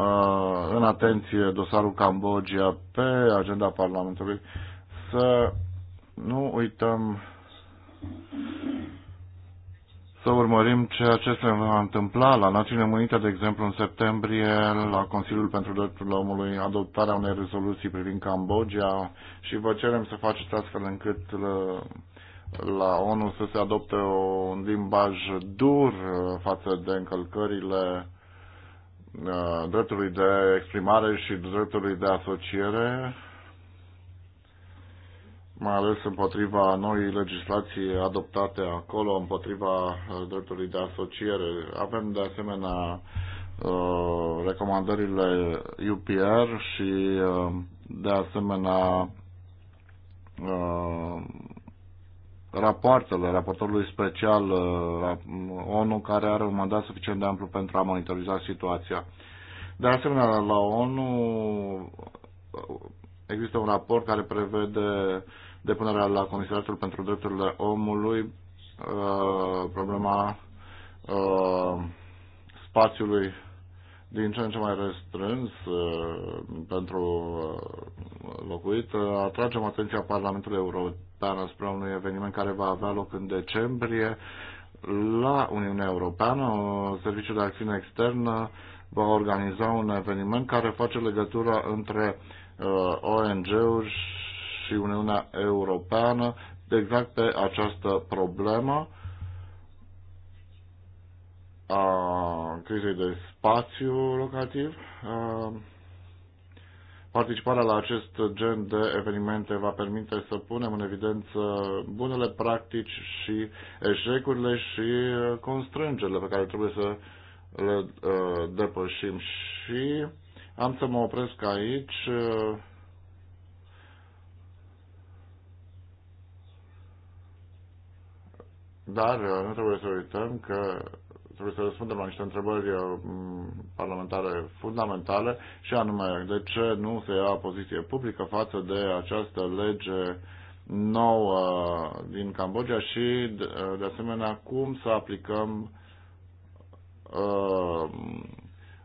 în atenție dosarul Cambodgia pe agenda Parlamentului, să nu uităm să urmărim ceea ce se va întâmpla la Națiunile Unite, de exemplu, în septembrie, la Consiliul pentru Drepturile Omului, adoptarea unei rezoluții privind Cambodgia și vă cerem să faceți astfel încât uh, la ONU să se adopte un limbaj dur uh, față de încălcările uh, dreptului de exprimare și dreptului de asociere mai ales împotriva noii legislații adoptate acolo, împotriva uh, dreptului de asociere. Avem de asemenea uh, recomandările UPR și uh, de asemenea rapoartele raportorului special ONU care are un mandat suficient de amplu pentru a monitoriza situația. De asemenea, la ONU există un raport care prevede depunerea la Comisariatul pentru Drepturile Omului, uh, problema uh, spațiului din ce în ce mai restrâns uh, pentru locuit. Atragem atenția Parlamentului European spre unui eveniment care va avea loc în decembrie la Uniunea Europeană. Serviciul de Acțiune Externă va organiza un eveniment care face legătura între ONG-uri și Uniunea Europeană exact pe această problemă a crizei de spațiu locativ. Participarea la acest gen de evenimente va permite să punem în evidență bunele practici și eșecurile și constrângerile pe care trebuie să le depășim. Și am să mă opresc aici. Dar uh, nu trebuie să uităm că trebuie să răspundem la niște întrebări uh, parlamentare fundamentale și anume de ce nu se ia poziție publică față de această lege nouă din Cambodgia și de uh, asemenea cum să aplicăm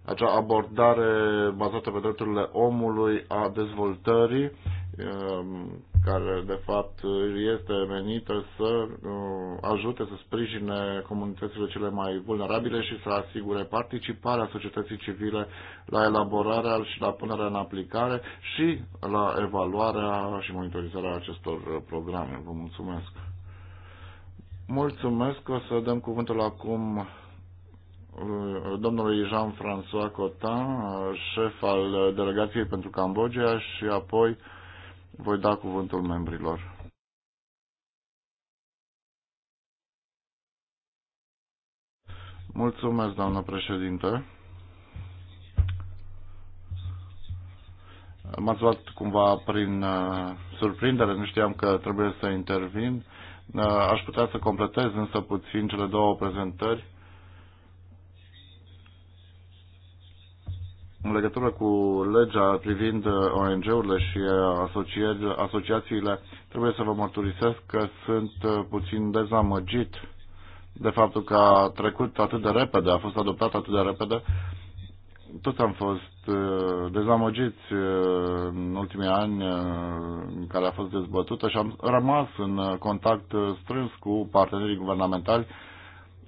acea abordare bazată pe drepturile omului a dezvoltării Um, care de fapt este menită să uh, ajute să sprijine comunitățile cele mai vulnerabile și să asigure participarea societății civile la elaborarea și la punerea în aplicare și la evaluarea și monitorizarea acestor programe. Vă mulțumesc! Mulțumesc! O să dăm cuvântul acum uh, domnului Jean-François Cotin, șef al delegației pentru Cambodgia și apoi voi da cuvântul membrilor. Mulțumesc, doamnă președinte. M-ați luat cumva prin uh, surprindere, nu știam că trebuie să intervin. Uh, aș putea să completez însă puțin cele două prezentări în legătură cu legea privind uh, ONG-urile și uh, asociațiile, trebuie să vă mărturisesc că sunt uh, puțin dezamăgit de faptul că a trecut atât de repede, a fost adoptat atât de repede. Tot am fost dezamăgiți în ultimii ani în care a fost dezbătută și am rămas în contact strâns cu partenerii guvernamentali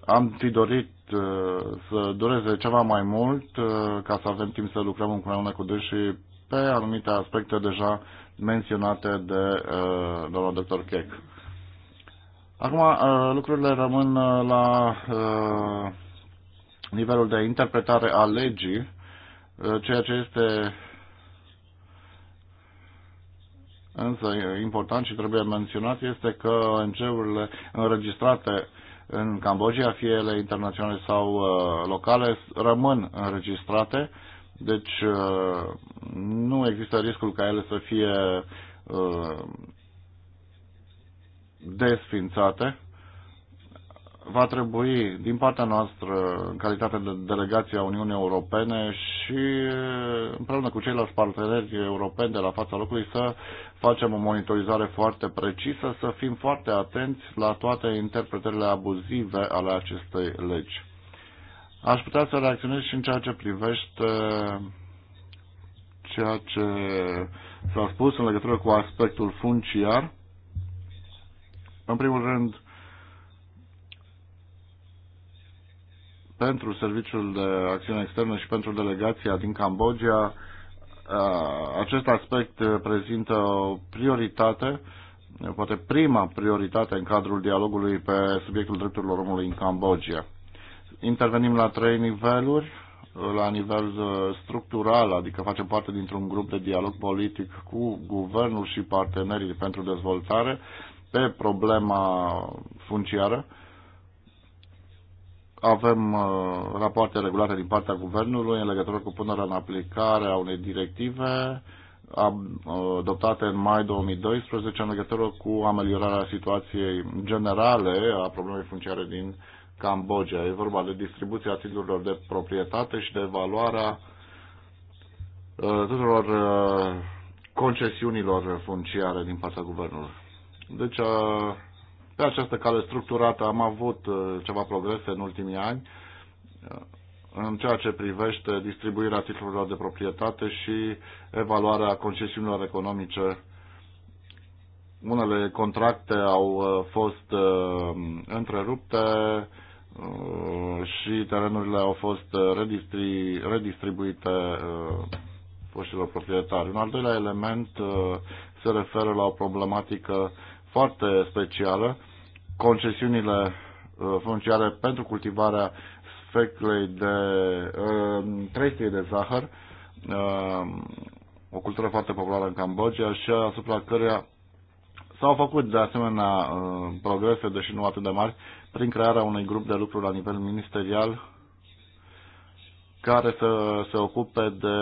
am fi dorit uh, să dureze ceva mai mult uh, ca să avem timp să lucrăm împreună cu dânsii pe anumite aspecte deja menționate de uh, doamna doctor Keck. Acum lucrurile rămân la nivelul de interpretare a legii, ceea ce este însă important și trebuie menționat este că ONG-urile înregistrate în Cambodgia, fie ele internaționale sau uh, locale, rămân înregistrate, deci uh, nu există riscul ca ele să fie uh, desfințate va trebui din partea noastră, în calitate de delegație a Uniunii Europene și împreună cu ceilalți parteneri europeni de la fața locului să facem o monitorizare foarte precisă, să fim foarte atenți la toate interpretările abuzive ale acestei legi. Aș putea să reacționez și în ceea ce privește ceea ce s-a spus în legătură cu aspectul funciar. În primul rând, pentru Serviciul de Acțiune Externă și pentru delegația din Cambodgia, acest aspect prezintă o prioritate, poate prima prioritate în cadrul dialogului pe subiectul drepturilor omului în Cambodgia. Intervenim la trei niveluri, la nivel uh, structural, adică facem parte dintr-un grup de dialog politic cu guvernul și partenerii pentru dezvoltare pe problema funciară, avem uh, rapoarte regulate din partea Guvernului în legătură cu punerea în aplicare a unei directive uh, adoptate în mai 2012 în legătură cu ameliorarea situației generale a problemei funciare din Cambodgia. E vorba de distribuția titlurilor de proprietate și de evaluarea uh, tuturor uh, concesiunilor funciare din partea guvernului. Deci, pe această cale structurată am avut uh, ceva progrese în ultimii ani uh, în ceea ce privește distribuirea titlurilor de proprietate și evaluarea concesiunilor economice. Unele contracte au uh, fost întrerupte și terenurile au fost redistribuite foștilor proprietari. Un al doilea element se referă la o problematică foarte specială concesiunile uh, funciare pentru cultivarea sfeclei de uh, trestie de zahăr, uh, o cultură foarte populară în Cambodgia și asupra căreia s-au făcut de asemenea progrese, deși nu atât de mari, prin crearea unui grup de lucru la nivel ministerial care să se ocupe de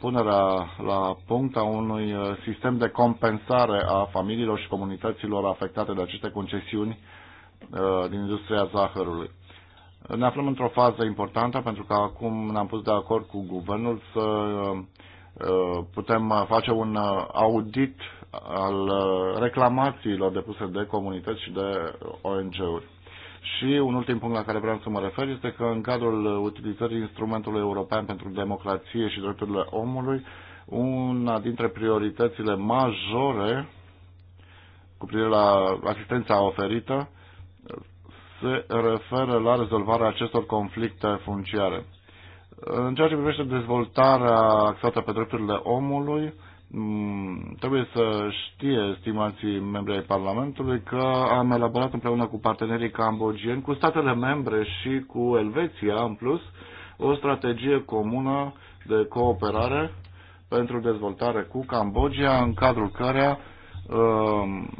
punerea la punct a unui sistem de compensare a familiilor și comunităților afectate de aceste concesiuni Uh, din industria zahărului. Ne aflăm într-o fază importantă pentru că acum ne-am pus de acord cu guvernul să uh, uh, putem face un audit al reclamațiilor depuse de comunități și de ONG-uri. Și un ultim punct la care vreau să mă refer este că în cadrul utilizării instrumentului european pentru democrație și drepturile omului, una dintre prioritățile majore cu privire la asistența oferită se referă la rezolvarea acestor conflicte funciare. În ceea ce privește dezvoltarea axată pe drepturile omului, trebuie să știe, stimații membri ai Parlamentului, că am elaborat împreună cu partenerii cambogieni, cu statele membre și cu Elveția, în plus, o strategie comună de cooperare pentru dezvoltare cu Cambodgia, în cadrul căreia um,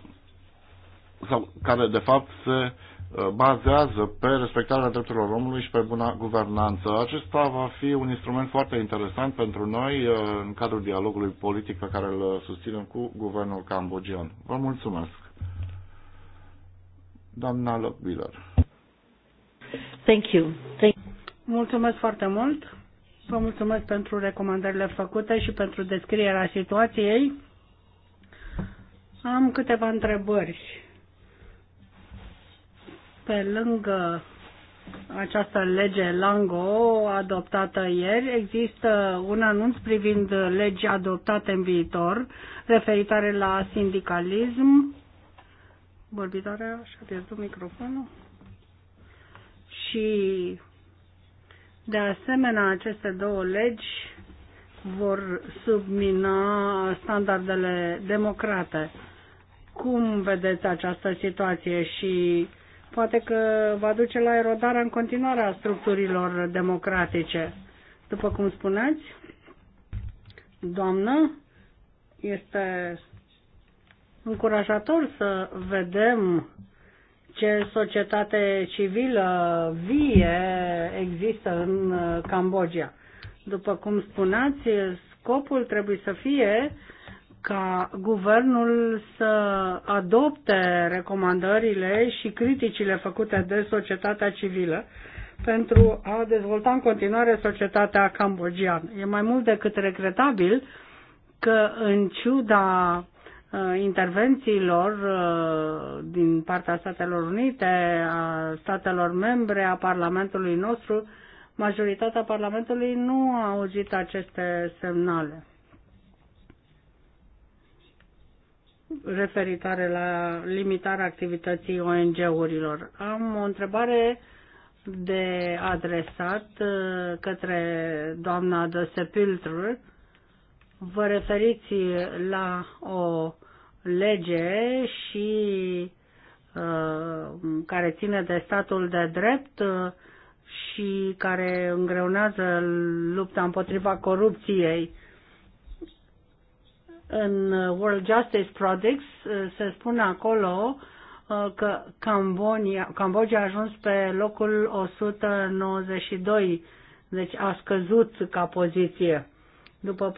sau care de fapt se Uh, bazează pe respectarea drepturilor omului și pe buna guvernanță. Acesta va fi un instrument foarte interesant pentru noi uh, în cadrul dialogului politic pe care îl susținem cu guvernul cambogian. Vă mulțumesc. Doamna Lockbiller. Thank you. Thank mulțumesc foarte mult. Vă mulțumesc pentru recomandările făcute și pentru descrierea situației. Am câteva întrebări pe lângă această lege Lango adoptată ieri, există un anunț privind legi adoptate în viitor referitoare la sindicalism. Vorbitoarea și-a pierdut microfonul. Și de asemenea aceste două legi vor submina standardele democrate. Cum vedeți această situație și poate că va duce la erodarea în continuare a structurilor democratice. După cum spuneați, doamnă, este încurajator să vedem ce societate civilă vie există în Cambodgia. După cum spuneați, scopul trebuie să fie uh, ca guvernul să adopte recomandările și criticile făcute de societatea civilă pentru a dezvolta în continuare societatea cambogiană. E mai mult decât regretabil că în ciuda uh, intervențiilor uh, din partea Statelor Unite, a statelor membre, a Parlamentului nostru, majoritatea Parlamentului nu a auzit aceste semnale. referitoare la limitarea activității ONG-urilor. Am o întrebare de adresat uh, către doamna de Sepiltru. Vă referiți la o lege și uh, care ține de statul de drept uh, și care îngreunează lupta împotriva corupției în uh, World Justice Projects uh, se spune acolo uh, că Cambodia, Cambodia a ajuns pe locul 192, deci a scăzut ca poziție. După,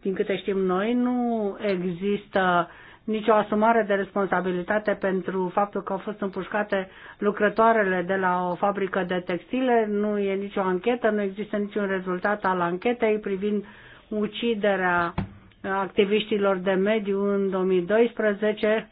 din câte știm noi, nu există nicio asumare de responsabilitate pentru faptul că au fost împușcate lucrătoarele de la o fabrică de textile, nu e nicio anchetă, nu există niciun rezultat al anchetei privind uciderea uh, activiștilor de mediu în 2012,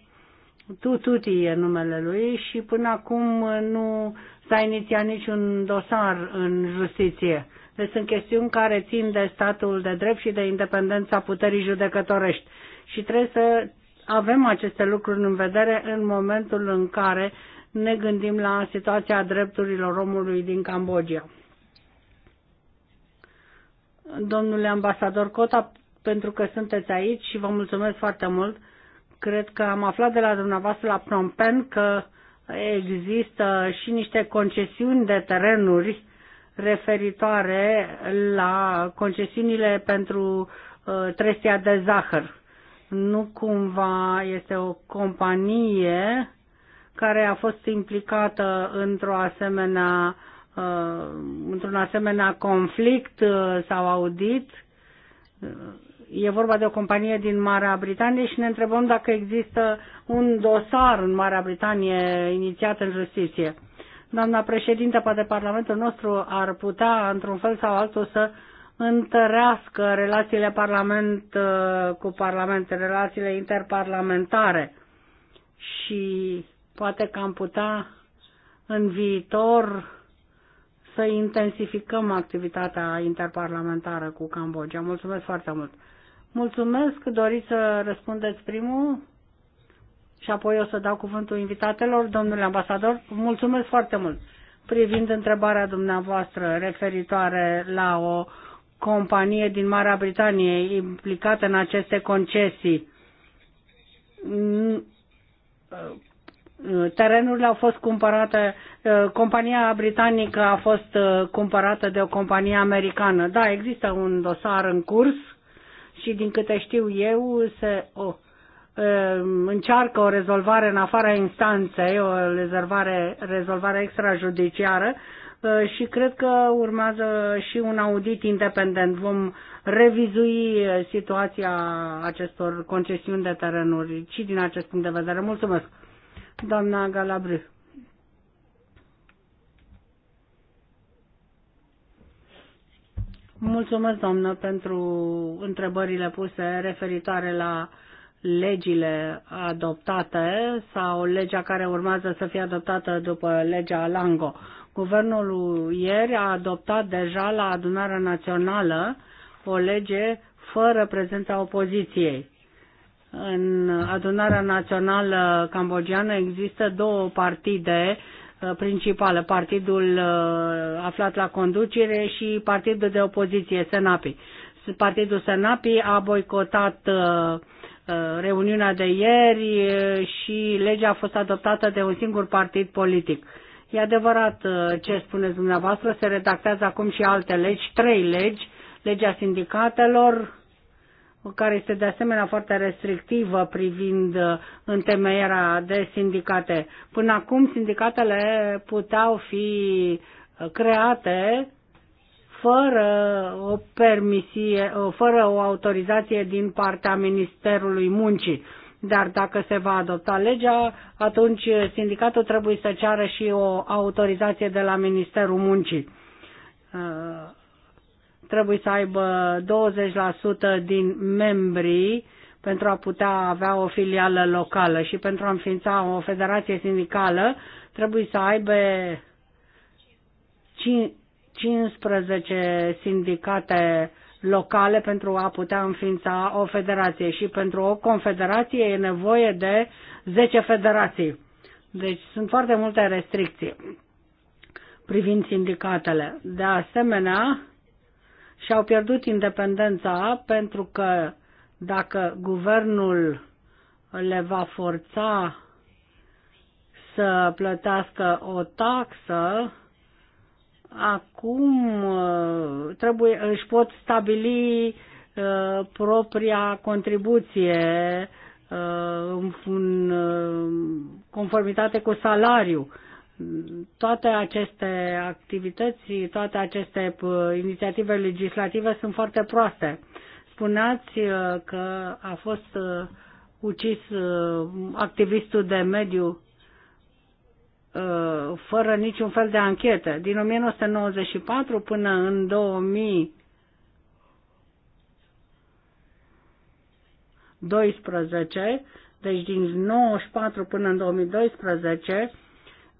Tututi e numele lui și până acum nu s-a inițiat niciun dosar în justiție. Deci sunt chestiuni care țin de statul de drept și de independența puterii judecătorești. Și trebuie să avem aceste lucruri în vedere în momentul în care ne gândim la situația drepturilor omului din Cambodgia. Domnule ambasador Cota, pentru că sunteți aici și vă mulțumesc foarte mult. Cred că am aflat de la dumneavoastră la Phnom Penh că există și niște concesiuni de terenuri referitoare la concesiunile pentru uh, trestia de zahăr. Nu cumva este o companie care a fost implicată într-o asemenea uh, într-un asemenea conflict uh, sau audit E vorba de o companie din Marea Britanie și ne întrebăm dacă există un dosar în Marea Britanie inițiat în justiție. Doamna președintă, poate Parlamentul nostru ar putea, într-un fel sau altul, să întărească relațiile parlament uh, cu parlament, relațiile interparlamentare și poate că am putea în viitor să intensificăm activitatea interparlamentară cu Cambodgia. Mulțumesc foarte mult! Mulțumesc, doriți să răspundeți primul și apoi o să dau cuvântul invitatelor. Domnule ambasador, mulțumesc foarte mult! Privind întrebarea dumneavoastră referitoare la o companie din Marea Britanie implicată în aceste concesii, Uh, terenurile au fost cumpărate, uh, compania britanică a fost uh, cumpărată de o companie americană. Da, există un dosar în curs și din câte știu eu se oh, încearcă o rezolvare în afara instanței, o rezolvare, rezolvare extrajudiciară și cred că urmează și un audit independent. Vom revizui situația acestor concesiuni de terenuri și din acest punct de vedere. Mulțumesc! Doamna Galabru. Mulțumesc, doamnă, pentru întrebările puse referitoare la legile adoptate sau legea care urmează să fie adoptată după legea Lango. Guvernul ieri a adoptat deja la adunarea națională o lege fără prezența opoziției. În adunarea națională cambogiană există două partide uh, principale, partidul uh, aflat la conducere și partidul de opoziție, Senapi. Partidul Senapi a boicotat uh, reuniunea de ieri și legea a fost adoptată de un singur partid politic. E adevărat ce spuneți dumneavoastră, se redactează acum și alte legi, trei legi, legea sindicatelor, care este de asemenea foarte restrictivă privind uh, întemeierea de sindicate. Până acum sindicatele puteau fi uh, create fără o permisie, uh, fără o autorizație din partea Ministerului Muncii. Dar dacă se va adopta legea, atunci sindicatul trebuie să ceară și o autorizație de la Ministerul Muncii trebuie să aibă 20% din membrii pentru a putea avea o filială locală și pentru a înființa o federație sindicală trebuie să aibă 15 sindicate locale pentru a putea înființa o federație și pentru o confederație e nevoie de 10 federații. Deci sunt foarte multe restricții privind sindicatele. De asemenea, și-au pierdut independența pentru că dacă guvernul le va forța să plătească o taxă, acum uh, trebuie, își pot stabili uh, propria contribuție uh, în uh, conformitate cu salariul toate aceste activități, toate aceste uh, inițiative legislative sunt foarte proaste. Spuneați uh, că a fost uh, ucis activistul de mediu fără niciun fel de anchetă. Din 1994 până în 2012, deci din 94 până în 2012,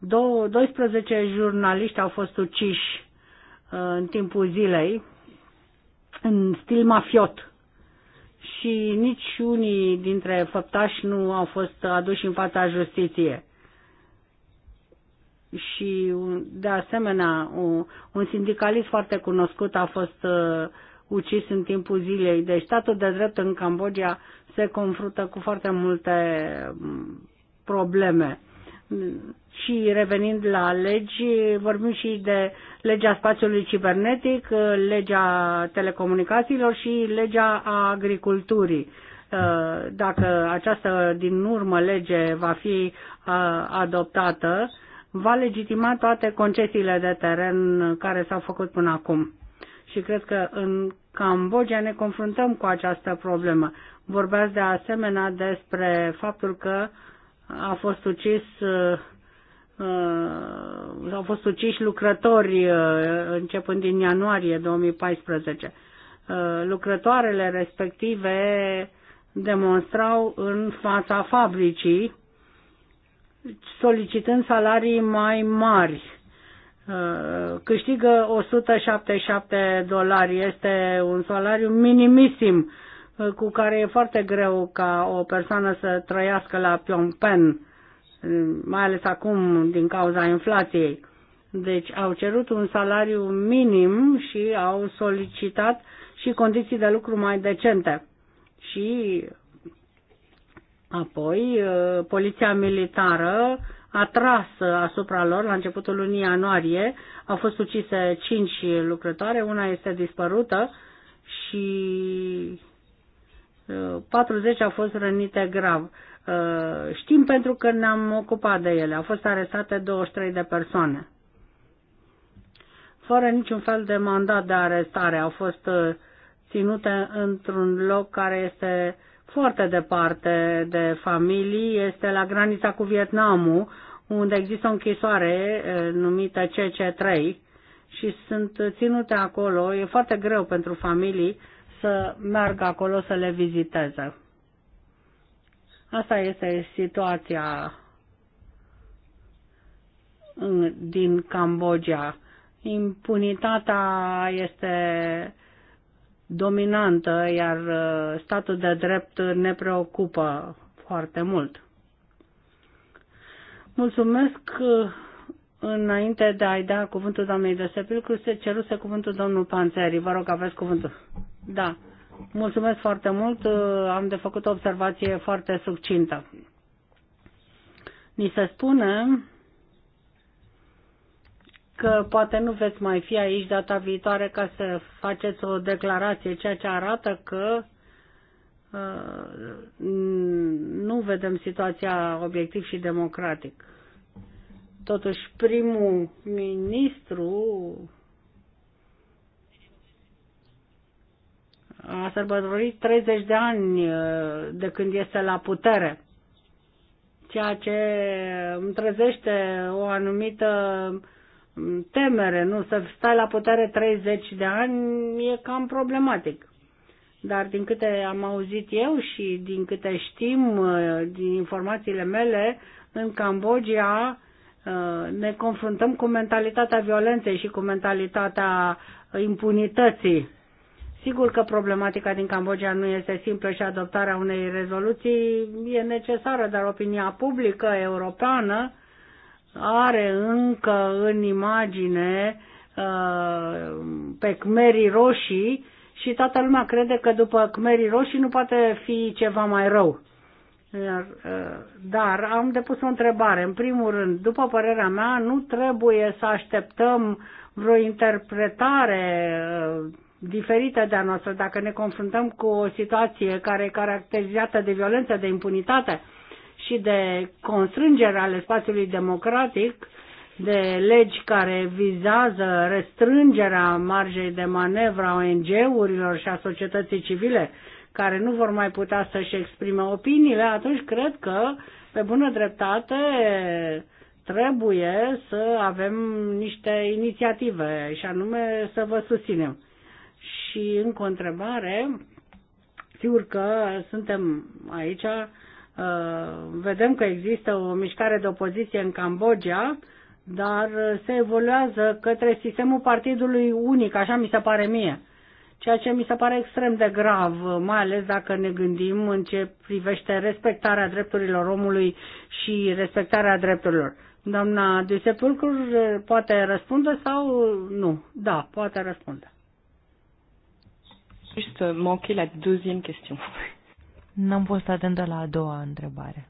12 jurnaliști au fost uciși uh, în timpul zilei în stil mafiot și nici unii dintre făptași nu au fost aduși în fața justiției și de asemenea un sindicalist foarte cunoscut a fost uh, ucis în timpul zilei. Deci statul de drept în Cambodgia se confruntă cu foarte multe probleme și revenind la legi, vorbim și de legea spațiului cibernetic, legea telecomunicațiilor și legea agriculturii. Uh, dacă această din urmă lege va fi uh, adoptată, va legitima toate concesiile de teren care s-au făcut până acum. Și cred că în Cambodgia ne confruntăm cu această problemă. Vorbeați de asemenea despre faptul că uh, a fost ucis uh, au fost uciși lucrători uh, începând din ianuarie 2014. Uh, lucrătoarele respective demonstrau în fața fabricii solicitând salarii mai mari. Uh, câștigă 177 dolari, este un salariu minimisim cu care e foarte greu ca o persoană să trăiască la Phnom mai ales acum din cauza inflației. Deci au cerut un salariu minim și au solicitat și condiții de lucru mai decente. Și apoi uh, poliția militară a tras asupra lor la începutul lunii ianuarie. Au fost ucise cinci lucrătoare, una este dispărută și 40 au fost rănite grav. Uh, știm pentru că ne-am ocupat de ele. Au fost arestate 23 de persoane. Fără niciun fel de mandat de arestare, au fost uh, ținute într-un loc care este foarte departe de familii, este la granița cu Vietnamul, unde există o închisoare uh, numită CC3 și sunt ținute acolo. E foarte greu pentru familii să meargă acolo să le viziteze. Asta este situația din Cambodgia. Impunitatea este dominantă, iar uh, statul de drept ne preocupă foarte mult. Mulțumesc uh, înainte de a-i da cuvântul doamnei de Sepilcru, se ceruse cuvântul domnul Panțeri. Vă rog, aveți cuvântul. Da. Mulțumesc foarte mult. Uh, am de făcut o observație foarte succintă. Ni se spune că poate nu veți mai fi aici data viitoare ca să faceți o declarație, ceea ce arată că uh, nu vedem situația obiectiv și democratic. Totuși, primul ministru a sărbătorit 30 de ani uh, de când este la putere, ceea ce îmi trezește o anumită um, temere, nu? Să stai la putere 30 de ani e cam problematic. Dar din câte am auzit eu și din câte știm uh, din informațiile mele, în Cambodgia uh, ne confruntăm cu mentalitatea violenței și cu mentalitatea impunității. Sigur că problematica din Cambodgia nu este simplă și adoptarea unei rezoluții e necesară, dar opinia publică europeană are încă în imagine uh, pe Cmerii Roșii și toată lumea crede că după Cmerii Roșii nu poate fi ceva mai rău. Dar, uh, dar am depus o întrebare. În primul rând, după părerea mea, nu trebuie să așteptăm vreo interpretare uh, diferită de a noastră. Dacă ne confruntăm cu o situație care e caracterizată de violență, de impunitate și de constrângere ale spațiului democratic, de legi care vizează restrângerea marjei de manevră a ONG-urilor și a societății civile, care nu vor mai putea să-și exprime opiniile, atunci cred că, pe bună dreptate, trebuie să avem niște inițiative și anume să vă susținem. Și în întrebare, sigur că suntem aici, uh, vedem că există o mișcare de opoziție în Cambodgia, dar se evoluează către sistemul partidului unic, așa mi se pare mie. Ceea ce mi se pare extrem de grav, mai ales dacă ne gândim în ce privește respectarea drepturilor omului și respectarea drepturilor. Doamna Duisepulcur poate răspunde sau nu? Da, poate răspunde. Juste manqué la deuxième question. [laughs] N-am fost atentă la a doua întrebare.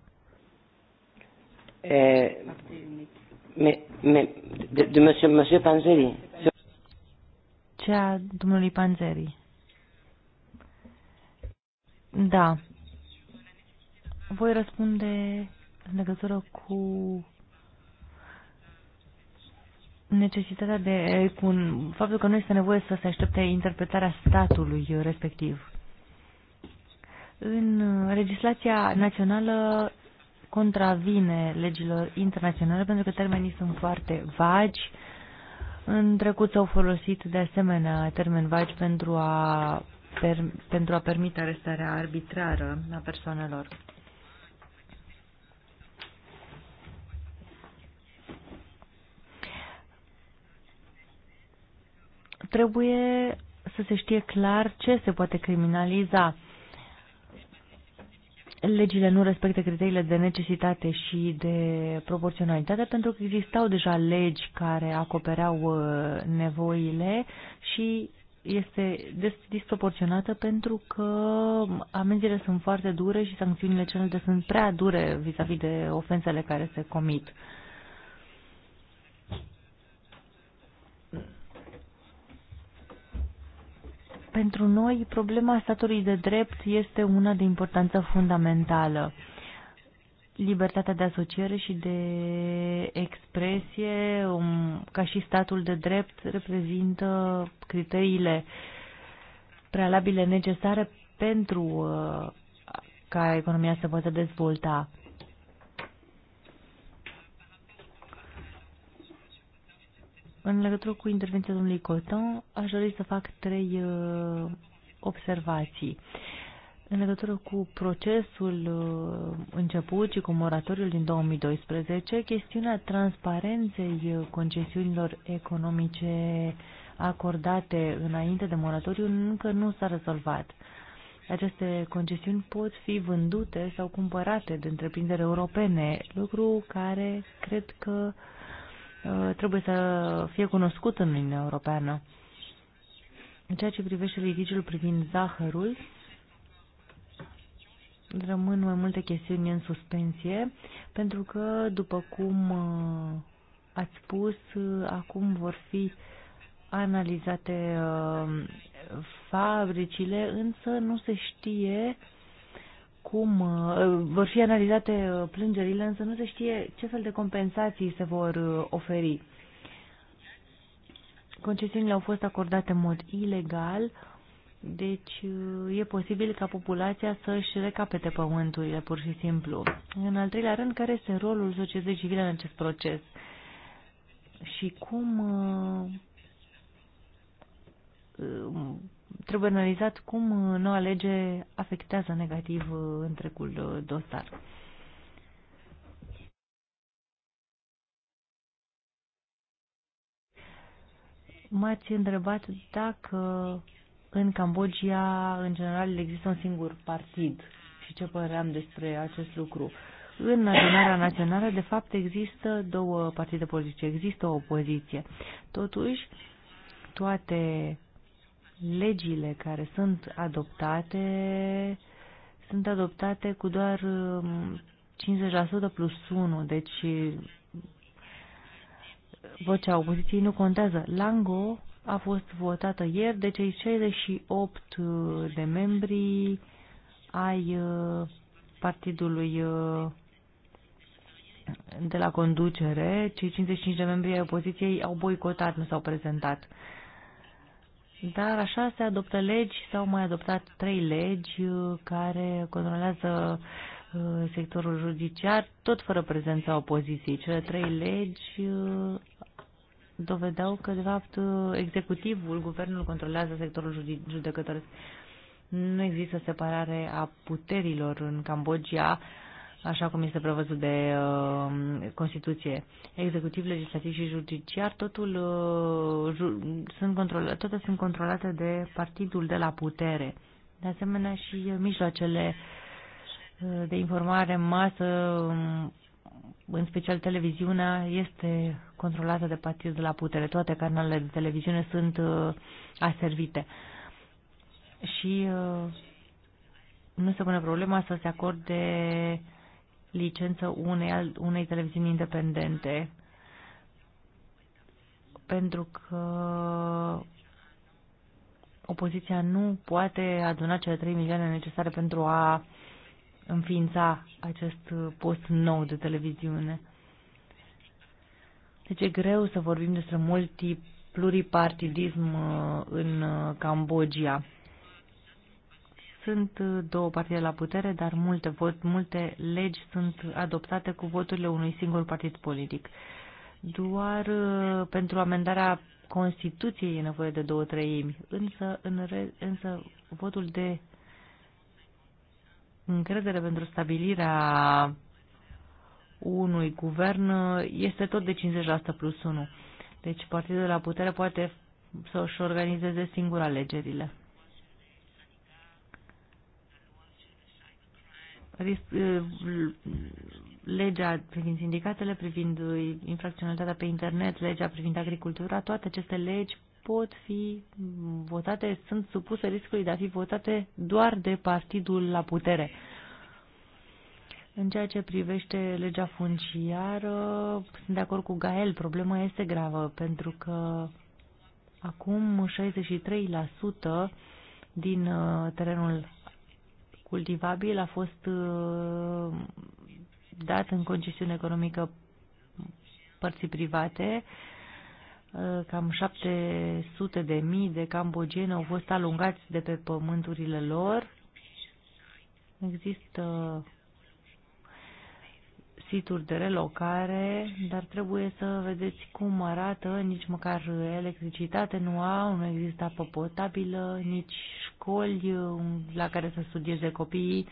Eh, de, de monsieur Panzeri. Cea domnului Panzeri. Da. Voi răspunde în legătură cu necesitatea de, eh, cu faptul că nu este nevoie să se aștepte interpretarea statului respectiv. În eh, legislația națională contravine legilor internaționale pentru că termenii sunt foarte vagi. În trecut s-au folosit de asemenea termeni vagi pentru a, per, pentru a permite arestarea arbitrară a persoanelor. trebuie să se știe clar ce se poate criminaliza. Legile nu respectă criteriile de necesitate și de proporționalitate pentru că existau deja legi care acopereau uh, nevoile și este disproporționată pentru că amenziile sunt foarte dure și sancțiunile cele de sunt prea dure vis-a-vis -vis de ofensele care se comit. Pentru noi, problema statului de drept este una de importanță fundamentală. Libertatea de asociere și de expresie, um, ca și statul de drept, reprezintă criteriile prealabile necesare pentru uh, ca economia să poată dezvolta. În legătură cu intervenția domnului Coton, aș dori să fac trei uh, observații. În legătură cu procesul uh, început și cu moratoriul din 2012, chestiunea transparenței uh, concesiunilor economice acordate înainte de moratoriu încă nu s-a rezolvat. Aceste concesiuni pot fi vândute sau cumpărate de întreprinderi europene, lucru care cred că uh, Uh, trebuie să fie cunoscută în Uniunea Europeană. În ceea ce privește litigiul privind zahărul, rămân mai multe chestiuni în suspensie, pentru că, după cum uh, ați spus, uh, acum vor fi analizate fabricile, însă nu se știe uh, cum uh, vor fi analizate uh, plângerile, însă nu se știe ce fel de compensații se vor uh, oferi. Concesiunile au fost acordate în mod ilegal, deci e posibil ca populația să-și recapete pământurile, pur și simplu. În al treilea rând, care este rolul societății civile în acest proces? Și cum trebuie analizat cum uh, noua lege afectează negativ uh, întregul uh, dosar. M-ați întrebat dacă în Cambodgia, în general, există un singur partid și ce părere am despre acest lucru. În adunarea națională, de fapt, există două partide politice, există o opoziție. Totuși, toate legile care sunt adoptate sunt adoptate cu doar 50% um, plus 1, deci vocea opoziției nu contează. Lango a fost votată ieri de deci cei 68 uh, de membri ai uh, partidului uh, de la conducere, cei 55 de membri ai opoziției au boicotat, nu s-au prezentat. Dar așa se adoptă legi, s-au mai adoptat trei legi uh, care controlează uh, sectorul judiciar, tot fără prezența opoziției. Cele trei legi uh, dovedeau că, de fapt, executivul, guvernul controlează sectorul judecătoresc. Nu există separare a puterilor în Cambodgia așa cum este prevăzut de uh, Constituție, executiv, legislativ și judiciar, totul, uh, ju sunt controlate, toate sunt controlate de partidul de la putere. De asemenea și mijloacele uh, de informare în masă, um, în special televiziunea, este controlată de partidul de la putere. Toate canalele de televiziune sunt uh, aservite. Și uh, nu se pune problema să se acorde uh, licență unei, unei televiziuni independente pentru că opoziția nu poate aduna cele 3 milioane necesare pentru a înființa acest post nou de televiziune. Deci e greu să vorbim despre multi pluripartidism uh, în uh, Cambodgia. Sunt uh, două partide la putere, dar multe, vot, multe legi sunt adoptate cu voturile unui singur partid politic. Doar uh, pentru amendarea Constituției e nevoie de două treimi, însă, în re, însă votul de încredere pentru stabilirea unui guvern uh, este tot de 50% plus 1. Deci partidul la putere poate să-și organizeze singur alegerile. Eh, legea privind sindicatele, privind eh, infracționalitatea pe internet, legea privind agricultura, toate aceste legi pot fi votate, sunt supuse riscului de a fi votate doar de partidul la putere. În ceea ce privește legea funciară, sunt de acord cu Gael, problema este gravă, pentru că acum 63% din eh, terenul cultivabil a fost uh, dat în concesiune economică părții private. Uh, cam 700 de mii de cambogieni au fost alungați de pe pământurile lor. Există situri de relocare, dar trebuie să vedeți cum arată, nici măcar electricitate nu au, nu există apă potabilă, nici școli um, la care să studieze copiii,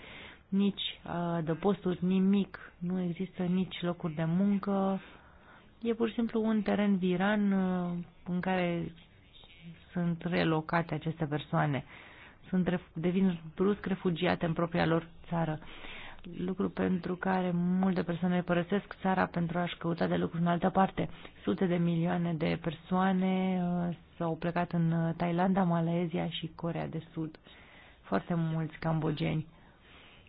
nici uh, adăposturi, nimic, nu există nici locuri de muncă. E pur și simplu un teren viran uh, în care sunt relocate aceste persoane. Sunt, devin brusc refugiate în propria lor țară. Uh, lucru pentru care multe persoane părăsesc țara pentru a-și căuta de lucru în altă parte. Sute de milioane de persoane uh, s-au plecat în uh, Thailanda, Malaezia și Corea de Sud. Foarte mulți cambogeni.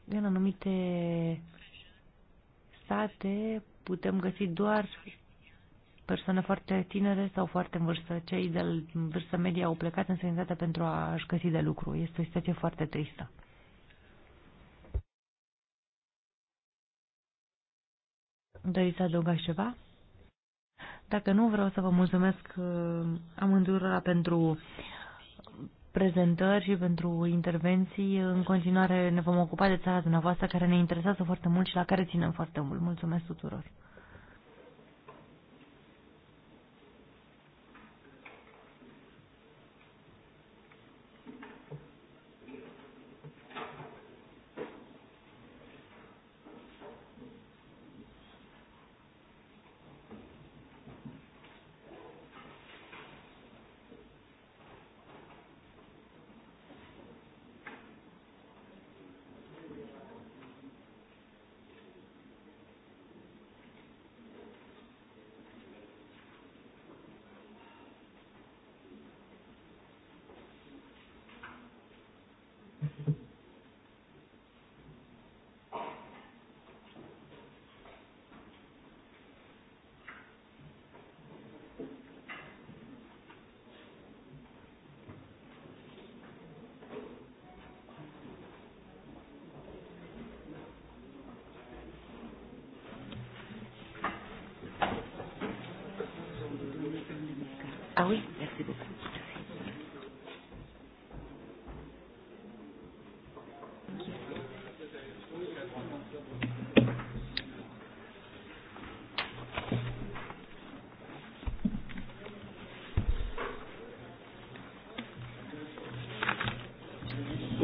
În anumite state putem găsi doar persoane foarte tinere sau foarte în vârstă. Cei de vârstă medie au plecat în sănătate pentru a-și găsi de lucru. Este o situație foarte tristă. Doriți să adăugați ceva? Dacă nu, vreau să vă mulțumesc uh, amândurora pentru prezentări și pentru intervenții. În continuare ne vom ocupa de țara dumneavoastră care ne interesează foarte mult și la care ținem foarte mult. Mulțumesc tuturor!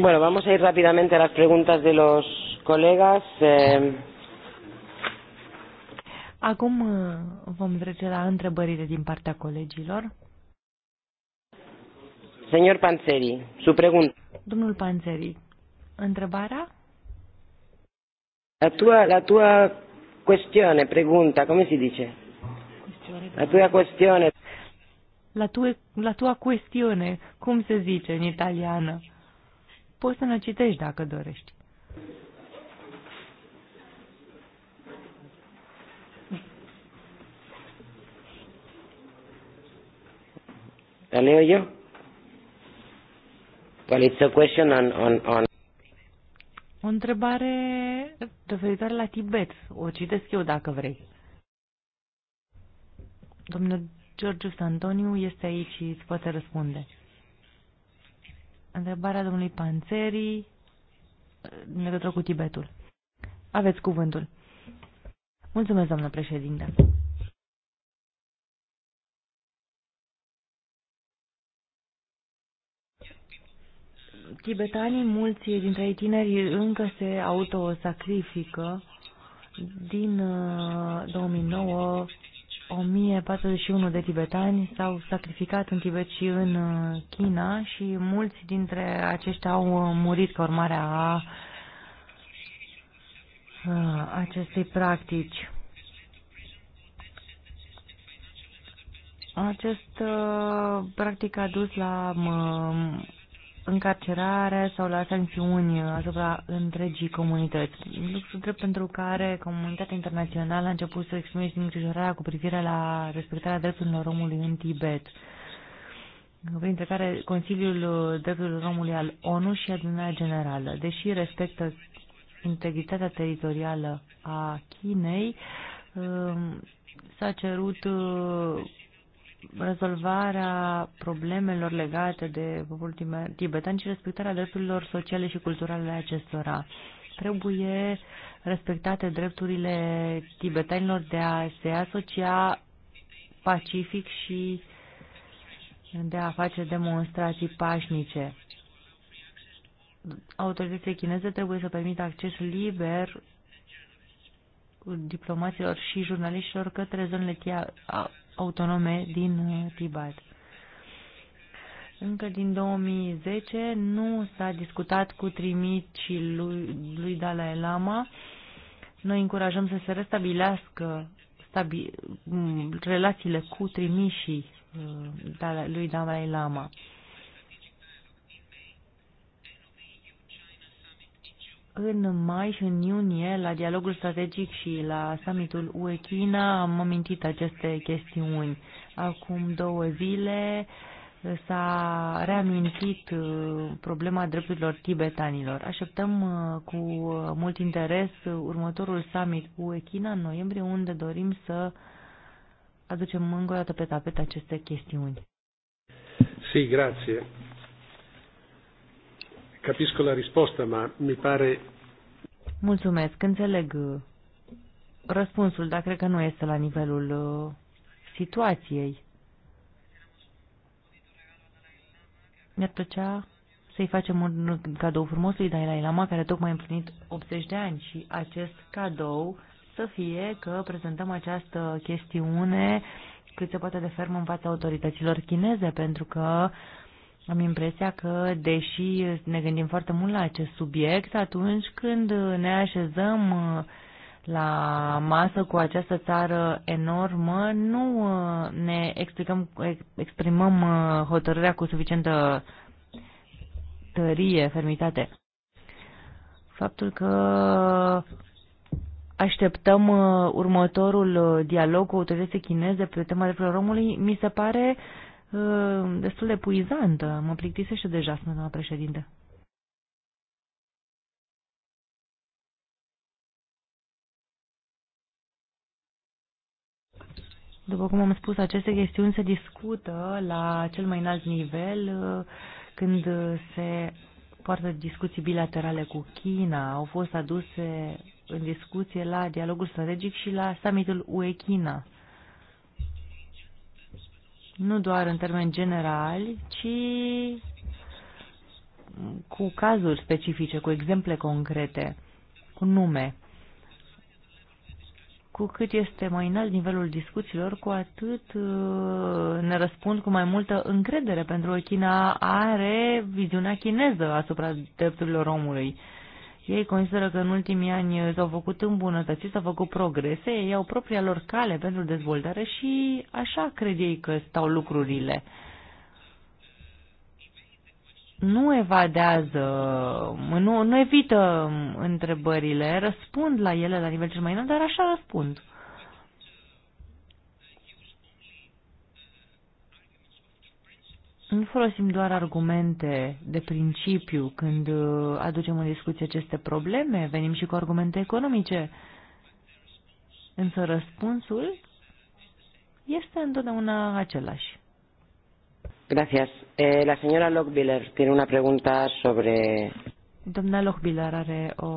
Bueno, vamos a ir rápidamente a las preguntas de los colegas. Eh... Acum eh, vom trece la întrebările din partea colegilor. Señor Panzeri, su pregunta. Domnul Panzeri, întrebarea? La tua, la tua questione, pregunta, come si dice? La tua questione. La, tue, la tua questione, cum se zice în italiană? Poți să ne citești dacă dorești. Can you Well, it's a question on, on, on... O întrebare referitoare la Tibet. O citesc eu dacă vrei. Domnul George Antoniu este aici și îți poate răspunde întrebarea domnului Panțeri în legătură cu Tibetul. Aveți cuvântul. Mulțumesc, doamnă președinte. Tibetanii, mulți dintre ei tineri, încă se autosacrifică. Din 2009 uh, 1041 de tibetani s-au sacrificat în Tibet și în uh, China și mulți dintre aceștia au uh, murit ca urmare a uh, acestei practici. Acest practic a dus la încarcerare sau la sancțiuni asupra întregii comunități. Lucru drept pentru care comunitatea internațională a început să exprime și îngrijorarea cu privire la respectarea drepturilor omului în Tibet, printre care Consiliul Drepturilor Omului al ONU și Adunarea Generală. Deși respectă integritatea teritorială a Chinei, s-a cerut rezolvarea problemelor legate de poporul tibetan și respectarea drepturilor sociale și culturale acestora. Trebuie respectate drepturile tibetanilor de a se asocia pacific și de a face demonstrații pașnice. Autoritățile chineze trebuie să permită acces liber diplomaților și jurnaliștilor către zonele autonome din uh, Tibet. Încă din 2010 nu s-a discutat cu trimicii lui, lui Dalai Lama. Noi încurajăm să se restabilească stabi, mm, relațiile cu trimișii uh, lui Dalai Lama. în mai și în iunie, la dialogul strategic și la summitul UE-China, am amintit aceste chestiuni. Acum două zile s-a reamintit uh, problema drepturilor tibetanilor. Așteptăm uh, cu mult interes următorul summit UE-China în noiembrie, unde dorim să aducem încă o dată pe tapet aceste chestiuni. Sì, sí, grazie. Capisco la risposta, ma mi pare... Mulțumesc, înțeleg uh, răspunsul, dar cred că nu este la nivelul uh, situației. Mi-ar plăcea să-i facem un cadou frumos lui Dalai Lama, care tocmai a împlinit 80 de ani și acest cadou să fie că prezentăm această chestiune cât se poate de ferm în fața autorităților chineze, pentru că uh, am impresia că, deși ne gândim foarte mult la acest subiect, atunci când ne așezăm uh, la masă cu această țară enormă, nu uh, ne explicăm, exprimăm uh, hotărârea cu suficientă tărie, fermitate. Faptul că așteptăm următorul dialog cu autoritățile chineze pe tema drepturilor omului, mi se pare uh, Uh, destul de puizantă. Mă plictisește deja, spune doamna președinte. După cum am spus, aceste chestiuni se discută la cel mai înalt nivel uh, când se poartă discuții bilaterale cu China. Au fost aduse în discuție la dialogul strategic și la summitul UE-China nu doar în termeni generali, ci cu cazuri specifice, cu exemple concrete, cu nume. Cu cât este mai înalt nivelul discuțiilor, cu atât uh, ne răspund cu mai multă încredere, pentru că China are viziunea chineză asupra drepturilor omului. Ei consideră că în ultimii ani s-au făcut îmbunătățiri, s-au făcut progrese, ei au propria lor cale pentru dezvoltare și așa cred ei că stau lucrurile. Nu evadează, nu, nu evită întrebările, răspund la ele la nivel cel mai înalt, dar așa răspund. Nu folosim doar argumente de principiu când uh, aducem în discuție aceste probleme, venim și cu argumente economice. Însă răspunsul este întotdeauna același. Gracias. Eh, la señora Lockbiller tiene una pregunta sobre... Doamna Lockbiller are o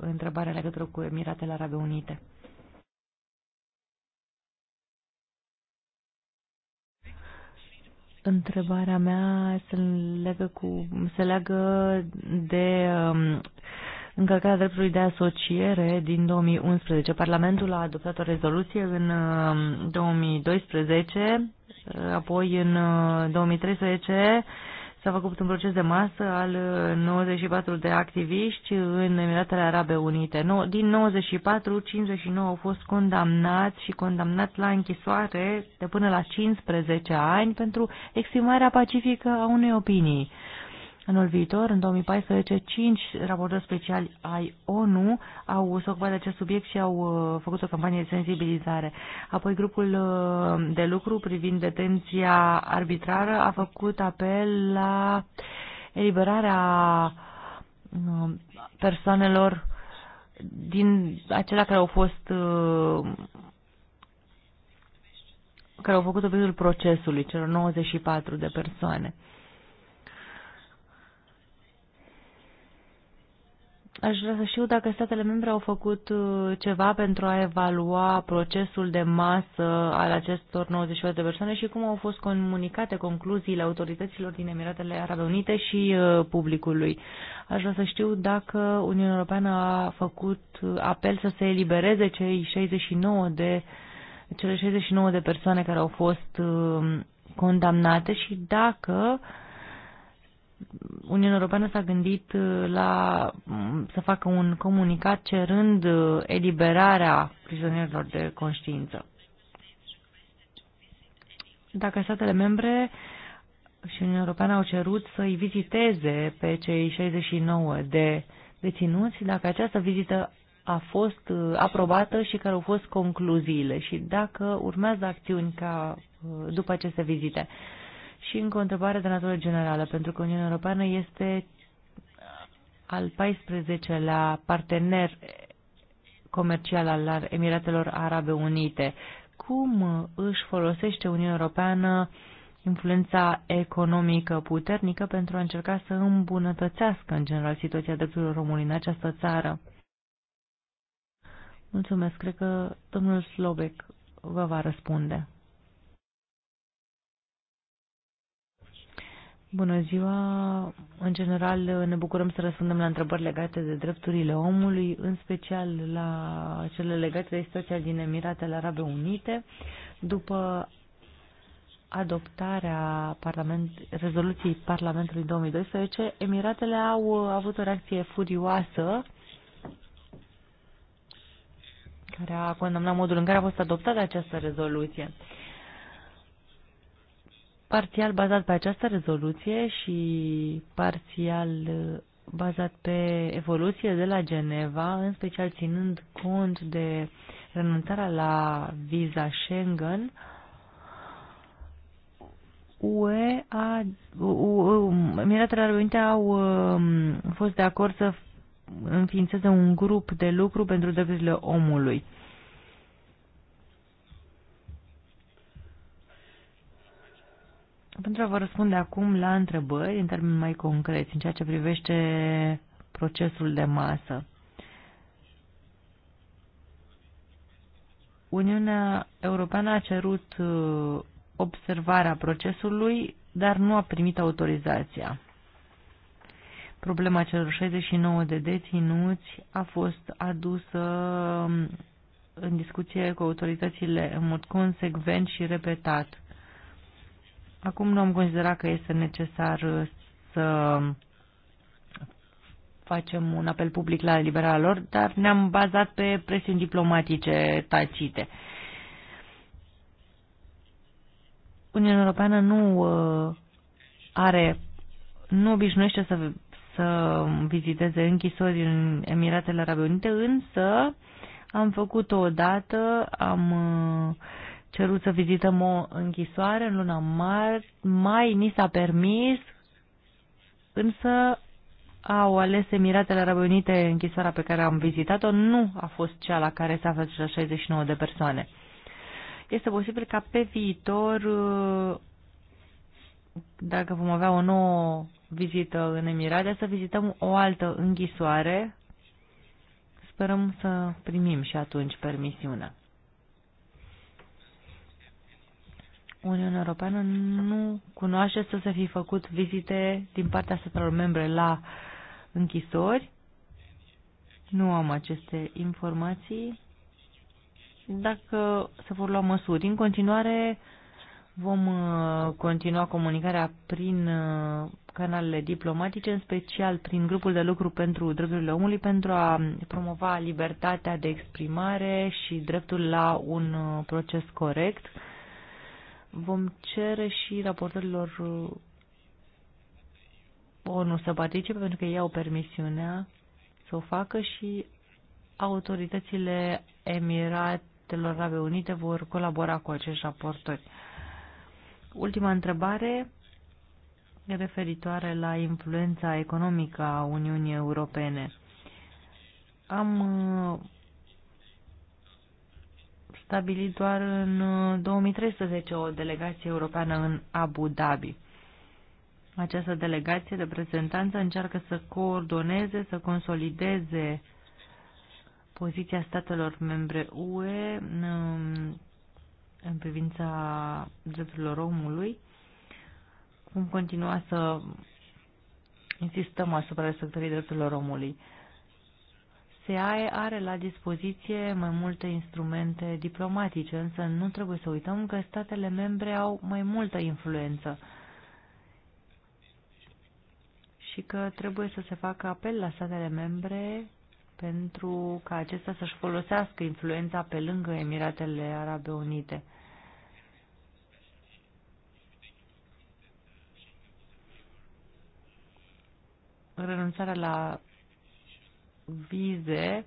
întrebare legătură cu Emiratele Arabe Unite. Întrebarea mea se leagă, cu, se leagă de um, încălcarea dreptului de asociere din 2011. Parlamentul a adoptat o rezoluție în 2012, um, apoi în 2013 uh, S-a făcut un proces de masă al 94 uh, de activiști în Emiratele Arabe Unite. Din 94, 59 au fost condamnați și condamnați la închisoare de până la 15 ani pentru exprimarea pacifică a unei opinii. Anul viitor, în 2014, cinci raportori speciali ai ONU au se ocupat de acest subiect și au uh, făcut o campanie de sensibilizare. Apoi, grupul uh, de lucru privind detenția arbitrară a făcut apel la eliberarea uh, persoanelor din acelea care au fost care au făcut obiectul procesului, celor 94 de persoane. Aș vrea să știu dacă statele membre au făcut uh, ceva pentru a evalua procesul de masă al acestor 98 de persoane și cum au fost comunicate concluziile autorităților din Emiratele Arabe Unite și uh, publicului. Aș vrea să știu dacă Uniunea Europeană a făcut uh, apel să se elibereze cei 69 de, cele 69 de persoane care au fost condamnate și dacă uh, Uniunea Europeană s-a gândit uh, la mm, să facă un comunicat cerând uh, eliberarea prizonierilor de conștiință. Dacă statele membre și Uniunea Europeană au cerut să îi viziteze pe cei 69 de deținuți, dacă această vizită a fost uh, aprobată și care au fost concluziile și dacă urmează acțiuni ca după aceste vizite. Și încă o întrebare de natură generală, pentru că Uniunea Europeană este al 14-lea partener comercial al Emiratelor Arabe Unite. Cum își folosește Uniunea Europeană influența economică puternică pentru a încerca să îmbunătățească în general situația drepturilor omului în această țară? Mulțumesc. Cred că domnul Slobec vă va răspunde. Bună ziua! În general ne bucurăm să răspundem la întrebări legate de drepturile omului, în special la cele legate de situația din Emiratele Arabe Unite. După adoptarea parlament, rezoluției Parlamentului 2012, Emiratele au avut o reacție furioasă care a condamnat modul în care a fost adoptată această rezoluție parțial bazat pe această rezoluție și parțial uh, bazat pe evoluție de la Geneva, în special ținând cont de renunțarea la viza Schengen, UE a, um, Emiratele Arabe Unite au um, fost de acord să înființeze un grup de lucru pentru drepturile omului. Pentru a vă răspunde acum la întrebări în termeni mai concreți, în ceea ce privește procesul de masă. Uniunea Europeană a cerut uh, observarea procesului, dar nu a primit autorizația. Problema celor 69 de deținuți a fost adusă um, în discuție cu autoritățile în mod consecvent și repetat. Acum nu am considerat că este necesar uh, să facem un apel public la eliberarea lor, dar ne-am bazat pe presiuni diplomatice tacite. Uniunea Europeană nu uh, are, nu obișnuiește să, să viziteze închisori în Emiratele Arabe Unite, însă am făcut-o odată, am uh, cerut să vizităm o închisoare în luna mar, mai, ni s-a permis, însă au ales Emiratele Arabe Unite închisoarea pe care am vizitat-o, nu a fost cea la care s a făcut 69 de persoane. Este posibil ca pe viitor, uh, dacă vom avea o nouă vizită în Emirate, să vizităm o altă închisoare. Sperăm să primim și atunci permisiunea. Uniunea Europeană nu cunoaște să se fi făcut vizite din partea statelor membre la închisori. Nu am aceste informații. Dacă se vor lua măsuri, în continuare vom uh, continua comunicarea prin uh, canalele diplomatice, în special prin grupul de lucru pentru drepturile omului, pentru a promova libertatea de exprimare și dreptul la un uh, proces corect Vom cere și raportărilor uh, ONU să participe pentru că ei au permisiunea să o facă și autoritățile Emiratelor Arabe Unite vor colabora cu acești raportori. Ultima întrebare referitoare la influența economică a Uniunii Europene. Am uh, stabilit doar în 2013 uh, o delegație europeană în Abu Dhabi. Această delegație prezentanță încearcă să coordoneze, să consolideze poziția statelor membre UE um, în privința drepturilor omului, cum continua să insistăm asupra respectării drepturilor omului. SEAE are la dispoziție mai multe instrumente diplomatice, însă nu trebuie să uităm că statele membre au mai multă influență și că trebuie să se facă apel la statele membre pentru ca acestea să-și folosească influența pe lângă Emiratele Arabe Unite. Renunțarea la vize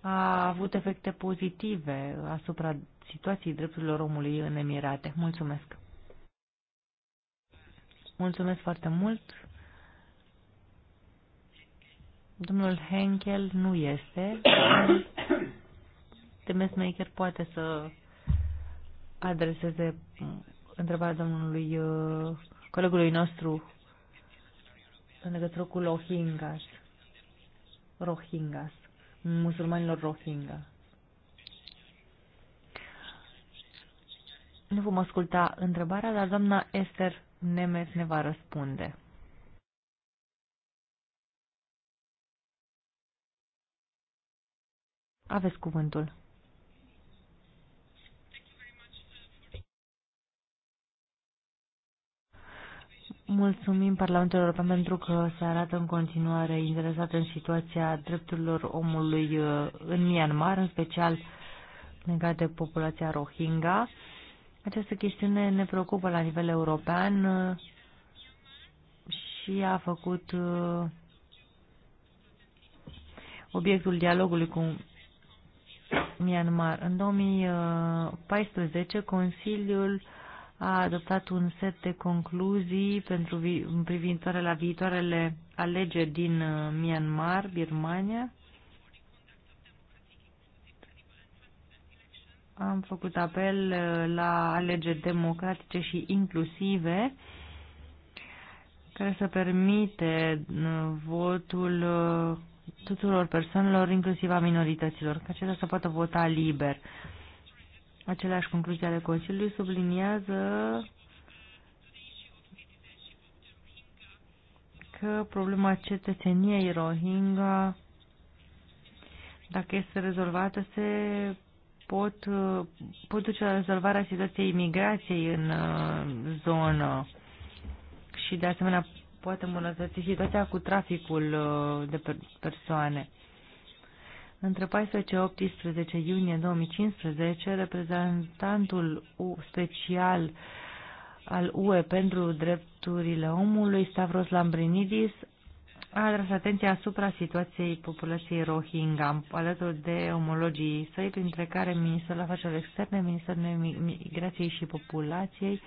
a avut efecte pozitive asupra situației drepturilor omului în Emirate. Mulțumesc! Mulțumesc foarte mult! Domnul Henkel nu este. Temesmaker [coughs] poate să adreseze întrebarea domnului uh, colegului nostru în legătură cu Lohingas. Rohingyas, musulmanilor Rohingya. Nu vom asculta întrebarea, dar doamna Esther Nemes ne va răspunde. Aveți cuvântul. Mulțumim Parlamentul European pentru că se arată în continuare interesat în situația drepturilor omului uh, în Myanmar, în special legat de populația Rohingya. Această chestiune ne preocupă la nivel european uh, și a făcut uh, obiectul dialogului cu Myanmar. În 2014, Consiliul a adoptat un set de concluzii pentru vi privitoare la viitoarele alegeri din uh, Myanmar, Birmania. Am făcut apel uh, la alegeri democratice și inclusive care să permite uh, votul tuturor persoanelor, inclusiv a minorităților, ca acestea să poată vota liber. Aceleași concluzii ale Consiliului subliniază că problema cetățeniei Rohingya, dacă este rezolvată, se pot, pot duce la rezolvarea situației imigrației în uh, zonă și, de asemenea, poate îmbunătăți situația cu traficul uh, de persoane. Între 14-18 iunie 2015, reprezentantul special al UE pentru drepturile omului, Stavros Lambrinidis, a atras atenția asupra situației populației Rohingya, alături de omologii săi, printre care Ministerul Afacerilor Externe, Ministerul Migrației și Populației,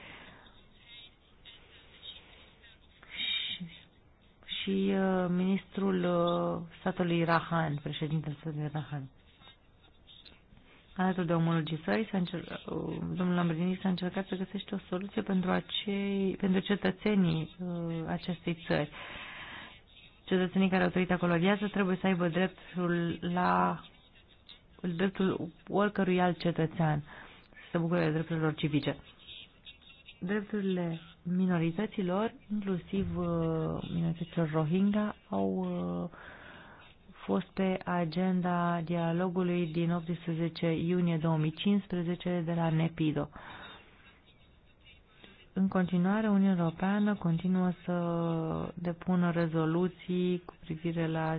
și uh, ministrul uh, statului Rahan, președintele statului Rahan. Alături de omologizării, încer... Uh, domnul Lambrini s-a încercat să găsește o soluție pentru, acei, pentru cetățenii acestei țări. Cetățenii care au trăit acolo viață trebuie să aibă dreptul la dreptul oricărui alt cetățean să bucure de lor civice. Drepturile minorităților, inclusiv uh, minorităților Rohingya, au uh, fost pe agenda dialogului din 18 iunie 2015 de la Nepido. În continuare, Uniunea Europeană continuă să depună rezoluții cu privire la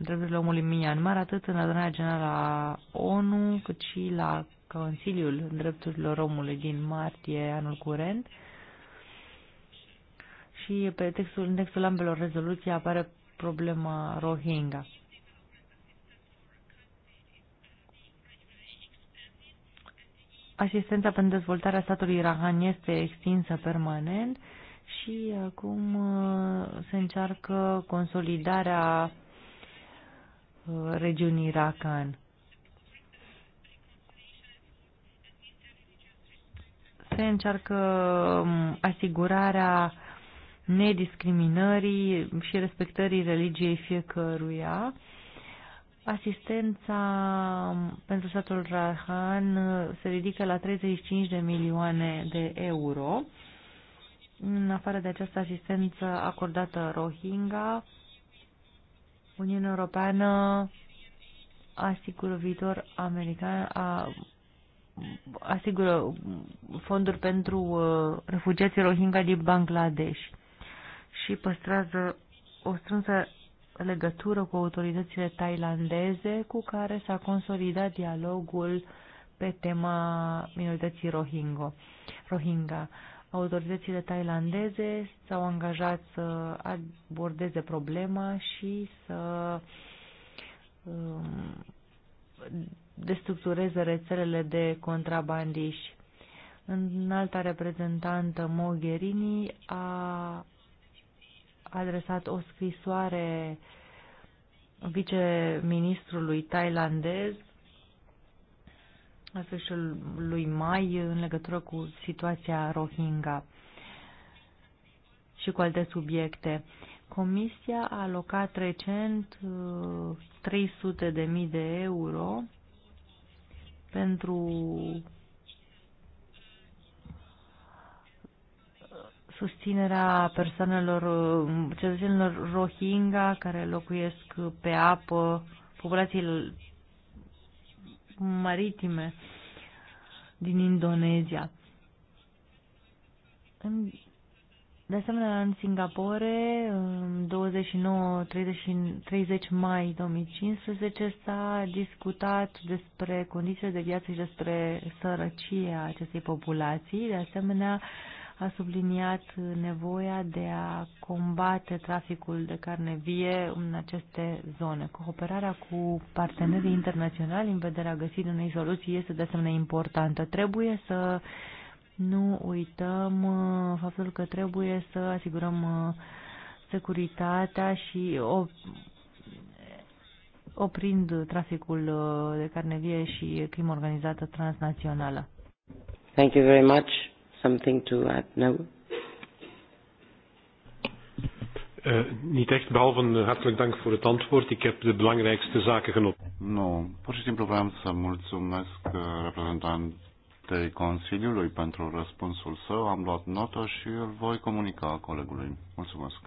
drepturile omului în Myanmar, atât în adunarea generală a ONU, cât și la Consiliul Drepturilor Omului din martie anul curent, și pe textul, în textul ambelor rezoluții apare problema Rohingya. Asistența pentru dezvoltarea statului Rahan este extinsă permanent și acum uh, se încearcă consolidarea uh, regiunii Rakan. Se încearcă um, asigurarea nediscriminării și respectării religiei fiecăruia. Asistența pentru satul Rahan se ridică la 35 de milioane de euro. În afară de această asistență acordată Rohingya, Uniunea Europeană asigură viitor american, a, asigură fonduri pentru uh, refugiații Rohingya din Bangladesh și păstrează o strânsă legătură cu autoritățile tailandeze cu care s-a consolidat dialogul pe tema minorității Rohingya. Rohingya. Autoritățile tailandeze s-au angajat să abordeze problema și să um, destructureze rețelele de contrabandiști. Alta reprezentantă Mogherini a adresat o scrisoare viceministrului tailandez la sfârșitul lui mai în legătură cu situația Rohingya și cu alte subiecte. Comisia a alocat recent 300.000 uh, de euro pentru susținerea persoanelor, cetățenilor Rohingya care locuiesc pe apă, populații maritime din Indonezia. În, de asemenea, în Singapore, 29-30 mai 2015, s-a discutat despre condițiile de viață și despre a acestei populații. De asemenea, a subliniat nevoia de a combate traficul de carne vie în aceste zone. Cooperarea cu partenerii internaționali în vederea găsirii unei soluții este de asemenea importantă. Trebuie să nu uităm uh, faptul că trebuie să asigurăm uh, securitatea și oprind traficul uh, de carne vie și crimă organizată transnațională. Thank you very much something to add? now? Uh, eh, niet echt, behalve uh, hartelijk dank voor het antwoord. Ik heb de belangrijkste zaken genoten. Nu, pur și simplu vreau să mulțumesc eh, reprezentantei Consiliului pentru răspunsul său. Am luat notă și îl voi comunica colegului. Mulțumesc.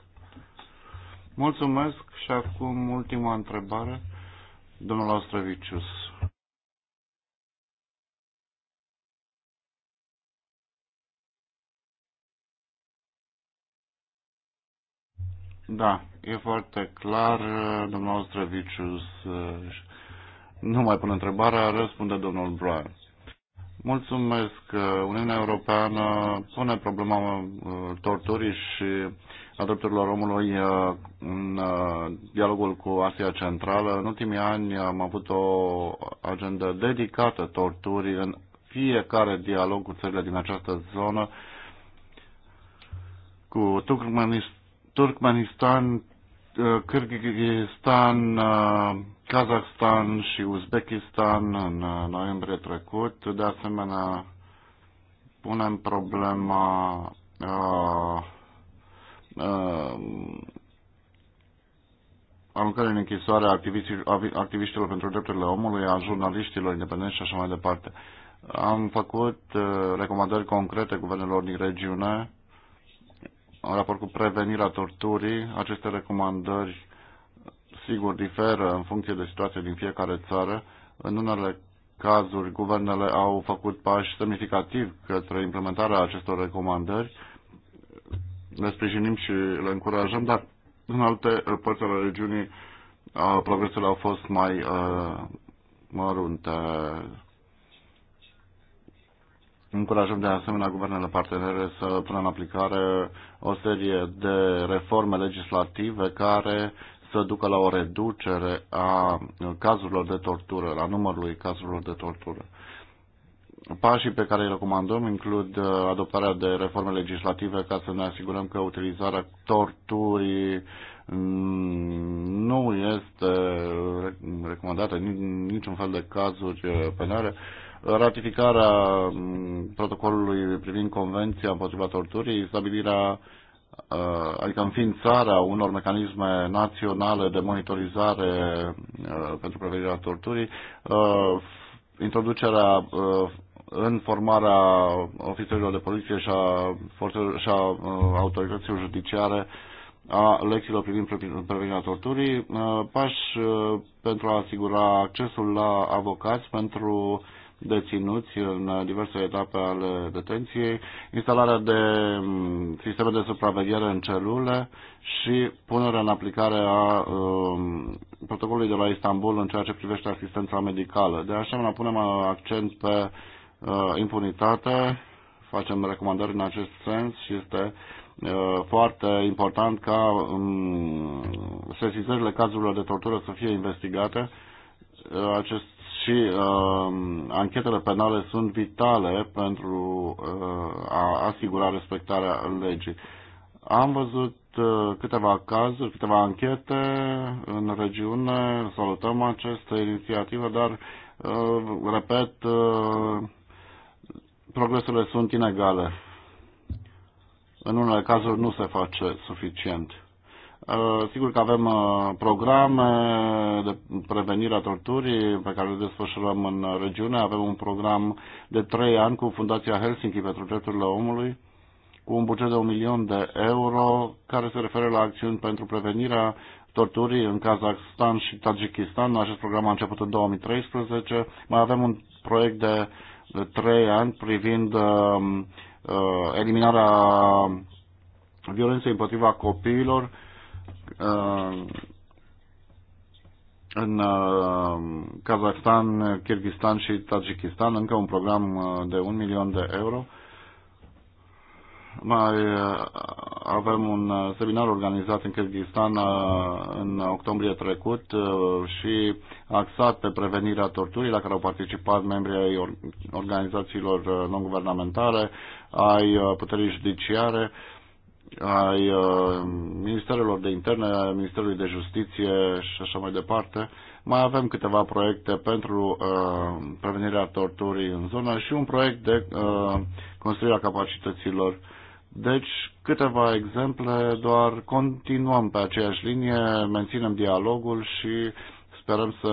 Mulțumesc și acum ultima întrebare. Domnul Ostrevicius. Da, e foarte clar. Domnul Ostrevicius eh, nu mai pun întrebarea, răspunde domnul Brian. Mulțumesc. Eh, Uniunea Europeană pune problema eh, torturii și a drepturilor omului în dialogul cu Asia Centrală. În ultimii ani am avut o agendă dedicată torturii în fiecare dialog cu țările din această zonă, cu Turkmenistan, Turkmenistan, uh, Kyrgyzstan, uh, Kazakhstan și Uzbekistan în uh, noiembrie trecut. De asemenea, punem problema uh, uh, aruncării în închisoare a activiștilor pentru drepturile omului, a jurnaliștilor independenți și așa mai departe. Am făcut uh, recomandări concrete guvernelor din regiune în raport cu prevenirea torturii, aceste recomandări sigur diferă în funcție de situație din fiecare țară. În unele cazuri, guvernele au făcut pași semnificativ către implementarea acestor recomandări. Le sprijinim și le încurajăm, dar în alte părți ale regiunii uh, progresele au fost mai uh, mărunte. Încurajăm de asemenea guvernele partenere să pună în aplicare o serie de reforme legislative care să ducă la o reducere a cazurilor de tortură, la numărului cazurilor de tortură. Pașii pe care îi recomandăm includ uh, adoptarea de reforme legislative ca să ne asigurăm că utilizarea torturii mm, nu este recomandată în niciun fel de cazuri uh, penale ratificarea mm, protocolului privind Convenția împotriva torturii, stabilirea, uh, adică înființarea unor mecanisme naționale de monitorizare uh, pentru prevenirea torturii, uh, introducerea în formarea ofițerilor de poliție și a, și a autorităților judiciare a lecțiilor privind prevenirea torturii, pași pentru a asigura accesul la avocați pentru deținuți în diverse etape ale detenției, instalarea de mm, sisteme de supraveghere în celule și punerea în aplicare a mm, protocolului de la Istanbul în ceea ce privește asistența medicală. De asemenea, punem accent pe uh, impunitate, facem recomandări în acest sens și este uh, foarte important ca mm, sesizările cazurilor de tortură să fie investigate. Uh, acest și uh, anchetele penale sunt vitale pentru uh, a asigura respectarea legii. Am văzut uh, câteva cazuri, câteva anchete în regiune, salutăm această inițiativă, dar, uh, repet, uh, progresele sunt inegale. În unele cazuri nu se face suficient. Ă, sigur că avem ă, programe de prevenire a torturii pe care le desfășurăm în regiune. Avem un program de trei ani cu Fundația Helsinki pentru drepturile omului cu un buget de un milion de euro care se referă la acțiuni pentru prevenirea torturii în Kazakhstan și Tajikistan. Acest program a început în 2013. Mai avem un proiect de, trei ani privind uh, uh, eliminarea violenței împotriva copiilor Uh, în uh, Kazakhstan, Kirghizstan și Tajikistan încă un program uh, de un milion de euro. Mai avem un seminar organizat în Kirghizstan în octombrie trecut și axat pe prevenirea torturii, la care au participat membrii ai organizațiilor non-guvernamentare, ai puterii judiciare, ai uh, Ministerelor de Interne, Ministerului de Justiție și așa mai departe. Mai avem câteva proiecte pentru uh, prevenirea torturii în zonă și un proiect de uh, construirea capacităților. Deci, câteva exemple, doar continuăm pe aceeași linie, menținem dialogul și sperăm să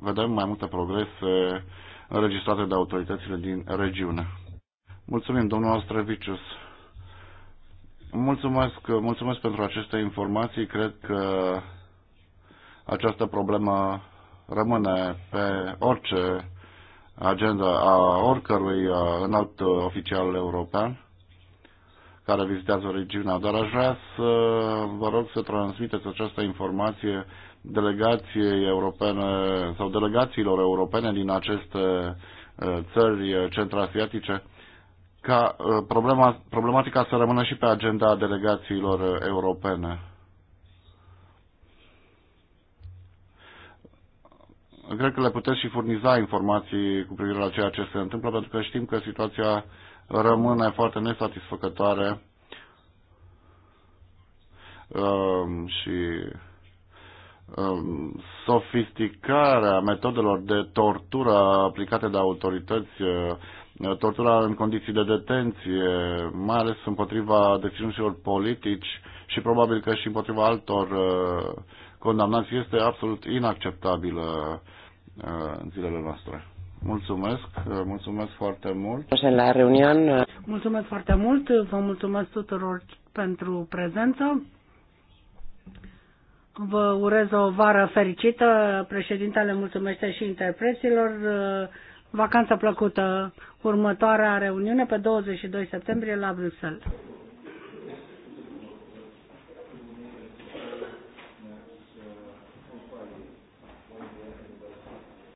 vedem mai multe progrese înregistrate de autoritățile din regiune. Mulțumim, domnul Ostrevicius. Mulțumesc, mulțumesc pentru aceste informații. Cred că această problemă rămâne pe orice agenda a oricărui uh, înalt uh, oficial european care vizitează regiunea, dar aș vrea să vă rog să transmiteți această informație delegației europene sau delegațiilor europene din aceste uh, țări centrasiatice ca uh, problema, problematica să rămână și pe agenda delegațiilor uh, europene. Cred că le puteți și furniza informații cu privire la ceea ce se întâmplă, pentru că știm că situația rămâne foarte nesatisfăcătoare um, și um, sofisticarea metodelor de tortură aplicate de autorități uh, tortura în condiții de detenție, mai ales împotriva deținuților politici și probabil că și împotriva altor uh, condamnați, este absolut inacceptabilă uh, în zilele noastre. Mulțumesc, uh, mulțumesc foarte mult. La reunion. Mulțumesc foarte mult, vă mulțumesc tuturor pentru prezență. Vă urez o vară fericită. Președintele mulțumește și interpreților vacanță plăcută. Următoarea reuniune pe 22 septembrie la Bruxelles.